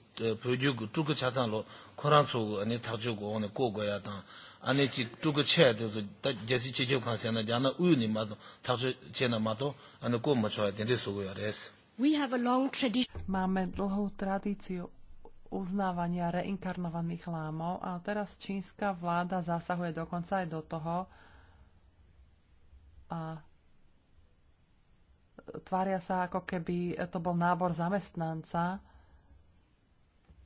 [SPEAKER 6] pyo gu zhugu lo Koran tsu ane tak ane go ya tang ane chi zhugu che de da jesi che che kan se jana uyu ni ma che na ane ma ya res
[SPEAKER 5] We have a long
[SPEAKER 3] tradition Máme dlhú tradíciu uznávania reinkarnovaných lámov a teraz čínska vláda zasahuje dokonca aj do toho a tvária sa ako keby to bol nábor zamestnanca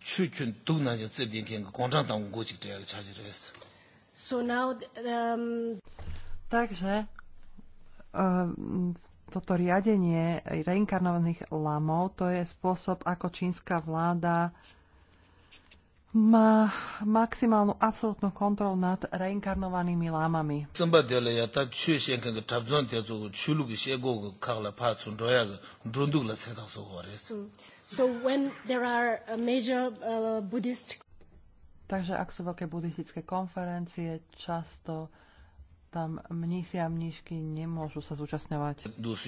[SPEAKER 6] 추춘 동나지 쓰딩긴 공장당 고직 제가 차지를 했어.
[SPEAKER 5] So now um... takže um,
[SPEAKER 3] toto riadenie reinkarnovaných lamov, to je spôsob, ako čínska vláda má maximálnu absolútnu kontrolu nad reinkarnovanými lámami.
[SPEAKER 6] Mm.
[SPEAKER 5] So when there are a uh, major uh, Buddhist... Takže ak sú veľké buddhistické
[SPEAKER 3] konferencie, často tam mnísi a mníšky nemôžu sa zúčastňovať.
[SPEAKER 6] Uh,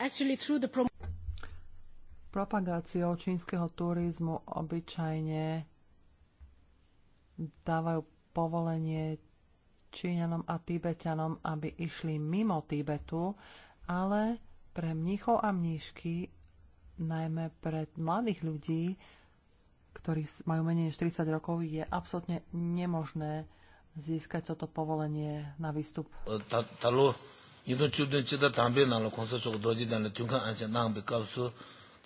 [SPEAKER 5] actually, through the
[SPEAKER 3] propagáciou čínskeho turizmu obyčajne dávajú povolenie Číňanom a Tibetanom, aby išli mimo Tibetu, ale pre mnichov a mníšky, najmä pre mladých ľudí, ktorí majú menej než 30 rokov, je absolútne nemožné získať toto povolenie na výstup.
[SPEAKER 6] Talo,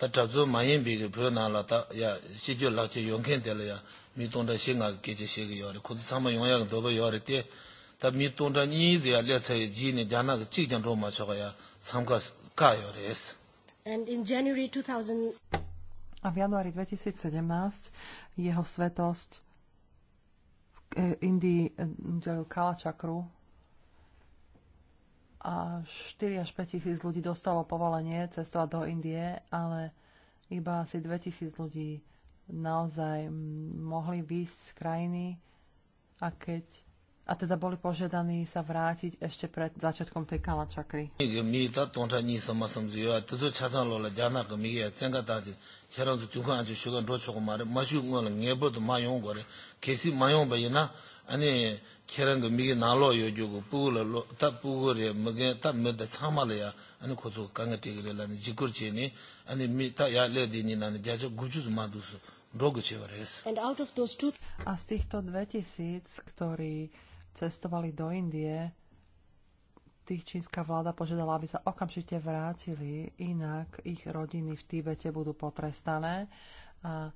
[SPEAKER 6] tā chabzu māyīn bīgī pio nā la tā yā shī kio lak chī yā mī tōng shī ngā kē shī kī khu sāma tē tā mī nī tsā yī jī nī nā mā chō kā yā kā And
[SPEAKER 5] in January 2000...
[SPEAKER 3] A v januári 2017 jeho svetosť v eh, Indii eh, udelil Kala a 4 až 5 tisíc ľudí dostalo povolenie cestovať do Indie, ale iba asi 2 tisíc ľudí naozaj mohli výjsť z krajiny a keď a teda boli požiadaní sa vrátiť ešte pred začiatkom tej kala čakry
[SPEAKER 6] kērāṅ kā mīgī nālō yō yō gu lā lō, tā pūgū rē mīgī, tā mī tā lā yā, anī khu kāngā tīgī rē lā nī jikur chē nī, anī mī tā yā lē dī nī nā nī mā chē wā rē
[SPEAKER 5] sī.
[SPEAKER 3] A z týchto 2000, ktorí cestovali do Indie, tých čínska vláda požiadala, aby sa okamžite vrátili, inak ich rodiny v Tibete budú potrestané a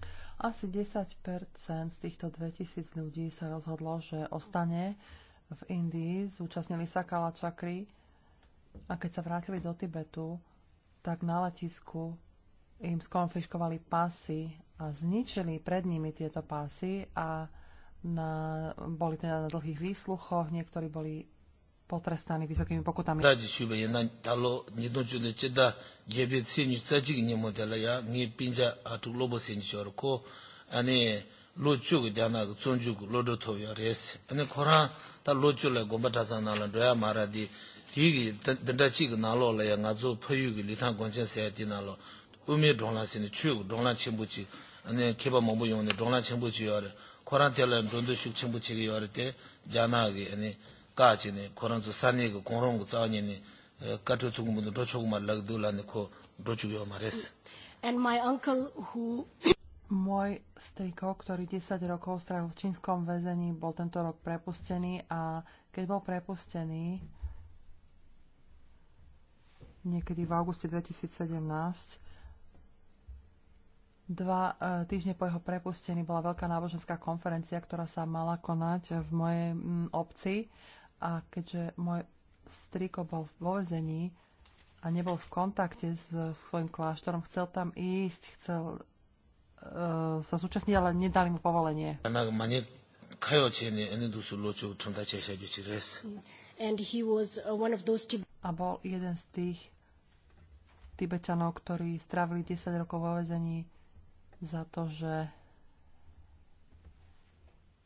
[SPEAKER 5] Asi 10
[SPEAKER 3] z týchto 2000 ľudí sa rozhodlo, že ostane v Indii, zúčastnili sa Kalačakry a keď sa vrátili do Tibetu, tak na letisku im skonfiškovali pasy a zničili pred nimi tieto pasy a na, boli teda na dlhých výsluchoch, niektorí boli
[SPEAKER 6] potrestaní vysokými pokutami. lo chuk jana ka tsun chuk lo do to yor yes. Ani Koran ta lo chuk la gomba tasa na la doya mara di di ki danda chi ka na lo la ya nga zo payu ki li tang gongchen saya di na lo umi dongla sini chuk dongla chenpo chi ani kiba mambu yong ni dongla chenpo chi yor Koran te la dondo shuk chenpo chi ki yor te jana ki ani 까지네 그런 산이 그 공론 그 자원이니 까트 통문도 도초고 코 도주요 말했어.
[SPEAKER 5] And my uncle who môj striko, ktorý
[SPEAKER 3] 10 rokov strávil v čínskom väzení, bol tento rok prepustený a keď bol prepustený, niekedy v auguste 2017, dva eh, týždne po jeho prepustení bola veľká náboženská konferencia, ktorá sa mala konať v mojej mm, obci a keďže môj striko bol vo vezení a nebol v kontakte s, svojim kláštorom, chcel tam ísť, chcel uh, sa zúčastniť, ale nedali mu
[SPEAKER 6] povolenie. Uh,
[SPEAKER 5] a bol jeden z tých Tibetanov,
[SPEAKER 3] ktorí strávili 10 rokov vo vezení za to, že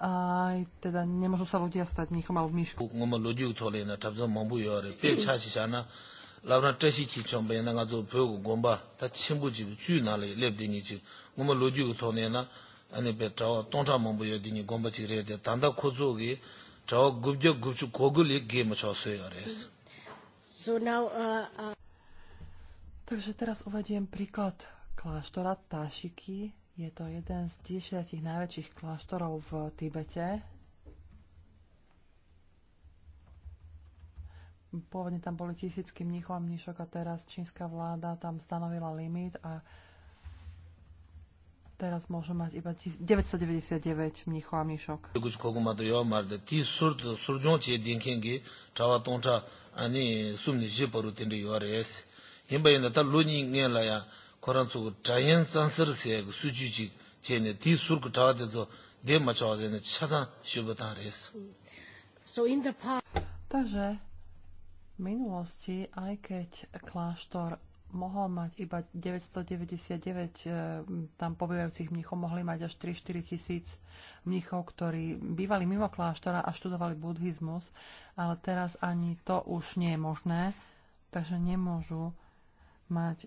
[SPEAKER 3] aj teda
[SPEAKER 6] nemôžu sa ľudia stať mníchom alebo myškou. 라브나 트시치 좀베 나가 좀 배우고 공부 Môžu 친구 집 주나래 랩되니 집 뭐뭐 로지고 돈에나 아니 베트와 동자 몸부 여디니 공부 지래야 돼 단다 코조기 저 굽적 굽주 고글이 게임 쳤어요 그래서
[SPEAKER 5] So
[SPEAKER 3] now, uh, uh... Takže teraz uvediem príklad kláštora Tášiky, je to jeden z desiatich najväčších kláštorov v Tibete. Pôvodne tam boli tisícky mníchov a mníšok a teraz čínska vláda tam stanovila limit a teraz môžu mať iba 999 mníchov a mníšok
[SPEAKER 6] koran tsuku chayin tsansar siyaga suju chik chayne di surku chawade zo de ma chawade chadan shubha tang res.
[SPEAKER 3] Takže v minulosti, aj keď kláštor mohol mať iba 999 eh, tam pobývajúcich mnichov, mohli mať až 3-4 tisíc mnichov, ktorí bývali mimo kláštora a študovali buddhizmus, ale teraz ani to už nie je možné, takže nemôžu mať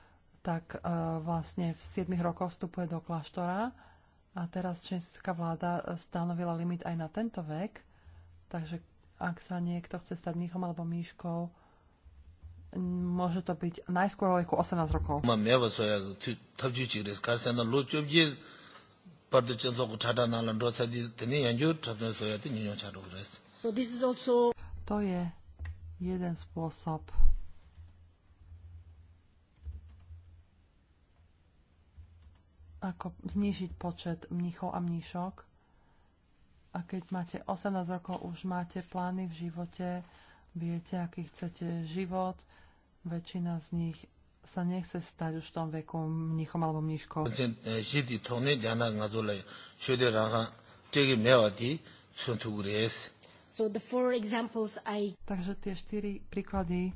[SPEAKER 3] tak e, vlastne v 7 rokoch vstupuje do kláštora a teraz Česká vláda e, stanovila limit aj na tento vek, takže ak sa niekto chce stať Michom alebo míškou, môže to byť najskôr o veku 18 rokov. To je jeden spôsob ako znižiť počet mníchov a mníšok. A keď máte 18 rokov, už máte plány v živote, viete, aký chcete život. Väčšina z nich sa nechce stať už v tom veku
[SPEAKER 6] mníchom alebo mníškom. E,
[SPEAKER 5] so the four examples I... Takže tie štyri
[SPEAKER 3] príklady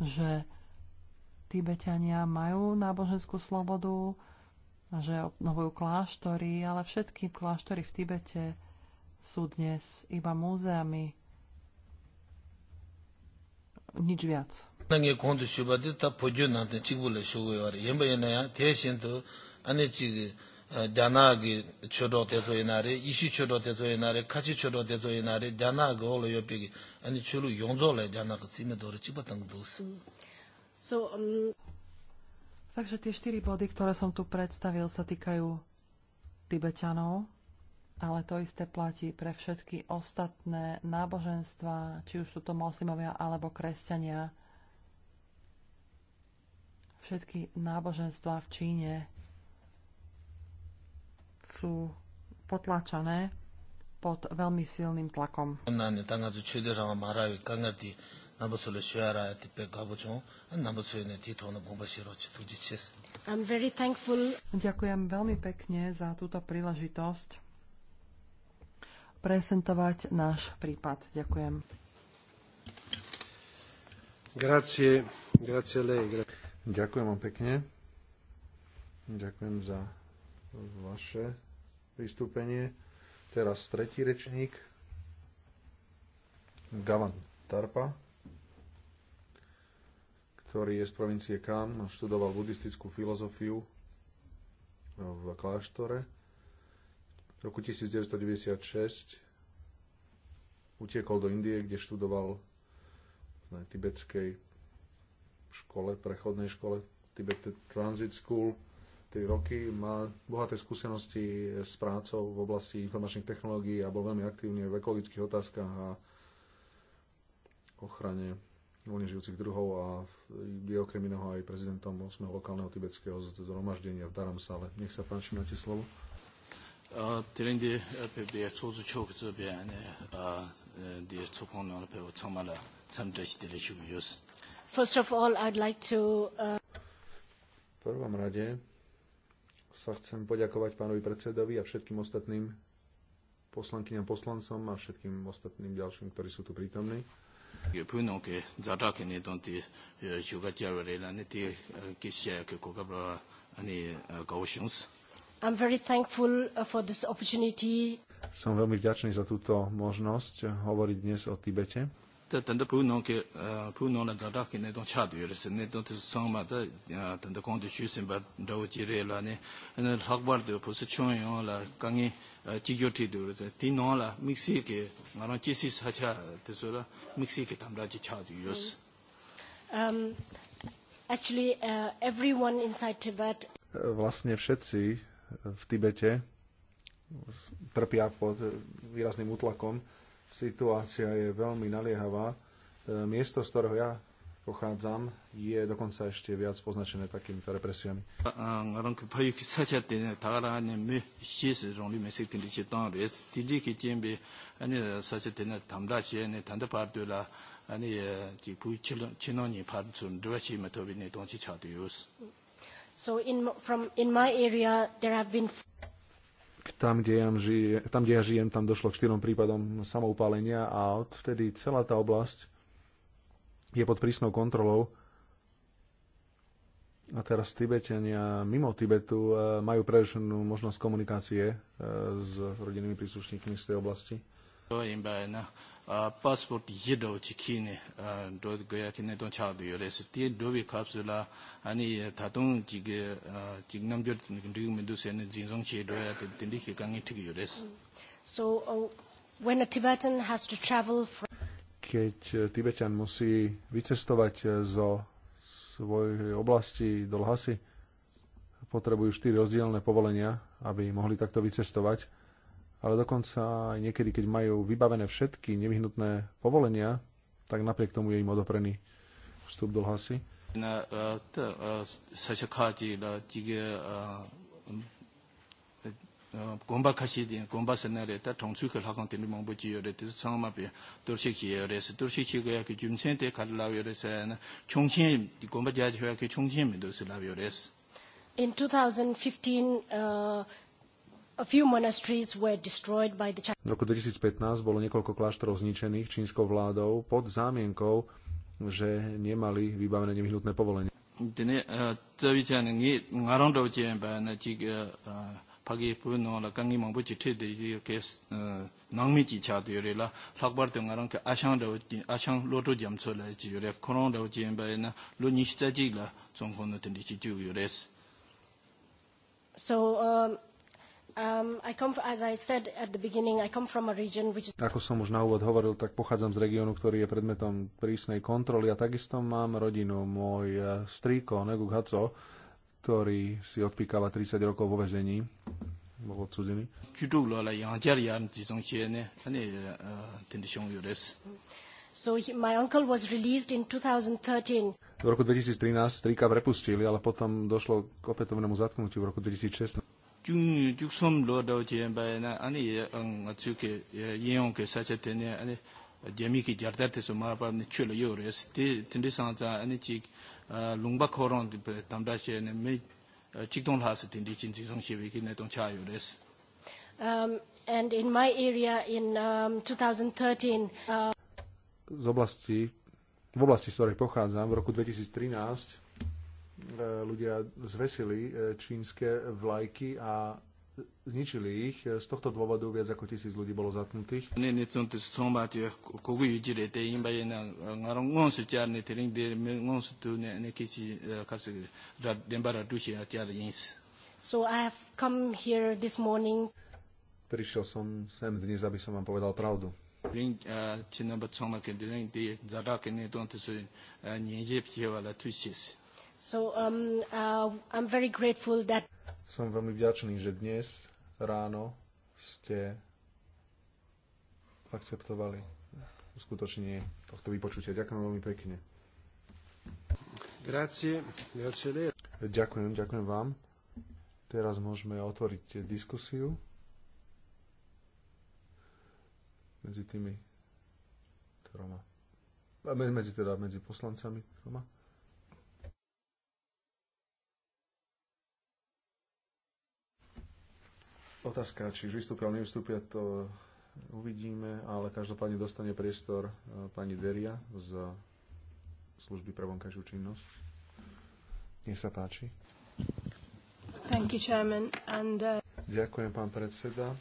[SPEAKER 3] že Tibetania majú náboženskú slobodu že obnovujú kláštory, ale všetky kláštory v Tibete sú dnes iba múzeami. Nič viac.
[SPEAKER 6] nāngi 갸나기 초로 대조의 날에 이시 초로 대조의 날에 같이 초로 대조의 날에 갸나가 올로 옆에 아니 줄로 용조래 갸나가 찜에 도를 집었던 것도
[SPEAKER 3] So, um... Takže tie štyri body, ktoré som tu predstavil, sa týkajú Tibetanov, ale to isté platí pre všetky ostatné náboženstva, či už sú to moslimovia alebo kresťania. Všetky náboženstva v Číne sú potlačané
[SPEAKER 6] pod veľmi silným tlakom. No
[SPEAKER 3] Ďakujem veľmi pekne za túto príležitosť prezentovať náš prípad. Ďakujem.
[SPEAKER 1] Grazie, grazie lei. Ďakujem vám pekne. Ďakujem za vaše vystúpenie. Teraz
[SPEAKER 2] tretí rečník, Gavan Tarpa, ktorý je z provincie Kam, študoval buddhistickú filozofiu v kláštore. V roku 1996 utiekol do Indie, kde študoval na tibetskej škole, prechodnej škole Tibet Transit School 3 roky, má bohaté skúsenosti s prácou v oblasti informačných technológií a bol veľmi aktívny v ekologických otázkach a ochrane voľne žijúcich druhov a je okrem iného aj prezidentom 8. lokálneho tibetského zhromaždenia v Daramsale. Nech sa páči, máte slovo.
[SPEAKER 7] Uh, v prvom rade
[SPEAKER 2] sa chcem poďakovať pánovi predsedovi a všetkým ostatným poslankyňam poslancom a všetkým ostatným ďalším, ktorí sú tu prítomní.
[SPEAKER 7] I'm
[SPEAKER 5] very thankful uh, for this opportunity.
[SPEAKER 7] Som
[SPEAKER 2] veľmi vďačný za túto možnosť uh, hovoriť dnes o Tibete.
[SPEAKER 7] 다 단다 부농게 부농나 자다게 내도 차드여스 내도 상마다 단다 공도 주신바 도지레라네 네 학바르도 포스 총요라 강이 지교티도 디노라 믹시게 나라 지시 사차 되서라 믹시게 담라지 차드여스
[SPEAKER 5] um actually uh, everyone inside Tibet
[SPEAKER 2] vlastne všetci v Tibete trpia pod výrazným útlakom Situácia je veľmi naliehavá. E, miesto, z ktorého ja pochádzam, je dokonca ešte viac poznačené takýmito represiami.
[SPEAKER 5] So in, from, in my area there have been
[SPEAKER 2] tam, kde ja, žijem, tam, kde ja žijem, tam došlo k štyrom prípadom samoupálenia a odvtedy celá tá oblasť je pod prísnou kontrolou. A teraz Tibetania mimo Tibetu e, majú prerušenú možnosť komunikácie e, s rodinnými príslušníkmi z tej oblasti
[SPEAKER 7] passport yido chikini do goya kine don chado yores ti do bi kapsula ani ta dong ji tatung chige chignam jor ndig mindu sen song che do ya tindi ki kangi thig yores
[SPEAKER 5] so uh, when a tibetan has to travel from
[SPEAKER 2] keď Tibetan musí vycestovať zo svojej oblasti do Lhasy, potrebujú štyri rozdielne povolenia, aby mohli takto vycestovať ale dokonca aj niekedy, keď majú vybavené všetky nevyhnutné povolenia, tak napriek tomu je im odoprený vstup do hlasy.
[SPEAKER 7] In 2015,
[SPEAKER 5] uh, v
[SPEAKER 2] roku 2015 bolo niekoľko kláštorov zničených čínskou vládou pod zámienkou, že nemali vybavené nevyhnutné povolenie.
[SPEAKER 5] So um, Um,
[SPEAKER 2] Ako som už na úvod hovoril, tak pochádzam z regiónu, ktorý je predmetom prísnej kontroly a takisto mám rodinu. Môj eh, strýko Negu Haco, ktorý si odpíkava 30 rokov vo vezení, bol odsudený.
[SPEAKER 5] So he, my uncle was released in 2013.
[SPEAKER 2] V roku 2013 strýka prepustili, ale potom došlo k opätovnému zatknutiu v roku 2016.
[SPEAKER 7] 중 육섬 로도 제바나 아니 응 어떻게 예용게 사체되네 아니 재미기 자르다테서 말하면 출로 요레스 티 틴디상자 아니 지 롱바 코론 담다시에네 메 직동 하스 틴디 진지성 시비기 내동 차요레스
[SPEAKER 5] um and in my area in um, 2013 uh...
[SPEAKER 7] z
[SPEAKER 1] oblasti v oblasti,
[SPEAKER 2] z ktorej pochádzam, v roku 2013 E, ľudia zvesili e, čínske vlajky a zničili ich. E, z tohto dôvodu viac ako tisíc ľudí bolo
[SPEAKER 7] zatnutých. Eh,
[SPEAKER 5] so I have come here this morning.
[SPEAKER 2] Prišiel som sem dnes, aby som vám povedal pravdu.
[SPEAKER 7] uh,
[SPEAKER 5] so, um, uh, I'm very grateful that...
[SPEAKER 2] Som veľmi vďačný, že dnes ráno ste akceptovali uskutočnenie tohto vypočutia. Ďakujem veľmi pekne. Grazie, grazie Ďakujem, ďakujem vám. Teraz môžeme otvoriť diskusiu medzi tými troma. Medzi, teda, medzi poslancami troma. Otázka, či už vystúpia alebo nevystúpia, to uvidíme, ale každopádne dostane priestor e, pani Deria z služby pre vonkajšiu činnosť. Nech sa páči.
[SPEAKER 5] Thank you, Chairman. And, uh...
[SPEAKER 2] Ďakujem, pán predseda.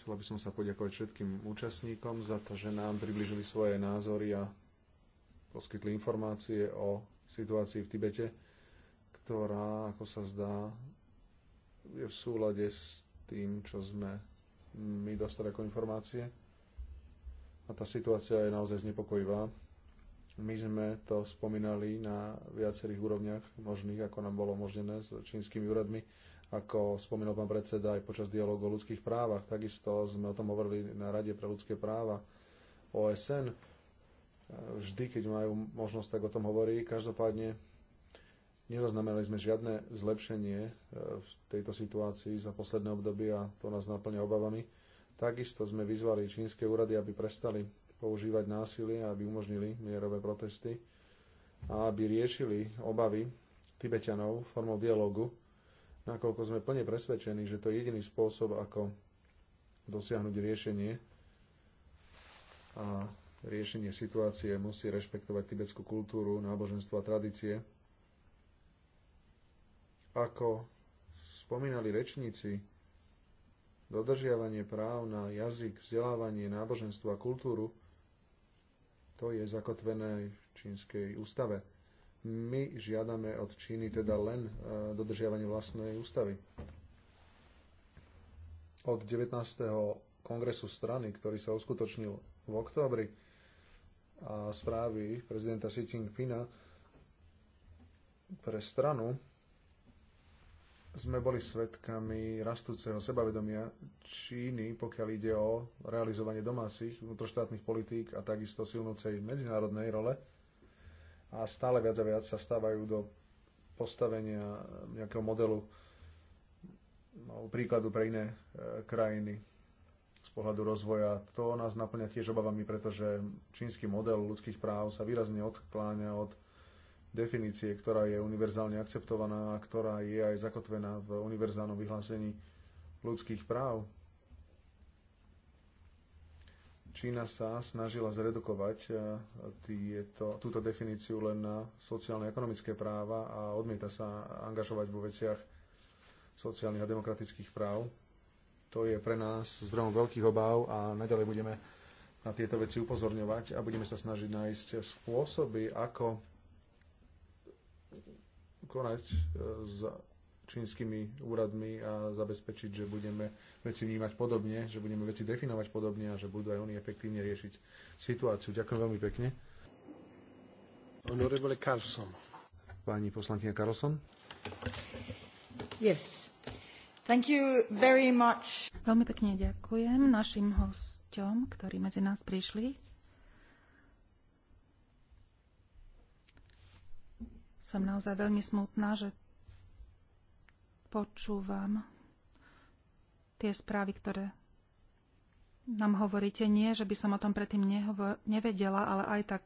[SPEAKER 2] Chcela by som sa poďakovať všetkým účastníkom za to, že nám približili svoje názory a poskytli informácie o situácii v Tibete, ktorá, ako sa zdá, je v súlade s tým, čo sme my dostali ako informácie. A tá situácia je naozaj znepokojivá. My sme to spomínali na viacerých úrovniach možných, ako nám bolo možnené s čínskymi úradmi, ako spomínal pán predseda aj počas dialogu o ľudských právach. Takisto sme o tom hovorili na Rade pre ľudské práva OSN. Vždy, keď majú možnosť, tak o tom hovorí. Každopádne Nezaznamenali sme žiadne zlepšenie e, v tejto situácii za posledné obdobie a to nás naplňa obavami. Takisto sme vyzvali čínske úrady, aby prestali používať násilie, aby umožnili mierové protesty a aby riešili obavy Tibetanov formou dialogu, nakoľko sme plne presvedčení, že to je jediný spôsob, ako dosiahnuť riešenie a riešenie situácie musí rešpektovať tibetskú kultúru, náboženstvo a tradície ako spomínali rečníci, dodržiavanie práv na jazyk, vzdelávanie, náboženstvo a kultúru, to je zakotvené v čínskej ústave. My žiadame od Číny teda len e, dodržiavanie vlastnej ústavy. Od 19. kongresu strany, ktorý sa uskutočnil v októbri, a správy prezidenta Xi Jinpinga pre stranu sme boli svedkami rastúceho sebavedomia Číny, pokiaľ ide o realizovanie domácich vnútroštátnych politík a takisto silnúcej medzinárodnej role. A stále viac a viac sa stávajú do postavenia nejakého modelu no, príkladu pre iné e, krajiny z pohľadu rozvoja. To nás naplňa tiež obavami, pretože čínsky model ľudských práv sa výrazne odkláňa od definície, ktorá je univerzálne akceptovaná a ktorá je aj zakotvená v univerzálnom vyhlásení ľudských práv. Čína sa snažila zredukovať e, tieto, túto definíciu len na sociálne-ekonomické práva a odmieta sa angažovať vo veciach sociálnych a demokratických práv. To je pre nás zdrojom veľkých obáv a naďalej budeme na tieto veci upozorňovať a budeme sa snažiť nájsť spôsoby, ako konať e, s čínskymi úradmi a zabezpečiť, že budeme veci vnímať podobne, že budeme veci definovať podobne a že budú aj oni efektívne riešiť situáciu. Ďakujem veľmi pekne. Honorable Carlson. Pani poslankyňa Carlson.
[SPEAKER 4] Yes. Thank you very much. Veľmi pekne ďakujem našim hostom, ktorí medzi nás prišli. Som naozaj veľmi smutná, že počúvam tie správy, ktoré nám hovoríte. Nie, že by som o tom predtým nevedela, ale aj tak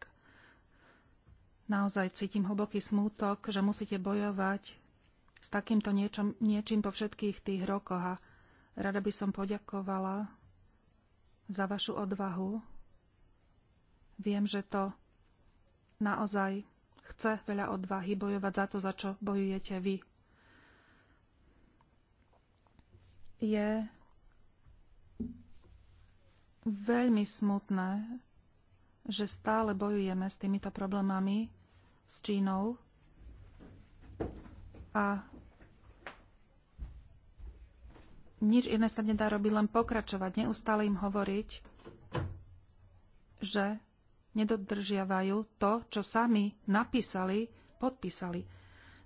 [SPEAKER 4] naozaj cítim hlboký smútok, že musíte bojovať s takýmto niečom, niečím po všetkých tých rokoch. A rada by som poďakovala za vašu odvahu. Viem, že to naozaj chce veľa odvahy bojovať za to, za čo bojujete vy. Je veľmi smutné, že stále bojujeme s týmito problémami s Čínou a nič iné sa nedá robiť, len pokračovať, neustále im hovoriť, že nedodržiavajú to, čo sami napísali, podpísali.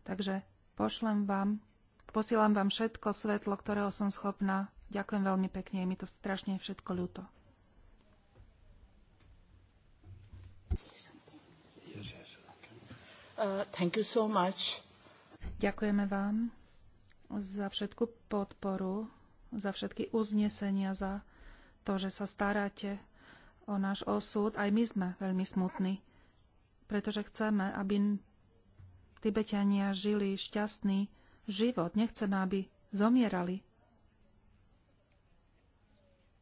[SPEAKER 4] Takže pošlem vám, posielam vám všetko svetlo, ktorého som schopná. Ďakujem veľmi pekne, je mi to strašne všetko ľúto. Uh, so Ďakujeme vám za všetku podporu, za všetky uznesenia, za to, že sa staráte o náš osud, aj my sme veľmi smutní, pretože chceme, aby Tibetania žili šťastný život. Nechceme, aby zomierali.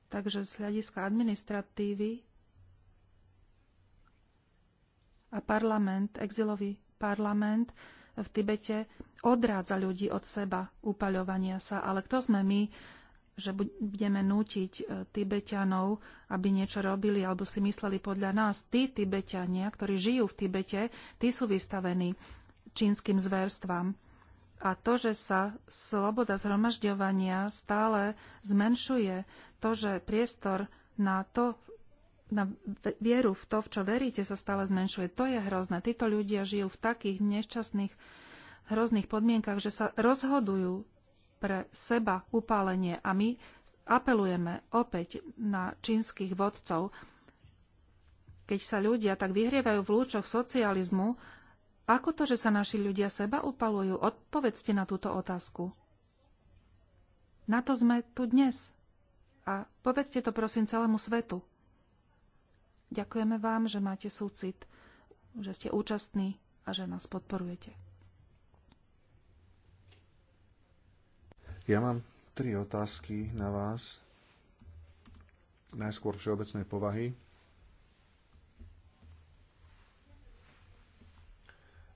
[SPEAKER 4] Takže z hľadiska administratívy a parlament, exilový parlament v Tibete odrádza ľudí od seba, upaľovania sa. Ale kto sme my, že budeme nútiť e, Tibetanov, aby niečo robili alebo si mysleli podľa nás. Tí Tibetania, ktorí žijú v Tibete, tí sú vystavení čínskym zverstvám. A to, že sa sloboda zhromažďovania stále zmenšuje, to, že priestor na to, na vieru v to, v čo veríte, sa stále zmenšuje, to je hrozné. Títo ľudia žijú v takých nešťastných, hrozných podmienkach, že sa rozhodujú pre seba upálenie a my apelujeme opäť na čínskych vodcov. Keď sa ľudia tak vyhrievajú v lúčoch socializmu, ako to, že sa naši ľudia seba upalujú? Odpovedzte na túto otázku. Na to sme tu dnes. A povedzte to prosím celému svetu. Ďakujeme vám, že máte súcit, že ste účastní a že nás podporujete.
[SPEAKER 2] Ja mám tri otázky na vás. Najskôr všeobecnej povahy.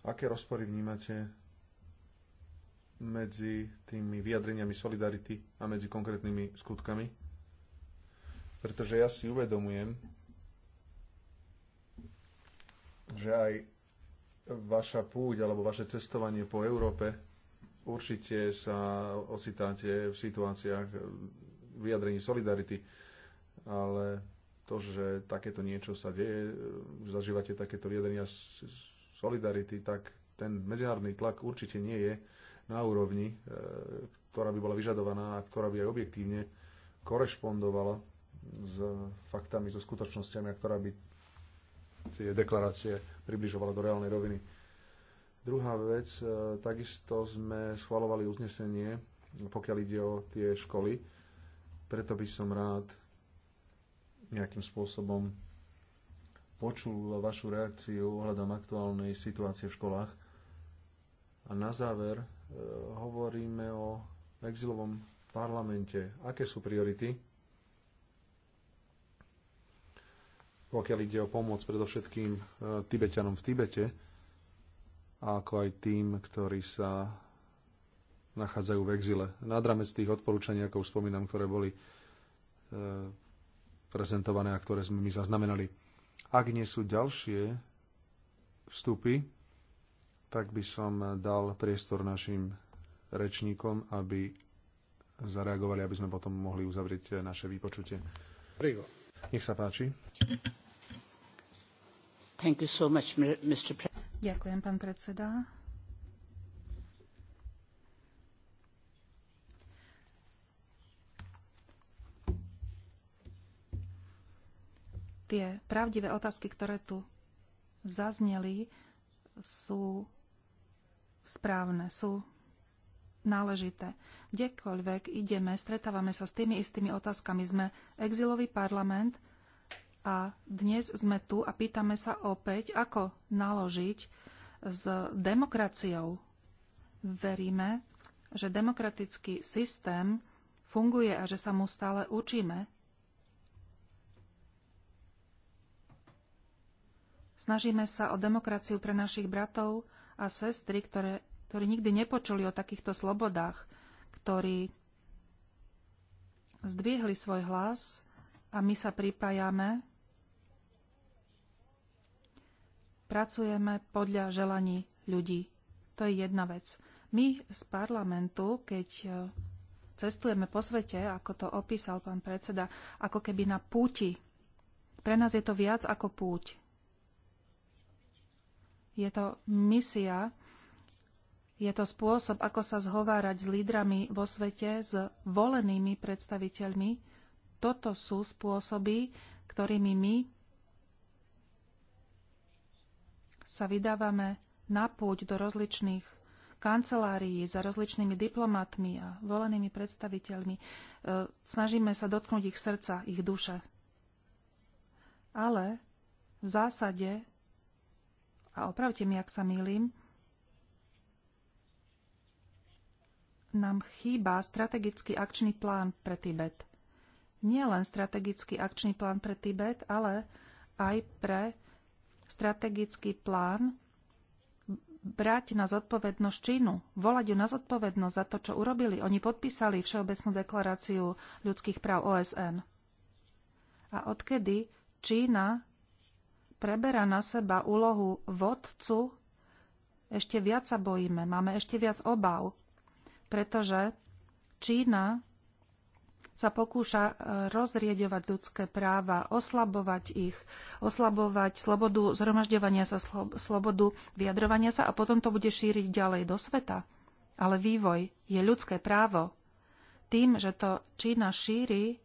[SPEAKER 2] Aké rozpory vnímate medzi tými vyjadreniami solidarity a medzi konkrétnymi skutkami? Pretože ja si uvedomujem, že aj vaša púť alebo vaše cestovanie po Európe určite sa ocitáte v situáciách vyjadrení solidarity, ale to, že takéto niečo sa deje, zažívate takéto vyjadrenia solidarity, tak ten medzinárodný tlak určite nie je na úrovni, e, ktorá by bola vyžadovaná a ktorá by aj objektívne korešpondovala s faktami, so skutočnosťami, a ktorá by tie deklarácie približovala do reálnej roviny. Druhá vec, e, takisto sme schvalovali uznesenie, pokiaľ ide o tie školy, preto by som rád nejakým spôsobom počul vašu reakciu ohľadom aktuálnej situácie v školách. A na záver e, hovoríme o exilovom parlamente. Aké sú priority? Pokiaľ ide o pomoc predovšetkým e, tibetianom v Tibete, ako aj tým, ktorí sa nachádzajú v exile. Nad rámec tých odporúčaní, ako už spomínam, ktoré boli e, prezentované a ktoré sme my zaznamenali. Ak nie sú ďalšie vstupy, tak by som dal priestor našim rečníkom, aby zareagovali, aby sme potom mohli uzavrieť naše vypočutie. Rigo. Nech sa páči.
[SPEAKER 5] Thank you so much, Mr.
[SPEAKER 4] Ďakujem, pán predseda. Tie pravdivé otázky, ktoré tu zazneli, sú správne, sú náležité. Kdekoľvek ideme, stretávame sa s tými istými otázkami. Sme exilový parlament, a dnes sme tu a pýtame sa opäť, ako naložiť s demokraciou. Veríme, že demokratický systém funguje a že sa mu stále učíme. Snažíme sa o demokraciu pre našich bratov a sestry, ktoré, ktorí nikdy nepočuli o takýchto slobodách, ktorí zdvihli svoj hlas a my sa pripájame pracujeme podľa želaní ľudí. To je jedna vec. My z parlamentu, keď e, cestujeme po svete, ako to opísal pán predseda, ako keby na púti. Pre nás je to viac ako púť. Je to misia, je to spôsob, ako sa zhovárať s lídrami vo svete, s volenými predstaviteľmi. Toto sú spôsoby, ktorými my sa vydávame na púť do rozličných kancelárií za rozličnými diplomatmi a volenými predstaviteľmi. E, snažíme sa dotknúť ich srdca, ich duše. Ale v zásade, a opravte mi, ak sa mýlim, nám chýba strategický akčný plán pre Tibet. Nie len strategický akčný plán pre Tibet, ale aj pre strategický plán, brať na zodpovednosť Čínu, volať ju na zodpovednosť za to, čo urobili. Oni podpísali Všeobecnú deklaráciu ľudských práv OSN. A odkedy Čína preberá na seba úlohu vodcu, ešte viac sa bojíme, máme ešte viac obav, pretože Čína sa pokúša e, rozrieďovať ľudské práva, oslabovať ich, oslabovať slobodu zhromažďovania sa, slobodu vyjadrovania sa a potom to bude šíriť ďalej do sveta. Ale vývoj je ľudské právo. Tým, že to Čína šíri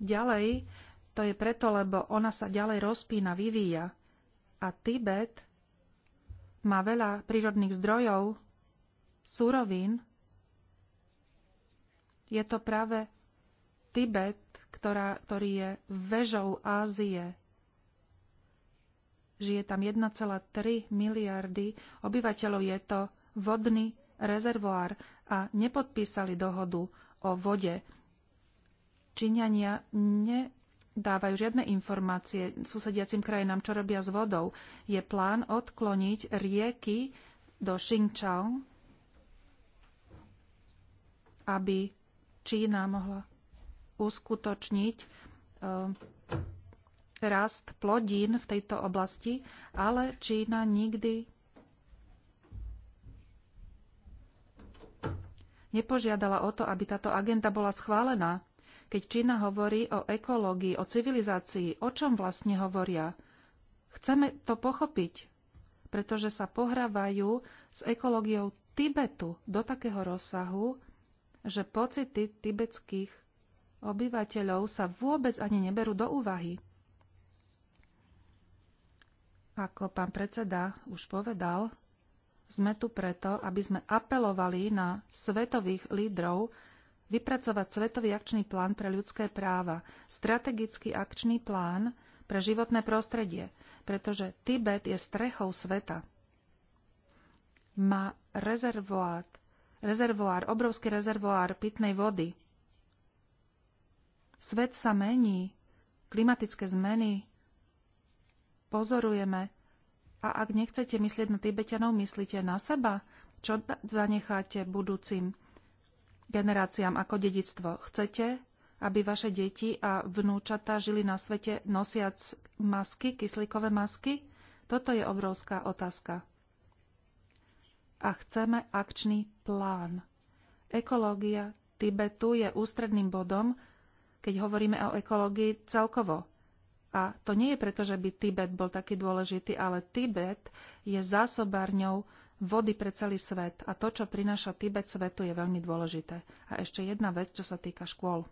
[SPEAKER 4] ďalej, to je preto, lebo ona sa ďalej rozpína, vyvíja. A Tibet má veľa prírodných zdrojov, súrovín, je to práve Tibet, ktorá, ktorý je vežou Ázie. Žije tam 1,3 miliardy obyvateľov. Je to vodný rezervoár a nepodpísali dohodu o vode. Číňania nedávajú žiadne informácie susediacim krajinám, čo robia s vodou. Je plán odkloniť rieky do Xinjiang, aby Čína mohla uskutočniť eh, rast plodín v tejto oblasti, ale Čína nikdy nepožiadala o to, aby táto agenda bola schválená. Keď Čína hovorí o ekológii, o civilizácii, o čom vlastne hovoria? Chceme to pochopiť, pretože sa pohrávajú s ekológiou Tibetu do takého rozsahu, že pocity tibetských obyvateľov sa vôbec ani neberú do úvahy. Ako pán predseda už povedal, sme tu preto, aby sme apelovali na svetových lídrov vypracovať svetový akčný plán pre ľudské práva, strategický akčný plán pre životné prostredie, pretože Tibet je strechou sveta. Má rezervoát rezervoár, obrovský rezervoár pitnej vody. Svet sa mení, klimatické zmeny pozorujeme. A ak nechcete myslieť na Tibetanov, myslíte na seba, čo zanecháte budúcim generáciám ako dedictvo. Chcete, aby vaše deti a vnúčata žili na svete nosiac masky, kyslíkové masky? Toto je obrovská otázka a chceme akčný plán. Ekológia Tibetu je ústredným bodom, keď hovoríme o ekológii celkovo. A to nie je preto, že by Tibet bol taký dôležitý, ale Tibet je zásobárňou vody pre celý svet a to, čo prináša Tibet svetu, je veľmi dôležité. A ešte jedna vec, čo sa týka škôl.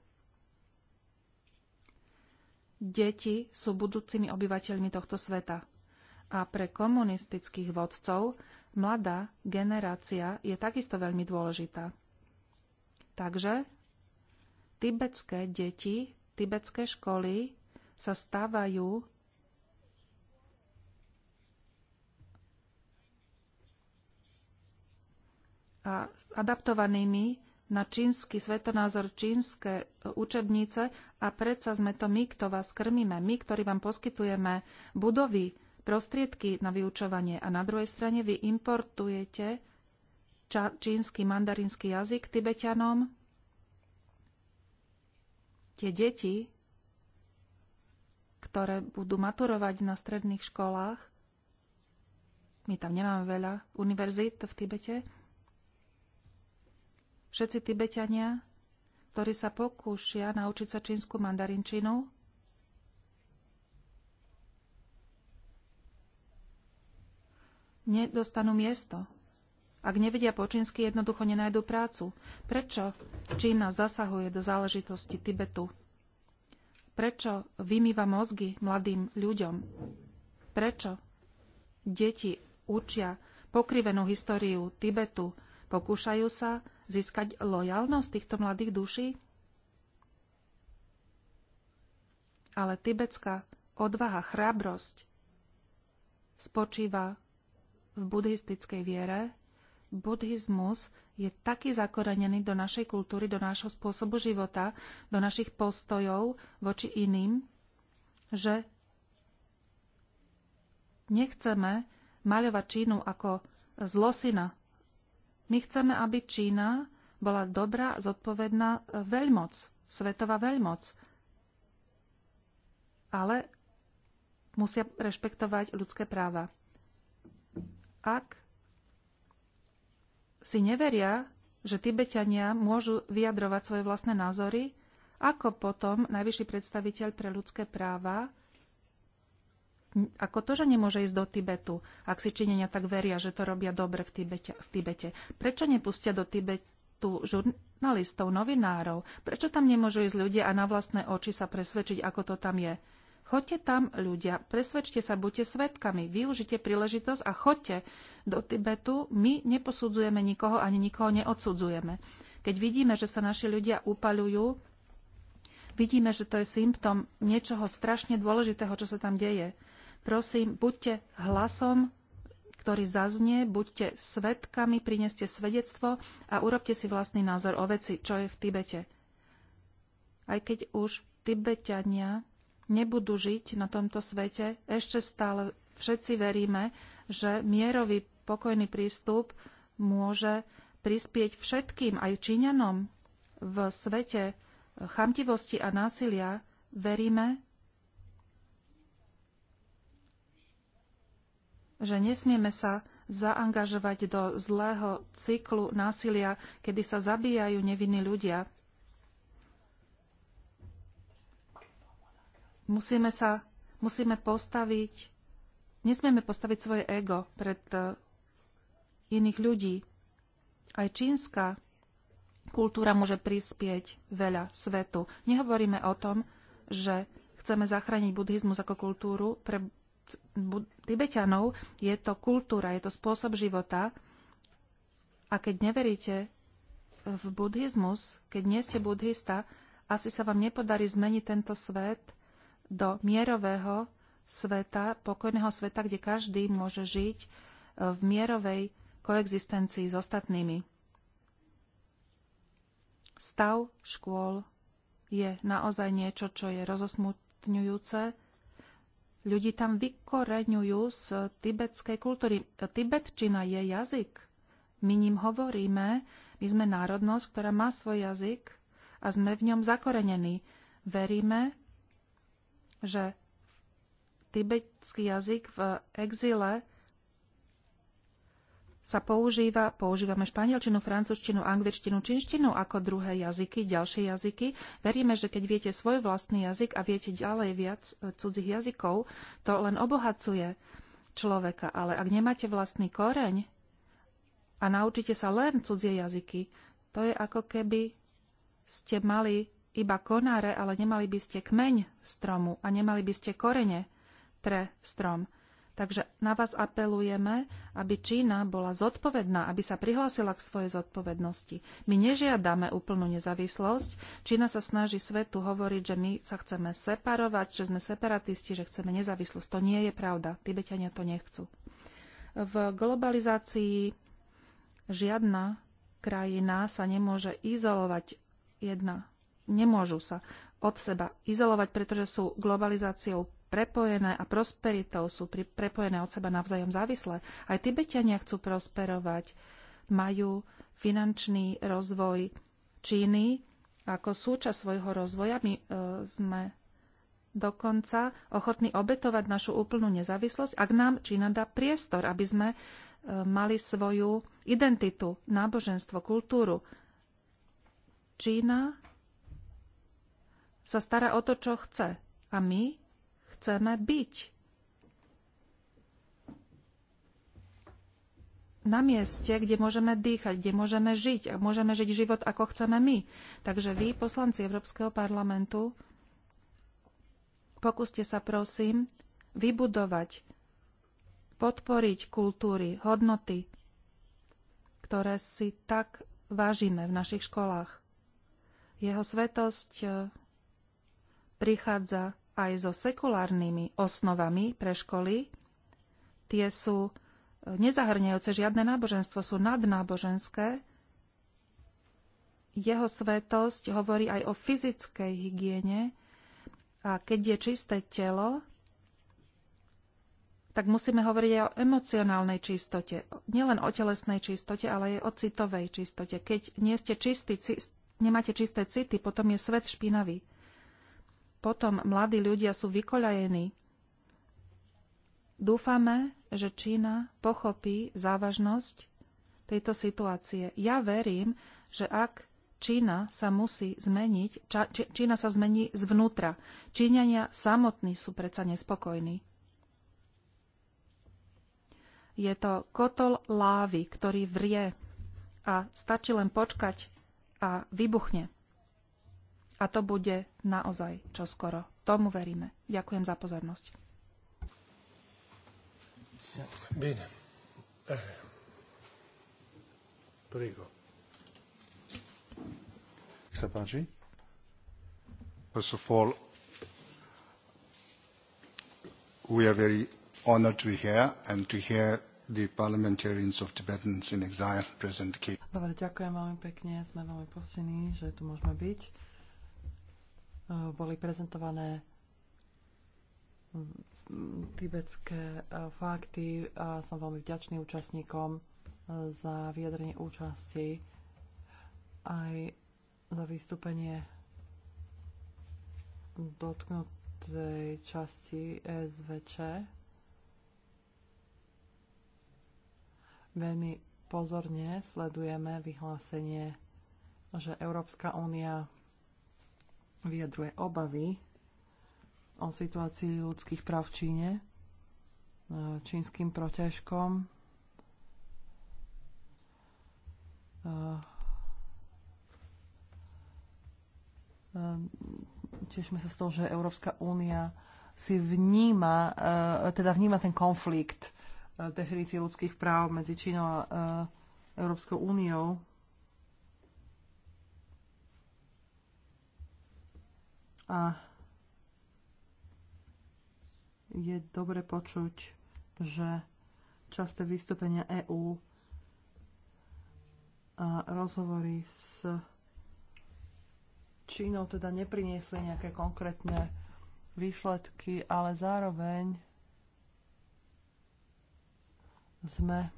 [SPEAKER 4] Deti sú budúcimi obyvateľmi tohto sveta. A pre komunistických vodcov mladá generácia je takisto veľmi dôležitá. Takže tibetské deti, tibetské školy sa stávajú a adaptovanými na čínsky svetonázor, čínske učebnice a predsa sme to my, kto vás krmíme, my, ktorí vám poskytujeme budovy, prostriedky na vyučovanie a na druhej strane vy importujete čínsky mandarínsky jazyk tibetanom. Tie deti, ktoré budú maturovať na stredných školách, my tam nemáme veľa univerzít v Tibete, všetci Tibetania, ktorí sa pokúšia naučiť sa čínsku mandarinčinu, nedostanú miesto. Ak nevedia po čínsky, jednoducho nenajdu prácu. Prečo Čína zasahuje do záležitosti Tibetu? Prečo vymýva mozgy mladým ľuďom? Prečo deti učia pokrivenú históriu Tibetu? Pokúšajú sa získať lojalnosť týchto mladých duší? Ale tibetská odvaha, chrábrosť spočíva v buddhistickej viere, buddhizmus je taký zakorenený do našej kultúry, do nášho spôsobu života, do našich postojov voči iným, že nechceme maľovať Čínu ako zlosina. My chceme, aby Čína bola dobrá, zodpovedná veľmoc, svetová veľmoc. Ale musia rešpektovať ľudské práva ak si neveria, že Tibetania môžu vyjadrovať svoje vlastné názory, ako potom najvyšší predstaviteľ pre ľudské práva, ako to, že nemôže ísť do Tibetu, ak si Číňania tak veria, že to robia dobre v Tibete. V Tibete. Prečo nepustia do Tibetu žurnalistov, novinárov? Prečo tam nemôžu ísť ľudia a na vlastné oči sa presvedčiť, ako to tam je? Choďte tam, ľudia, presvedčte sa, buďte svetkami, využite príležitosť a choďte do Tibetu. My neposudzujeme nikoho ani nikoho neodsudzujeme. Keď vidíme, že sa naši ľudia upaľujú, vidíme, že to je symptom niečoho strašne dôležitého, čo sa tam deje. Prosím, buďte hlasom, ktorý zaznie, buďte svetkami, prineste svedectvo a urobte si vlastný názor o veci, čo je v Tibete. Aj keď už Tibetania nebudú žiť na tomto svete, ešte stále všetci veríme, že mierový pokojný prístup môže prispieť všetkým, aj Číňanom v svete chamtivosti a násilia, veríme, že nesmieme sa zaangažovať do zlého cyklu násilia, kedy sa zabíjajú nevinní ľudia. Musíme sa, musíme postaviť, nesmieme postaviť svoje ego pred e, iných ľudí. Aj čínska kultúra môže prispieť veľa svetu. Nehovoríme o tom, že chceme zachrániť buddhizmus ako kultúru pre Tibetanov. Je to kultúra, je to spôsob života. A keď neveríte v buddhizmus, keď nie ste buddhista, asi sa vám nepodarí zmeniť tento svet – do mierového sveta, pokojného sveta, kde každý môže žiť e, v mierovej koexistencii s ostatnými. Stav škôl je naozaj niečo, čo je rozosmutňujúce. Ľudí tam vykoreňujú z tibetskej kultúry. Tibetčina je jazyk. My ním hovoríme, my sme národnosť, ktorá má svoj jazyk a sme v ňom zakorenení. Veríme, že tibetský jazyk v exile sa používa, používame španielčinu, francúzštinu, angličtinu, činštinu ako druhé jazyky, ďalšie jazyky. Veríme, že keď viete svoj vlastný jazyk a viete ďalej viac e, cudzích jazykov, to len obohacuje človeka. Ale ak nemáte vlastný koreň a naučíte sa len cudzie jazyky, to je ako keby ste mali iba konáre, ale nemali by ste kmeň stromu a nemali by ste korene pre strom. Takže na vás apelujeme, aby Čína bola zodpovedná, aby sa prihlásila k svojej zodpovednosti. My nežiadame úplnú nezávislosť. Čína sa snaží svetu hovoriť, že my sa chceme separovať, že sme separatisti, že chceme nezávislosť. To nie je pravda. Tibetania to nechcú. V globalizácii žiadna krajina sa nemôže izolovať jedna nemôžu sa od seba izolovať, pretože sú globalizáciou prepojené a prosperitou sú pri, prepojené od seba navzájom závislé. Aj Tibetania chcú prosperovať, majú finančný rozvoj Číny ako súčasť svojho rozvoja. My e, sme dokonca ochotní obetovať našu úplnú nezávislosť, ak nám Čína dá priestor, aby sme e, mali svoju identitu, náboženstvo, kultúru. Čína sa stará o to, čo chce. A my chceme byť. Na mieste, kde môžeme dýchať, kde môžeme žiť a môžeme žiť život, ako chceme my. Takže vy, poslanci Európskeho parlamentu, pokúste sa prosím vybudovať, podporiť kultúry, hodnoty, ktoré si tak vážime v našich školách. Jeho svetosť prichádza aj so sekulárnymi osnovami pre školy. Tie sú e, nezahrňajúce žiadne náboženstvo, sú nadnáboženské. Jeho svetosť hovorí aj o fyzickej hygiene a keď je čisté telo, tak musíme hovoriť aj o emocionálnej čistote. Nielen o telesnej čistote, ale aj o citovej čistote. Keď nie ste čistí, nemáte čisté city, potom je svet špinavý potom mladí ľudia sú vykoľajení. Dúfame, že Čína pochopí závažnosť tejto situácie. Ja verím, že ak Čína sa musí zmeniť, Čína sa zmení zvnútra. Číňania samotní sú predsa nespokojní. Je to kotol lávy, ktorý vrie a stačí len počkať a vybuchne. A to bude naozaj čoskoro. Tomu veríme. Ďakujem za pozornosť.
[SPEAKER 1] Bene. Eh. Prego. Sa páči. First of all, we are very honored to hear and to hear the parliamentarians of Tibetans in exile present.
[SPEAKER 3] Dobre, ďakujem veľmi pekne. Sme veľmi postení, že tu môžeme byť boli prezentované tibetské e, fakty a som veľmi vďačný účastníkom e, za vyjadrenie účasti aj za vystúpenie dotknutej časti SVČ. Veľmi pozorne sledujeme vyhlásenie, že Európska únia vyjadruje obavy o situácii ľudských práv v Číne e, čínskym protežkom. E, e, Tešme sa z toho, že Európska únia si vníma, teda vníma ten konflikt definície ľudských práv medzi Čínou a Európskou úniou A je dobre počuť, že časté vystúpenia EÚ a rozhovory s Čínou teda nepriniesli nejaké konkrétne výsledky, ale zároveň sme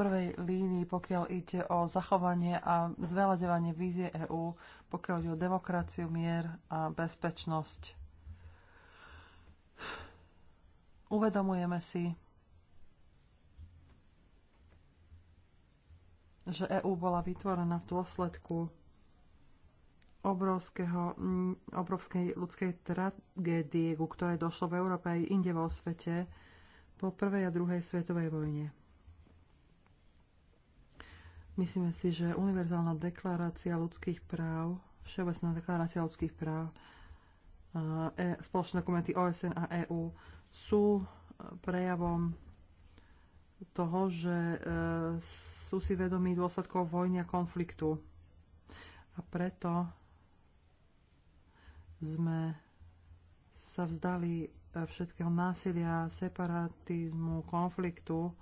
[SPEAKER 3] prvej línii, pokiaľ ide o zachovanie a zveľaďovanie vízie EÚ, pokiaľ ide o demokraciu, mier a bezpečnosť. Uvedomujeme si, že EÚ bola vytvorená v dôsledku obrovského, obrovskej ľudskej tragédie, ku ktorej došlo v Európe aj inde vo svete po prvej a druhej svetovej vojne. Myslíme si, že univerzálna deklarácia ľudských práv, všeobecná deklarácia ľudských práv, e, spoločné dokumenty OSN a EÚ sú e, prejavom toho, že e, sú si vedomí dôsledkov vojny a konfliktu. A preto sme sa vzdali všetkého násilia, separatizmu, konfliktu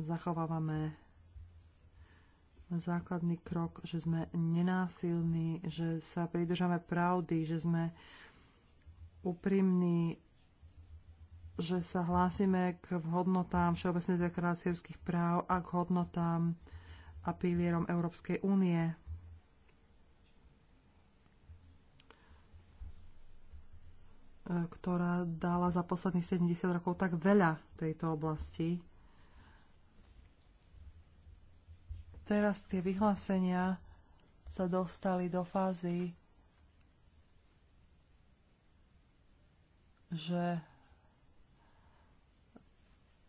[SPEAKER 3] zachovávame základný krok, že sme nenásilní, že sa pridržame pravdy, že sme úprimní, že sa hlásime k hodnotám Všeobecnej deklarácie ľudských práv a k hodnotám a pilierom Európskej únie. E, ktorá dala za posledných 70 rokov tak veľa tejto oblasti. teraz tie vyhlásenia sa dostali do fázy, že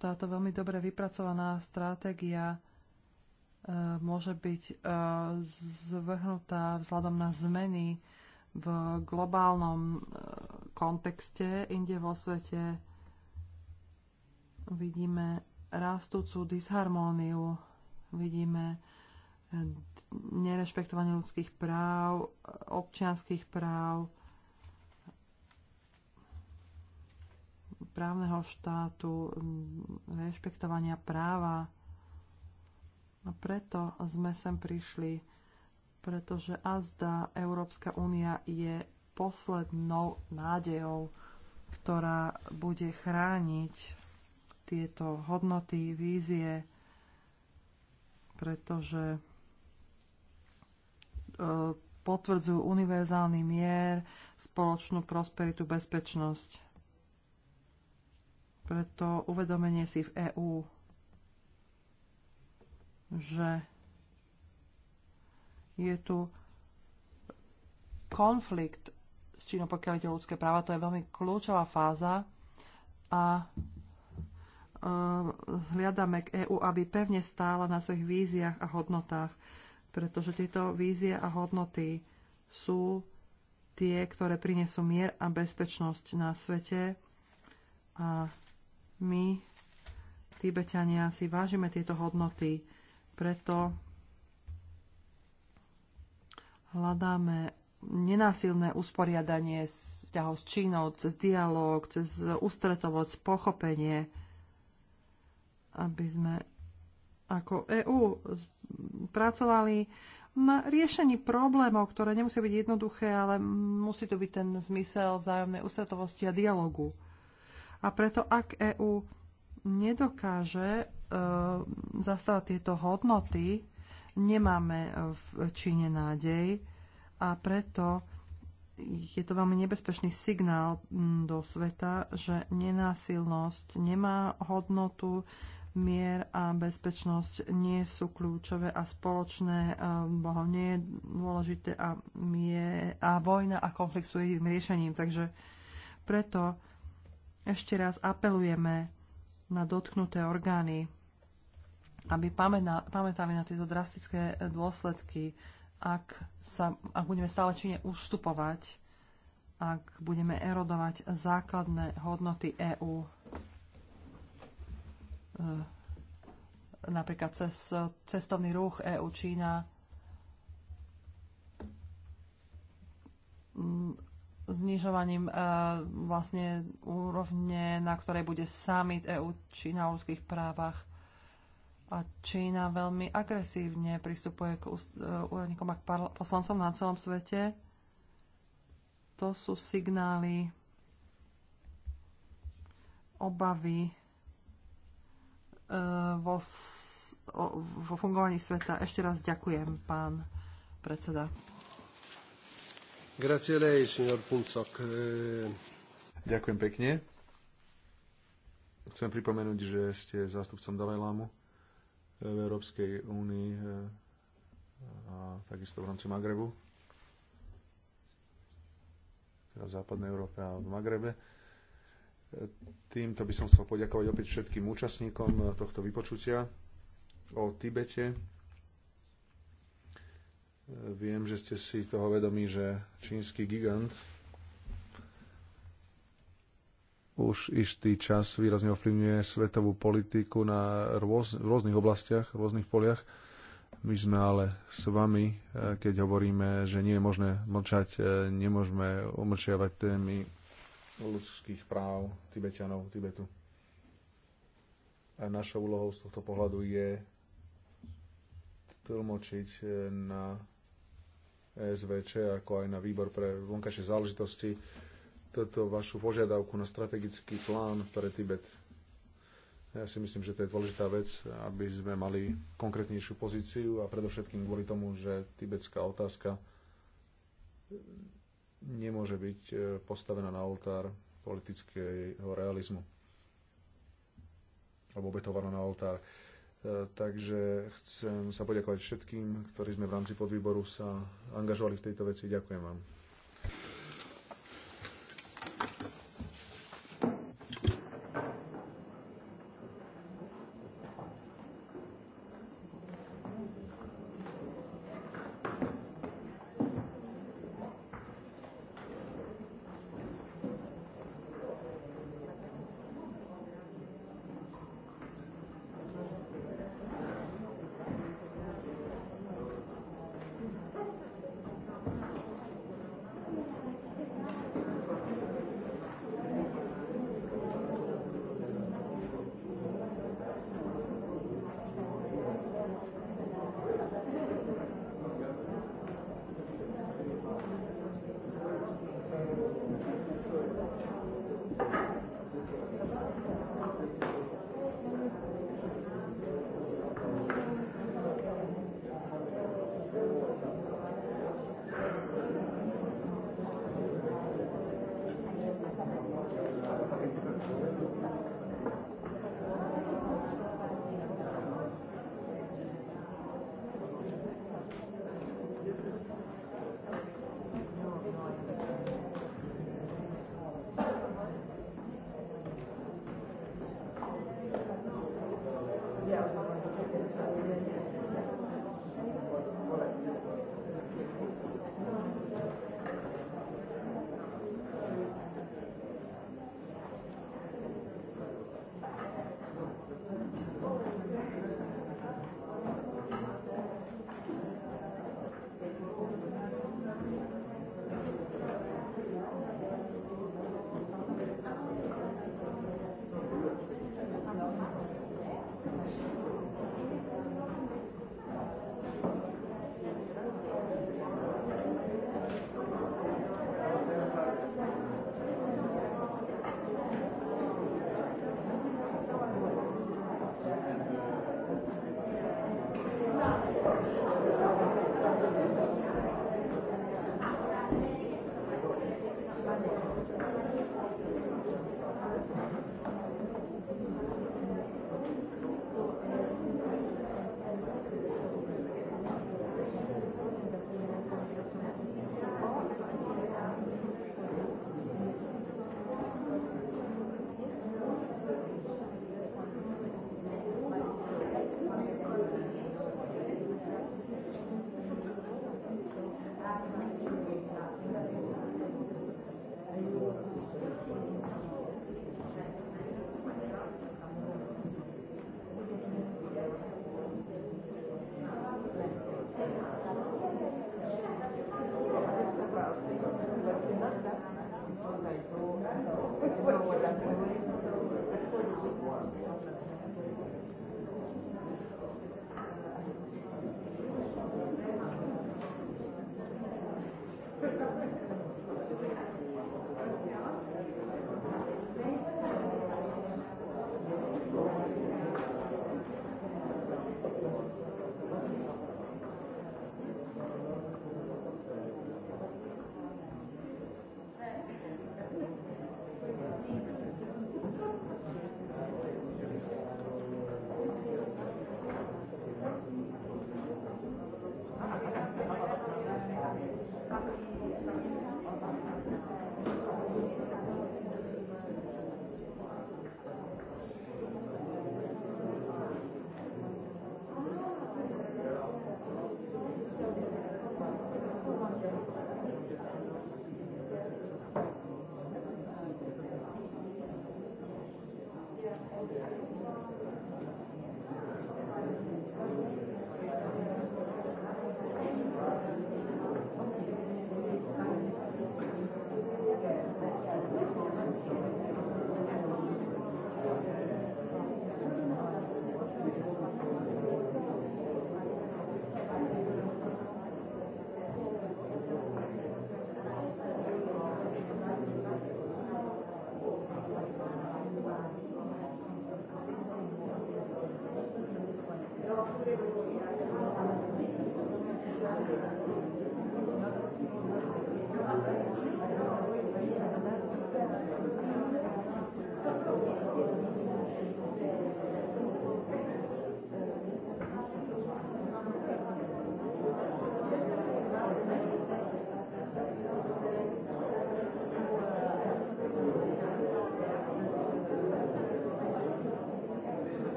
[SPEAKER 3] táto veľmi dobre vypracovaná stratégia e, môže byť e, zvrhnutá vzhľadom na zmeny v globálnom e, kontexte. Inde vo svete vidíme rastúcu disharmóniu Vidíme eh, nerešpektovanie ľudských práv, občianských práv, právneho štátu, mm, rešpektovania práva. A preto sme sem prišli, pretože azda Európska únia je poslednou nádejou, ktorá bude chrániť tieto hodnoty, vízie, pretože e, potvrdzujú univerzálny mier, spoločnú prosperitu, bezpečnosť. Preto uvedomenie si v EÚ, že je tu konflikt s Čínou, pokiaľ ide o ľudské práva, to je veľmi kľúčová fáza a hľadáme k EÚ, aby pevne stála na svojich víziách a hodnotách, pretože tieto vízie a hodnoty sú tie, ktoré prinesú mier a bezpečnosť na svete. A my, Tibetania, si vážime tieto hodnoty, preto hľadáme nenásilné usporiadanie vzťahov s Čínou, cez dialog, cez ústretovosť, pochopenie, aby sme ako EÚ pracovali na riešení problémov, ktoré nemusia byť jednoduché, ale musí to byť ten zmysel vzájomnej ústretovosti a dialogu. A preto, ak EÚ nedokáže e, zastávať tieto hodnoty, nemáme e, v Číne nádej a preto je to veľmi nebezpečný signál do sveta, že nenásilnosť nemá hodnotu, mier a bezpečnosť nie sú kľúčové a spoločné um, boho nie je dôležité a, mie, a vojna a konflikt sú jedným riešením. Takže preto ešte raz apelujeme na dotknuté orgány, aby pamätali na tieto drastické dôsledky, ak, sa, ak budeme stále čine ustupovať, ak budeme erodovať základné hodnoty EÚ E, napríklad cez cestovný ruch EU-Čína mm, znižovaním e, vlastne úrovne, na ktorej bude summit EU-Čína o ľudských právach. A Čína veľmi agresívne pristupuje k e, úradníkom a k poslancom na celom svete. To sú signály obavy E, vo, vo fungovaní sveta. Ešte raz ďakujem, pán predseda.
[SPEAKER 1] Grazie lei, signor Puncok. E, ďakujem pekne.
[SPEAKER 2] Chcem pripomenúť, že ste zástupcom Dalajlámu e, v Európskej únii a takisto v rámci Magrebu, teda v západnej Európe a v Magrebe. Týmto by som chcel poďakovať opäť všetkým účastníkom tohto vypočutia o Tibete. Viem, že ste si toho vedomí, že čínsky gigant už istý čas výrazne ovplyvňuje svetovú politiku na rôz, v rôznych oblastiach, v rôznych poliach. My sme ale s vami, eh, keď hovoríme, že nie je možné mlčať, eh, nemôžeme umlčiavať témy ľudských práv Tibetanov, Tibetu. A našou úlohou z tohto pohľadu je tlmočiť eh, na SVČ, ako aj na výbor pre vonkajšie záležitosti, toto vašu požiadavku na strategický plán pre Tibet. Ja si myslím, že to je dôležitá vec, aby sme mali konkrétnejšiu pozíciu a predovšetkým kvôli tomu, že tibetská otázka nemôže byť e, postavená na oltár politického realizmu alebo obetovaná na oltár. E, takže chcem sa poďakovať všetkým, ktorí sme v rámci podvýboru sa angažovali v tejto veci. Ďakujem vám.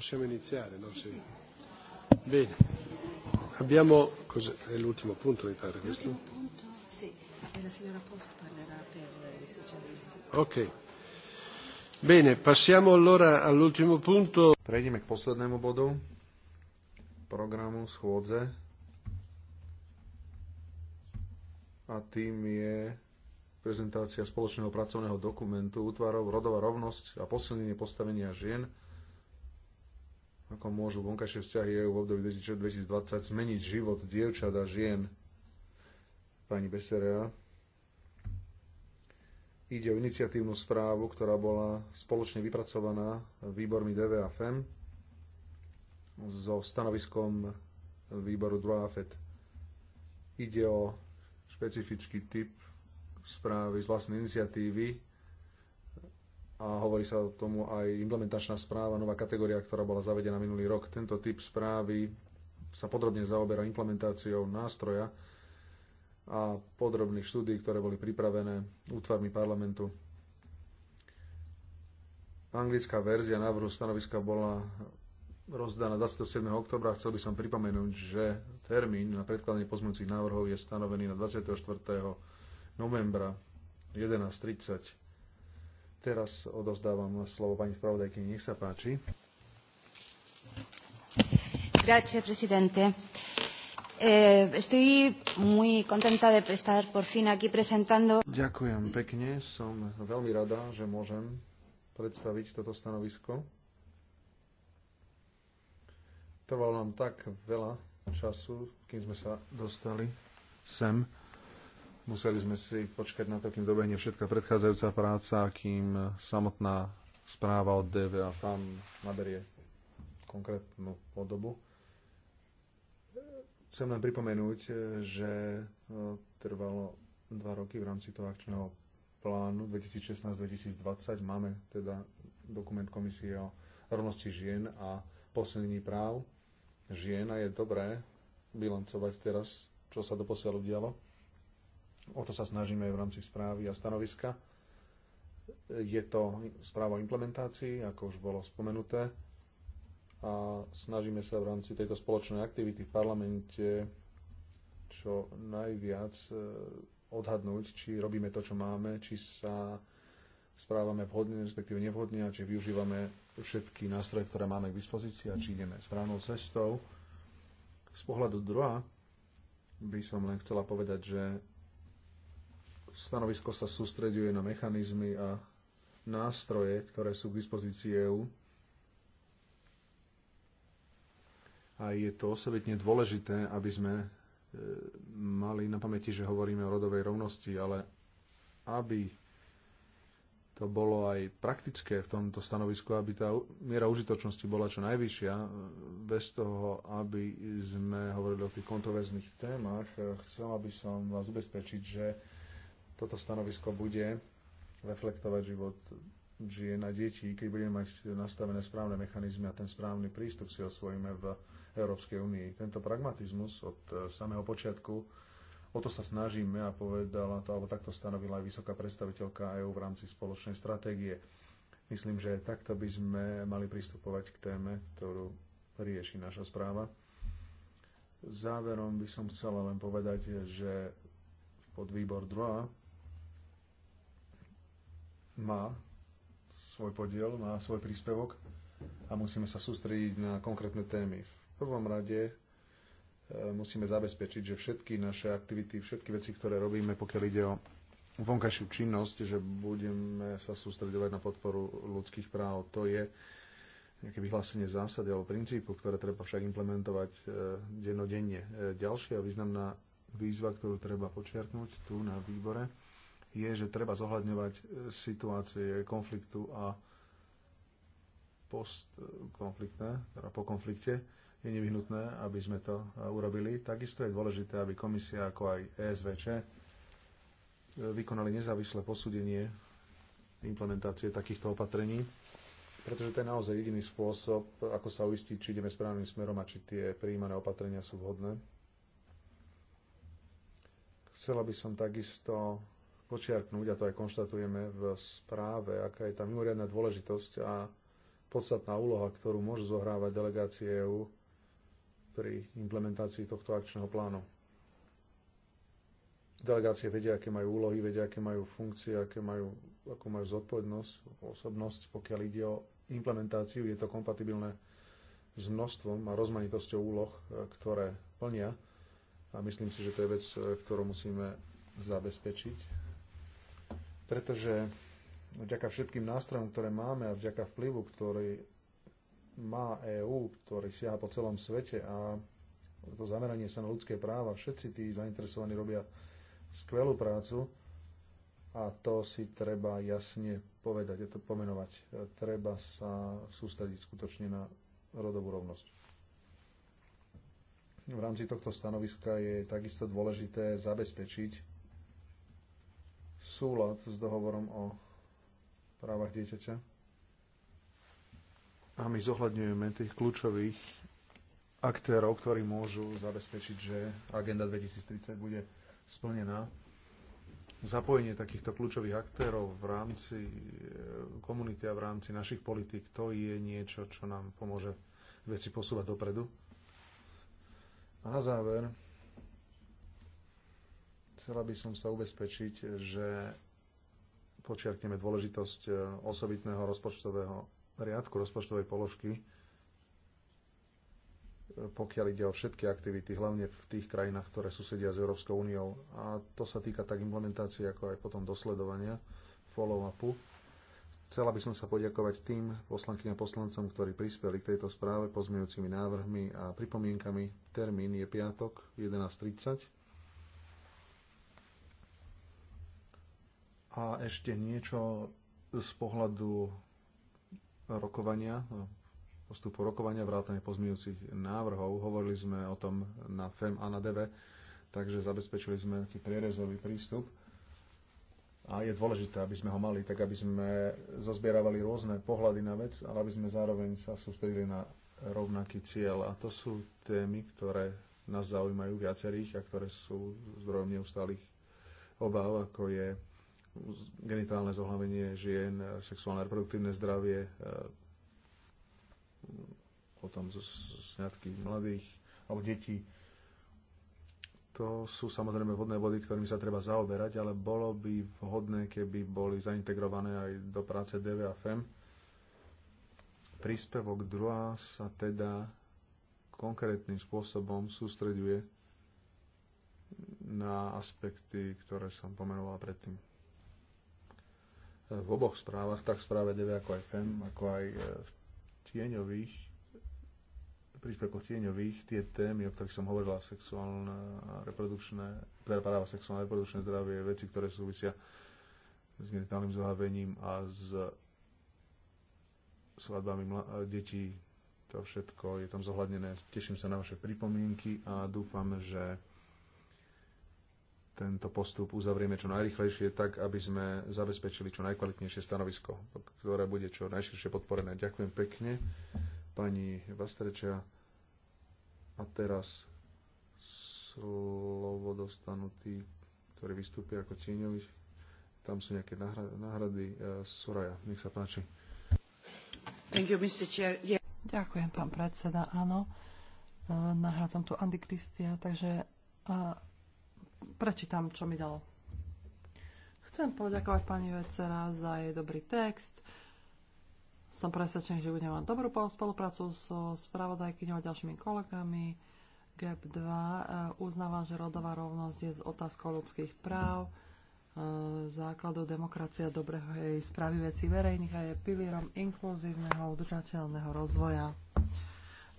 [SPEAKER 1] Possiamo iniziare, no? Sì. sì. Bene. Abbiamo... Cos'è? È l'ultimo punto, mi pare, questo? L'ultimo
[SPEAKER 8] Punto, sì. E la signora Post parlerà per i socialisti.
[SPEAKER 1] Ok. Bene, passiamo allora all'ultimo punto. Prejdeme k poslednému bodu programu schôdze.
[SPEAKER 2] A tým je prezentácia spoločného pracovného dokumentu útvarov Rodová rovnosť a posilnenie postavenia žien ako môžu vonkajšie vzťahy EU v období 2020 zmeniť život dievčat a žien. Pani Beserea. Ide o iniciatívnu správu, ktorá bola spoločne vypracovaná výbormi DVAFM e so stanoviskom výboru 2 AFET. Ide o špecifický typ správy z vlastnej iniciatívy, a hovorí sa o tomu aj implementačná správa, nová kategória, ktorá bola zavedená minulý rok. Tento typ správy sa podrobne zaoberá implementáciou nástroja a podrobných štúdí, ktoré boli pripravené útvarmi parlamentu. Anglická verzia návrhu stanoviska bola rozdaná 27. oktobra. Chcel by som pripomenúť, že termín na predkladanie pozmeňujúcich návrhov je stanovený na 24. novembra 11.30 Teraz odozdávam slovo pani spravodajkyni. Nech sa páči.
[SPEAKER 5] Grazie, presidente. Eh, estoy muy contenta de estar por fin aquí presentando.
[SPEAKER 2] Ďakujem pekne, som veľmi rada, že môžem predstaviť toto stanovisko. Trvalo nám tak veľa času, kým sme sa dostali sem. Museli sme si počkať na to, kým dobehne všetká predchádzajúca práca, kým samotná správa od DV a FAM naberie konkrétnu podobu. Chcem len pripomenúť, že e, trvalo dva roky v rámci toho akčného plánu 2016-2020. Máme teda dokument komisie o rovnosti žien a posilnení práv žien a je dobré bilancovať teraz, čo sa posiaľu udialo O to sa snažíme aj v rámci správy a stanoviska. Je to správa o implementácii, ako už bolo spomenuté. A snažíme sa v rámci tejto spoločnej aktivity v parlamente čo najviac e, odhadnúť, či robíme to, čo máme, či sa správame vhodne, respektíve nevhodne, a či využívame všetky nástroje, ktoré máme k dispozícii a či ideme správnou cestou. Z pohľadu druhá by som len chcela povedať, že Stanovisko sa sústreďuje na mechanizmy a nástroje, ktoré sú k dispozícii EÚ. A je to osobitne dôležité, aby sme e, mali na pamäti, že hovoríme o rodovej rovnosti, ale aby to bolo aj praktické v tomto stanovisku, aby tá miera užitočnosti bola čo najvyššia, e, bez toho, aby sme hovorili o tých kontroverzných témach. E, chcel by som vás ubezpečiť, že toto stanovisko bude reflektovať život žien a detí, keď budeme mať nastavené správne mechanizmy a ten správny prístup si osvojíme v Európskej únii. Tento pragmatizmus od e, samého počiatku, o to sa snažíme a povedala to, alebo takto stanovila aj vysoká predstaviteľka EÚ v rámci spoločnej stratégie. Myslím, že takto by sme mali pristupovať k téme, ktorú rieši naša správa. Záverom by som chcela len povedať, že podvýbor 2 má svoj podiel, má svoj príspevok a musíme sa sústrediť na konkrétne témy. V prvom rade e, musíme zabezpečiť, že všetky naše aktivity, všetky veci, ktoré robíme, pokiaľ ide o vonkajšiu činnosť, že budeme sa sústredovať na podporu ľudských práv. To je nejaké vyhlásenie zásady alebo princípu, ktoré treba však implementovať e, dennodenne. E, ďalšia významná výzva, ktorú treba počiarknúť tu na výbore, je, že treba zohľadňovať e, situácie konfliktu a postkonfliktné, teda po konflikte, je nevyhnutné, aby sme to e, urobili. Takisto je dôležité, aby komisia ako aj ESVČ e, vykonali nezávislé posúdenie implementácie takýchto opatrení, pretože to je naozaj jediný spôsob, ako sa uistiť, či ideme správnym smerom a či tie prijímané opatrenia sú vhodné. Chcela by som takisto počiarknúť, a to aj konštatujeme v správe, aká je tá mimoriadná dôležitosť a podstatná úloha, ktorú môžu zohrávať delegácie EÚ pri implementácii tohto akčného plánu. Delegácie vedia, aké majú úlohy, vedia, aké majú funkcie, aké majú, akú majú zodpovednosť, osobnosť, pokiaľ ide o implementáciu. Je to kompatibilné s množstvom a rozmanitosťou úloh, e, ktoré plnia. A myslím si, že to je vec, e, ktorú musíme zabezpečiť pretože vďaka všetkým nástrojom, ktoré máme a vďaka vplyvu, ktorý má EÚ, ktorý siaha po celom svete a to zameranie sa na ľudské práva, všetci tí zainteresovaní robia skvelú prácu a to si treba jasne povedať, je to pomenovať. Treba sa sústrediť skutočne na rodovú rovnosť. V rámci tohto stanoviska je takisto dôležité zabezpečiť súlad s dohovorom o právach dieťaťa. A my zohľadňujeme tých kľúčových aktérov, ktorí môžu zabezpečiť, že Agenda 2030 bude splnená. Zapojenie takýchto kľúčových aktérov v rámci eh, komunity a v rámci našich politik, to je niečo, čo nám pomôže veci posúvať dopredu. A na záver, Chcela by som sa ubezpečiť, že počiarkneme dôležitosť e, osobitného rozpočtového riadku, rozpočtovej položky, e, pokiaľ ide o všetky aktivity, hlavne v tých krajinách, ktoré susedia s Európskou úniou. A to sa týka tak implementácie, ako aj potom dosledovania, follow-upu. Chcela by som sa poďakovať tým poslankyňam a poslancom, ktorí prispeli k tejto správe pozmejúcimi návrhmi a pripomienkami. Termín je piatok 11.30 A ešte niečo z pohľadu rokovania, postupu rokovania, vrátane pozmeňujúcich návrhov. Hovorili sme o tom na FEM a na DB, takže zabezpečili sme taký prierezový prístup. A je dôležité, aby sme ho mali, tak aby sme zozbieravali rôzne pohľady na vec, ale aby sme zároveň sa sústredili na rovnaký cieľ. A to sú témy, ktoré nás zaujímajú viacerých a ktoré sú zdrojom neustálých obáv, ako je genitálne zohlavenie žien, e, sexuálne reproduktívne zdravie, e, potom sňatky mladých alebo detí. To sú samozrejme vhodné body, ktorými sa treba zaoberať, ale bolo by vhodné, keby boli zaintegrované aj do práce DV a FEM. Príspevok druhá sa teda konkrétnym spôsobom sústreďuje na aspekty, ktoré som pomenovala predtým v oboch správach, tak v správe DV ako aj FEM, ako aj e, v tieňových, príspevkoch tieňových, tie témy, o ktorých som hovorila, sexuálne a reprodukčné, teda práva sexuálne reprodukčné zdravie, veci, ktoré súvisia s genitálnym zohavením a s svadbami e, detí, to všetko je tam zohľadnené. Teším sa na vaše pripomienky a dúfam, že tento postup uzavrieme čo najrychlejšie, tak aby sme zabezpečili čo najkvalitnejšie stanovisko, ktoré bude čo najširšie podporené. Ďakujem pekne, pani Vastreča. A teraz slovo dostanú tí, ktorí vystúpia ako tieňovi. Tam sú nejaké náhrady. E, Soraya, nech sa páči. Thank you, Mr. Chair. Yeah.
[SPEAKER 3] Ďakujem, pán predseda. Áno, e, nahrádzam tu Andy Kristia, takže prečítam, čo mi dal. Chcem poďakovať pani Vecera za jej dobrý text. Som presvedčený, že budem mať dobrú spoluprácu so spravodajkyňou a ďalšími kolegami. GAP e 2 e, uznáva, že rodová rovnosť je z otázkou ľudských práv, e, základov demokracie a dobrého jej správy veci verejných a je pilierom inkluzívneho udržateľného rozvoja.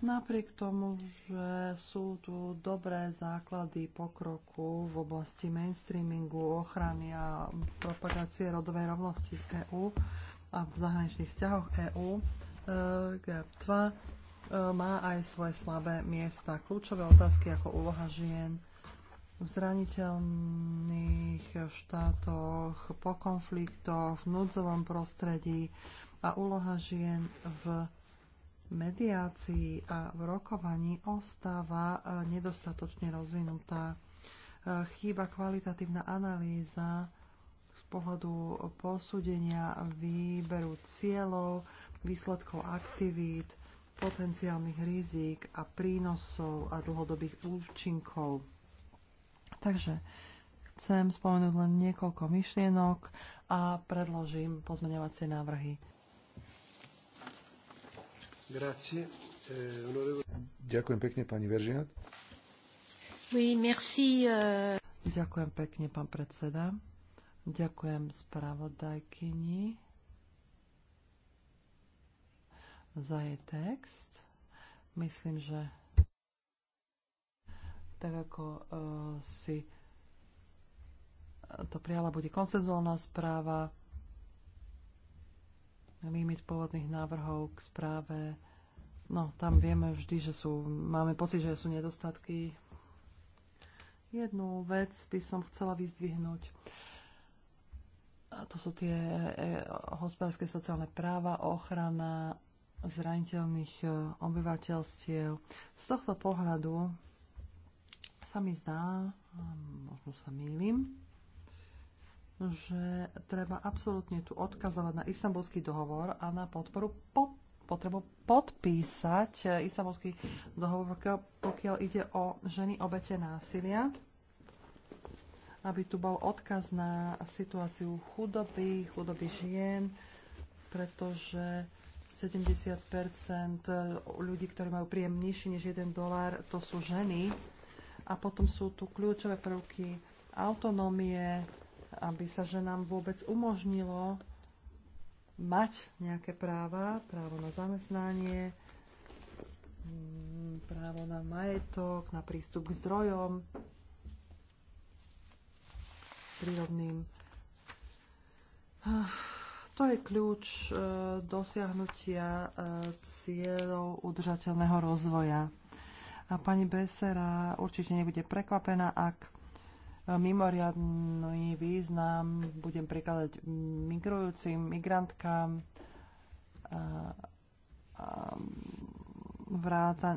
[SPEAKER 3] Napriek tomu, že sú tu dobré základy pokroku v oblasti mainstreamingu, ochrany a propagácie rodovej rovnosti v EÚ a v zahraničných vzťahoch EÚ, eh, GAP2 e eh, má aj svoje slabé miesta. Kľúčové otázky ako úloha žien v zraniteľných štátoch, po konfliktoch, v núdzovom prostredí a úloha žien v mediácii a v rokovaní ostáva e, nedostatočne rozvinutá. E, chýba kvalitatívna analýza z pohľadu posúdenia výberu cieľov, výsledkov aktivít, potenciálnych rizík a prínosov a dlhodobých účinkov. Takže chcem spomenúť len niekoľko myšlienok a predložím pozmeňovacie
[SPEAKER 1] návrhy. Grazie. Eh,
[SPEAKER 2] Ďakujem pekne, pani Veržina.
[SPEAKER 5] Oui, merci. Euh. Ďakujem
[SPEAKER 3] pekne, pán predseda. Ďakujem spravodajkyni za jej text. Myslím, že tak ako uh, si to prijala, bude konsenzuálna správa limit pôvodných návrhov k správe. No, tam vieme vždy, že sú, máme pocit, že sú nedostatky. Jednu vec by som chcela vyzdvihnúť. A to sú tie e, hospodárske sociálne práva, ochrana zraniteľných e, obyvateľstiev. Z tohto pohľadu sa mi zdá, možno sa mýlim, že treba absolútne tu odkazovať na istambulský dohovor a na podporu po, potrebu podpísať eh, istambulský dohovor, pokiaľ, pokiaľ ide o ženy obete násilia aby tu bol odkaz na situáciu chudoby, chudoby žien, pretože 70 eh, ľudí, ktorí majú príjem nižší než 1 dolár, to sú ženy. A potom sú tu kľúčové prvky autonómie, aby sa ženám vôbec umožnilo mať nejaké práva, právo na zamestnanie, mm, právo na majetok, na prístup k zdrojom prírodným. Ah, to je kľúč eh, dosiahnutia eh, cieľov udržateľného rozvoja. A pani Besera určite nebude prekvapená, ak mimoriadný význam budem prikladať migrujúcim migrantkám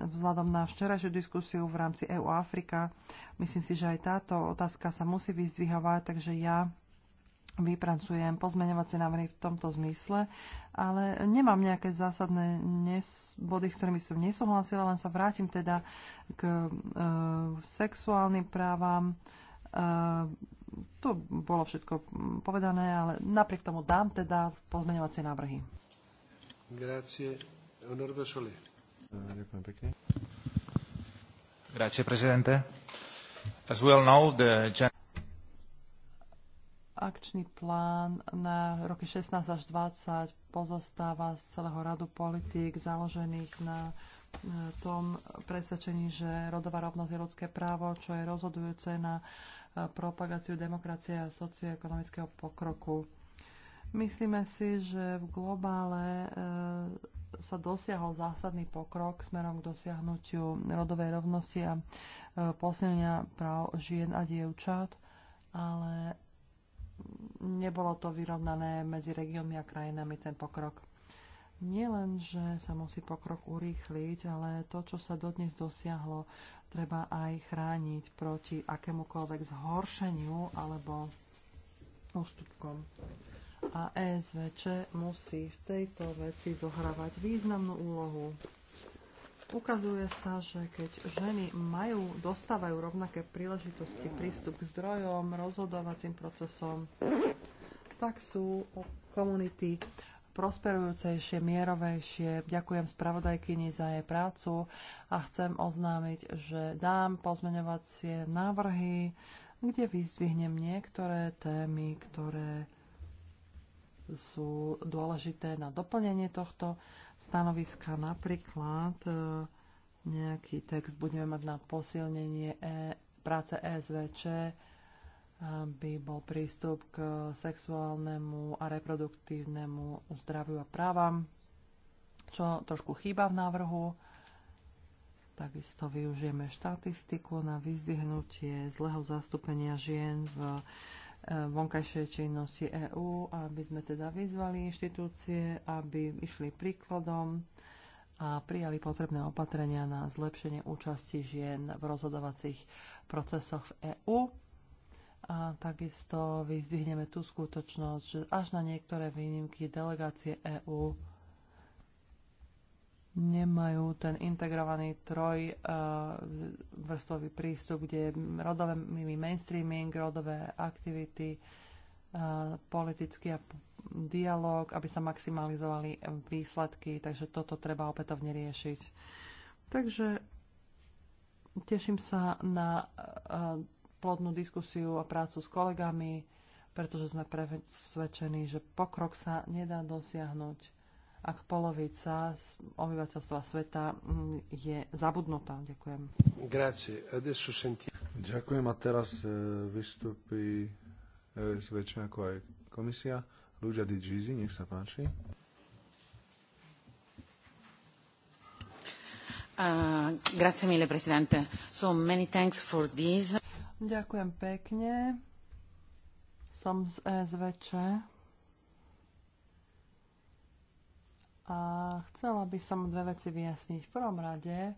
[SPEAKER 3] vzhľadom na včerajšiu diskusiu v rámci EU Afrika. Myslím si, že aj táto otázka sa musí vyzdvihovať, takže ja vypracujem pozmeňovacie návrhy v tomto zmysle, ale nemám nejaké zásadné nes- body, s ktorými som nesúhlasila, len sa vrátim teda k e, sexuálnym právam, e, to bolo všetko povedané, ale napriek tomu dám teda pozmeňovacie
[SPEAKER 1] návrhy. Grazie. Honorable Solé. Ďakujem pekne.
[SPEAKER 2] Grazie, prezidente. As we all know, the
[SPEAKER 3] akčný plán na roky 16 až 20 pozostáva z celého radu politík založených na e, tom presvedčení, že rodová rovnosť je ľudské právo, čo je rozhodujúce na propagáciu demokracie a socioekonomického pokroku. Myslíme si, že v globále e, sa dosiahol zásadný pokrok smerom k dosiahnutiu rodovej rovnosti a e, posilnenia práv žien a dievčat, ale nebolo to vyrovnané medzi regiónmi a krajinami ten pokrok. Nielen, že sa musí pokrok urýchliť, ale to, čo sa dodnes dosiahlo, treba aj chrániť proti akémukoľvek zhoršeniu alebo ústupkom. A ESVČ musí v tejto veci zohrávať významnú úlohu. Ukazuje sa, že keď ženy majú, dostávajú rovnaké príležitosti, prístup k zdrojom, rozhodovacím procesom, tak sú komunity prosperujúcejšie, mierovejšie. Ďakujem spravodajkyni za jej prácu a chcem oznámiť, že dám pozmeňovacie návrhy, kde vyzdvihnem niektoré témy, ktoré sú dôležité na doplnenie tohto stanoviska. Napríklad e, nejaký text budeme mať na posilnenie e, práce ESVČ by bol prístup k sexuálnemu a reproduktívnemu zdraviu a právam, čo trošku chýba v návrhu. Takisto využijeme štatistiku na vyzdvihnutie zlého zastúpenia žien v e, vonkajšej činnosti EÚ, aby sme teda vyzvali inštitúcie, aby išli príkladom a prijali potrebné opatrenia na zlepšenie účasti žien v rozhodovacích procesoch v EÚ a takisto vyzdihneme tú skutočnosť, že až na niektoré výnimky delegácie EÚ nemajú ten integrovaný troj uh, e, vrstový prístup, kde je rodový mainstreaming, rodové aktivity, uh, politický a dialog, aby sa maximalizovali výsledky, takže toto treba opätovne riešiť. Takže teším sa na uh, plodnú diskusiu a prácu s kolegami, pretože sme presvedčení, že pokrok sa nedá dosiahnuť, ak polovica obyvateľstva sveta mm, je zabudnutá. Ďakujem.
[SPEAKER 1] Ďakujem a teraz e, vystupí
[SPEAKER 2] e, väčšina ako aj komisia. Ľudia DGZ, nech sa páči. Uh,
[SPEAKER 5] grazie mille Presidente. So many thanks for this.
[SPEAKER 3] Ďakujem pekne. Som z SVČ. A chcela by som dve veci vyjasniť. V prvom rade,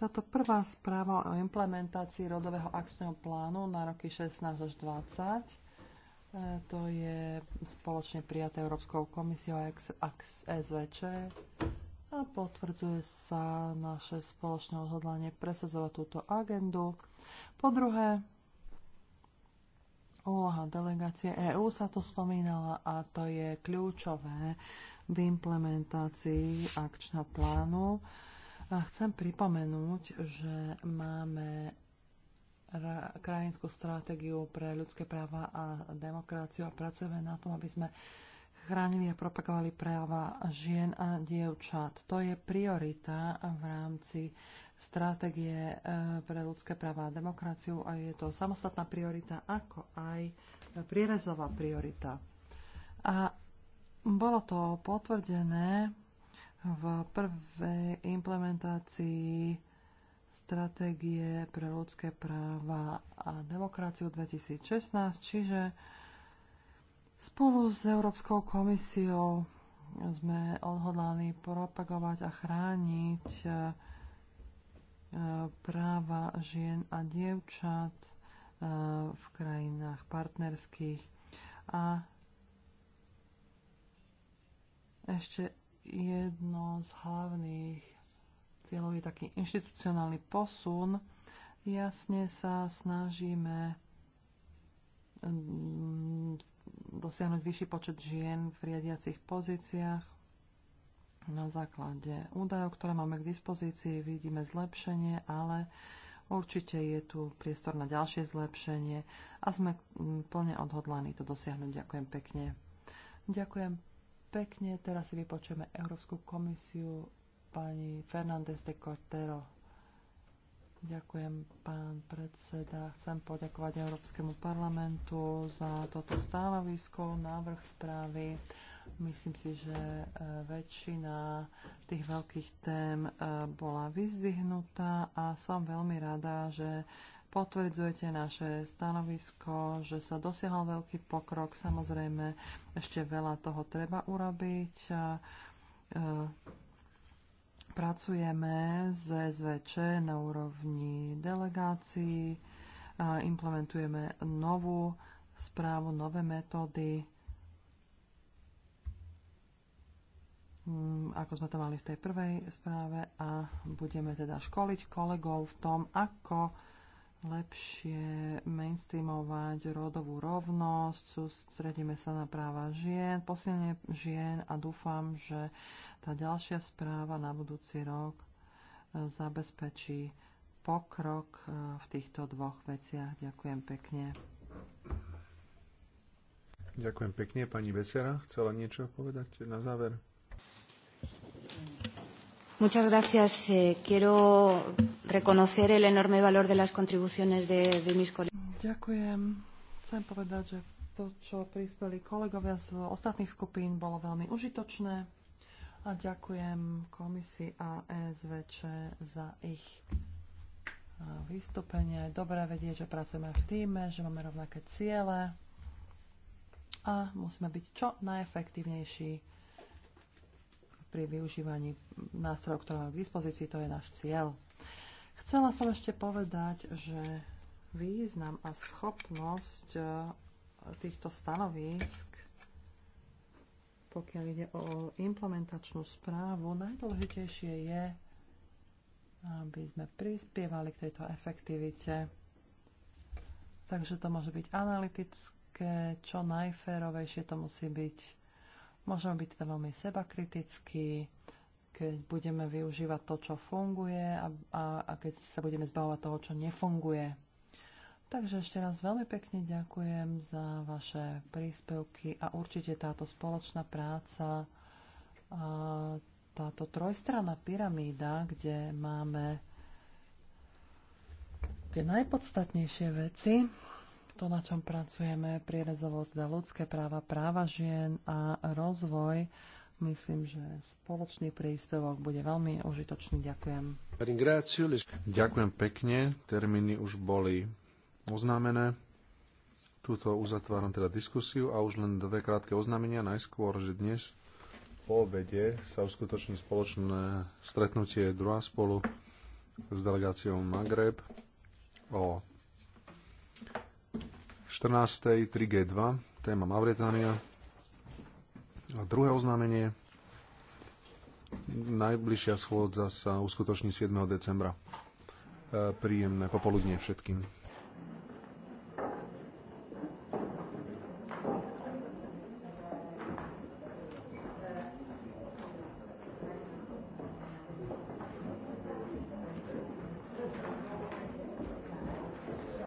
[SPEAKER 3] táto prvá správa o implementácii rodového akčného plánu na roky 16 až 20 e, to je spoločne prijaté Európskou komisiou a SVČ a potvrdzuje sa naše spoločné odhodlanie presadzovať túto agendu. Po druhé, úloha delegácie EÚ sa tu spomínala a to je kľúčové v implementácii akčného plánu. A chcem pripomenúť, že máme krajinskú stratégiu pre ľudské práva a demokraciu a pracujeme na tom, aby sme chránili a propagovali práva žien a dievčat. To je priorita v rámci stratégie eh, pre ľudské práva a demokraciu a je to samostatná priorita, ako aj prierezová priorita. A bolo to potvrdené v prvej implementácii stratégie pre ľudské práva a demokraciu 2016, čiže Spolu s Európskou komisiou sme odhodlani propagovať a chrániť e, e, práva žien a dievčat e, v krajinách partnerských. A ešte jedno z hlavných cieľov je taký inštitucionálny posun. Jasne sa snažíme v dosiahnuť vyšší počet žien v riadiacich pozíciách. Na základe údajov, ktoré máme k dispozícii, vidíme zlepšenie, ale určite je tu priestor na ďalšie zlepšenie a sme mm, plne odhodlaní to dosiahnuť. Ďakujem pekne. Ďakujem pekne. Teraz si vypočujeme Európsku komisiu pani Fernández de Cortero Ďakujem, pán predseda. Chcem poďakovať Európskemu parlamentu za toto stanovisko, návrh správy. Myslím si, že e, väčšina tých veľkých tém e, bola vyzdvihnutá a som veľmi rada, že potvrdzujete naše stanovisko, že sa dosiahol veľký pokrok. Samozrejme, ešte veľa toho treba urobiť e, Pracujeme z SVČ na úrovni delegácií, implementujeme novú správu, nové metódy, mm, ako sme to mali v tej prvej správe a budeme teda školiť kolegov v tom, ako lepšie mainstreamovať rodovú rovnosť, sústredíme sa na práva žien, posilne žien a dúfam, že tá ďalšia správa na budúci rok e, zabezpečí pokrok e, v týchto dvoch veciach. Ďakujem pekne.
[SPEAKER 2] Ďakujem pekne. Pani Besera chcela niečo povedať na záver?
[SPEAKER 5] Muchas gracias. Eh, quiero reconocer el enorme valor de las contribuciones de, de mis colegas.
[SPEAKER 3] Ďakujem. Chcem povedať, že to, čo prispeli kolegovia z ostatných skupín, bolo veľmi užitočné a ďakujem komisii a SVČ za ich vystúpenie. Dobré vedieť, že pracujeme v týme, že máme rovnaké ciele a musíme byť čo najefektívnejší pri využívaní nástrojov, ktoré máme k dispozícii. To je náš cieľ. Chcela som ešte povedať, že význam a schopnosť týchto stanovísk pokiaľ ide o implementačnú správu, najdôležitejšie je, aby sme prispievali k tejto efektivite. Takže to môže byť analytické, čo najférovejšie to musí byť. Môžeme byť teda veľmi sebakritickí, keď budeme využívať to, čo funguje a, a, a keď sa budeme zbavovať toho, čo nefunguje. Takže ešte raz veľmi pekne ďakujem za vaše príspevky a určite táto spoločná práca, táto trojstranná pyramída, kde máme tie najpodstatnejšie veci, to, na čom pracujeme, prierezovo teda ľudské práva, práva žien a rozvoj, myslím, že spoločný príspevok bude veľmi užitočný. Ďakujem.
[SPEAKER 1] Ďakujem pekne. Termíny
[SPEAKER 2] už boli oznámené. Tuto uzatváram teda diskusiu a už len dve krátke oznámenia. Najskôr, že dnes po obede sa uskutoční spoločné stretnutie druhá spolu s delegáciou Magreb o 14. 3G2, téma Mauritania. A druhé oznámenie, najbližšia schôdza sa uskutoční 7. decembra. E, príjemné popoludnie všetkým.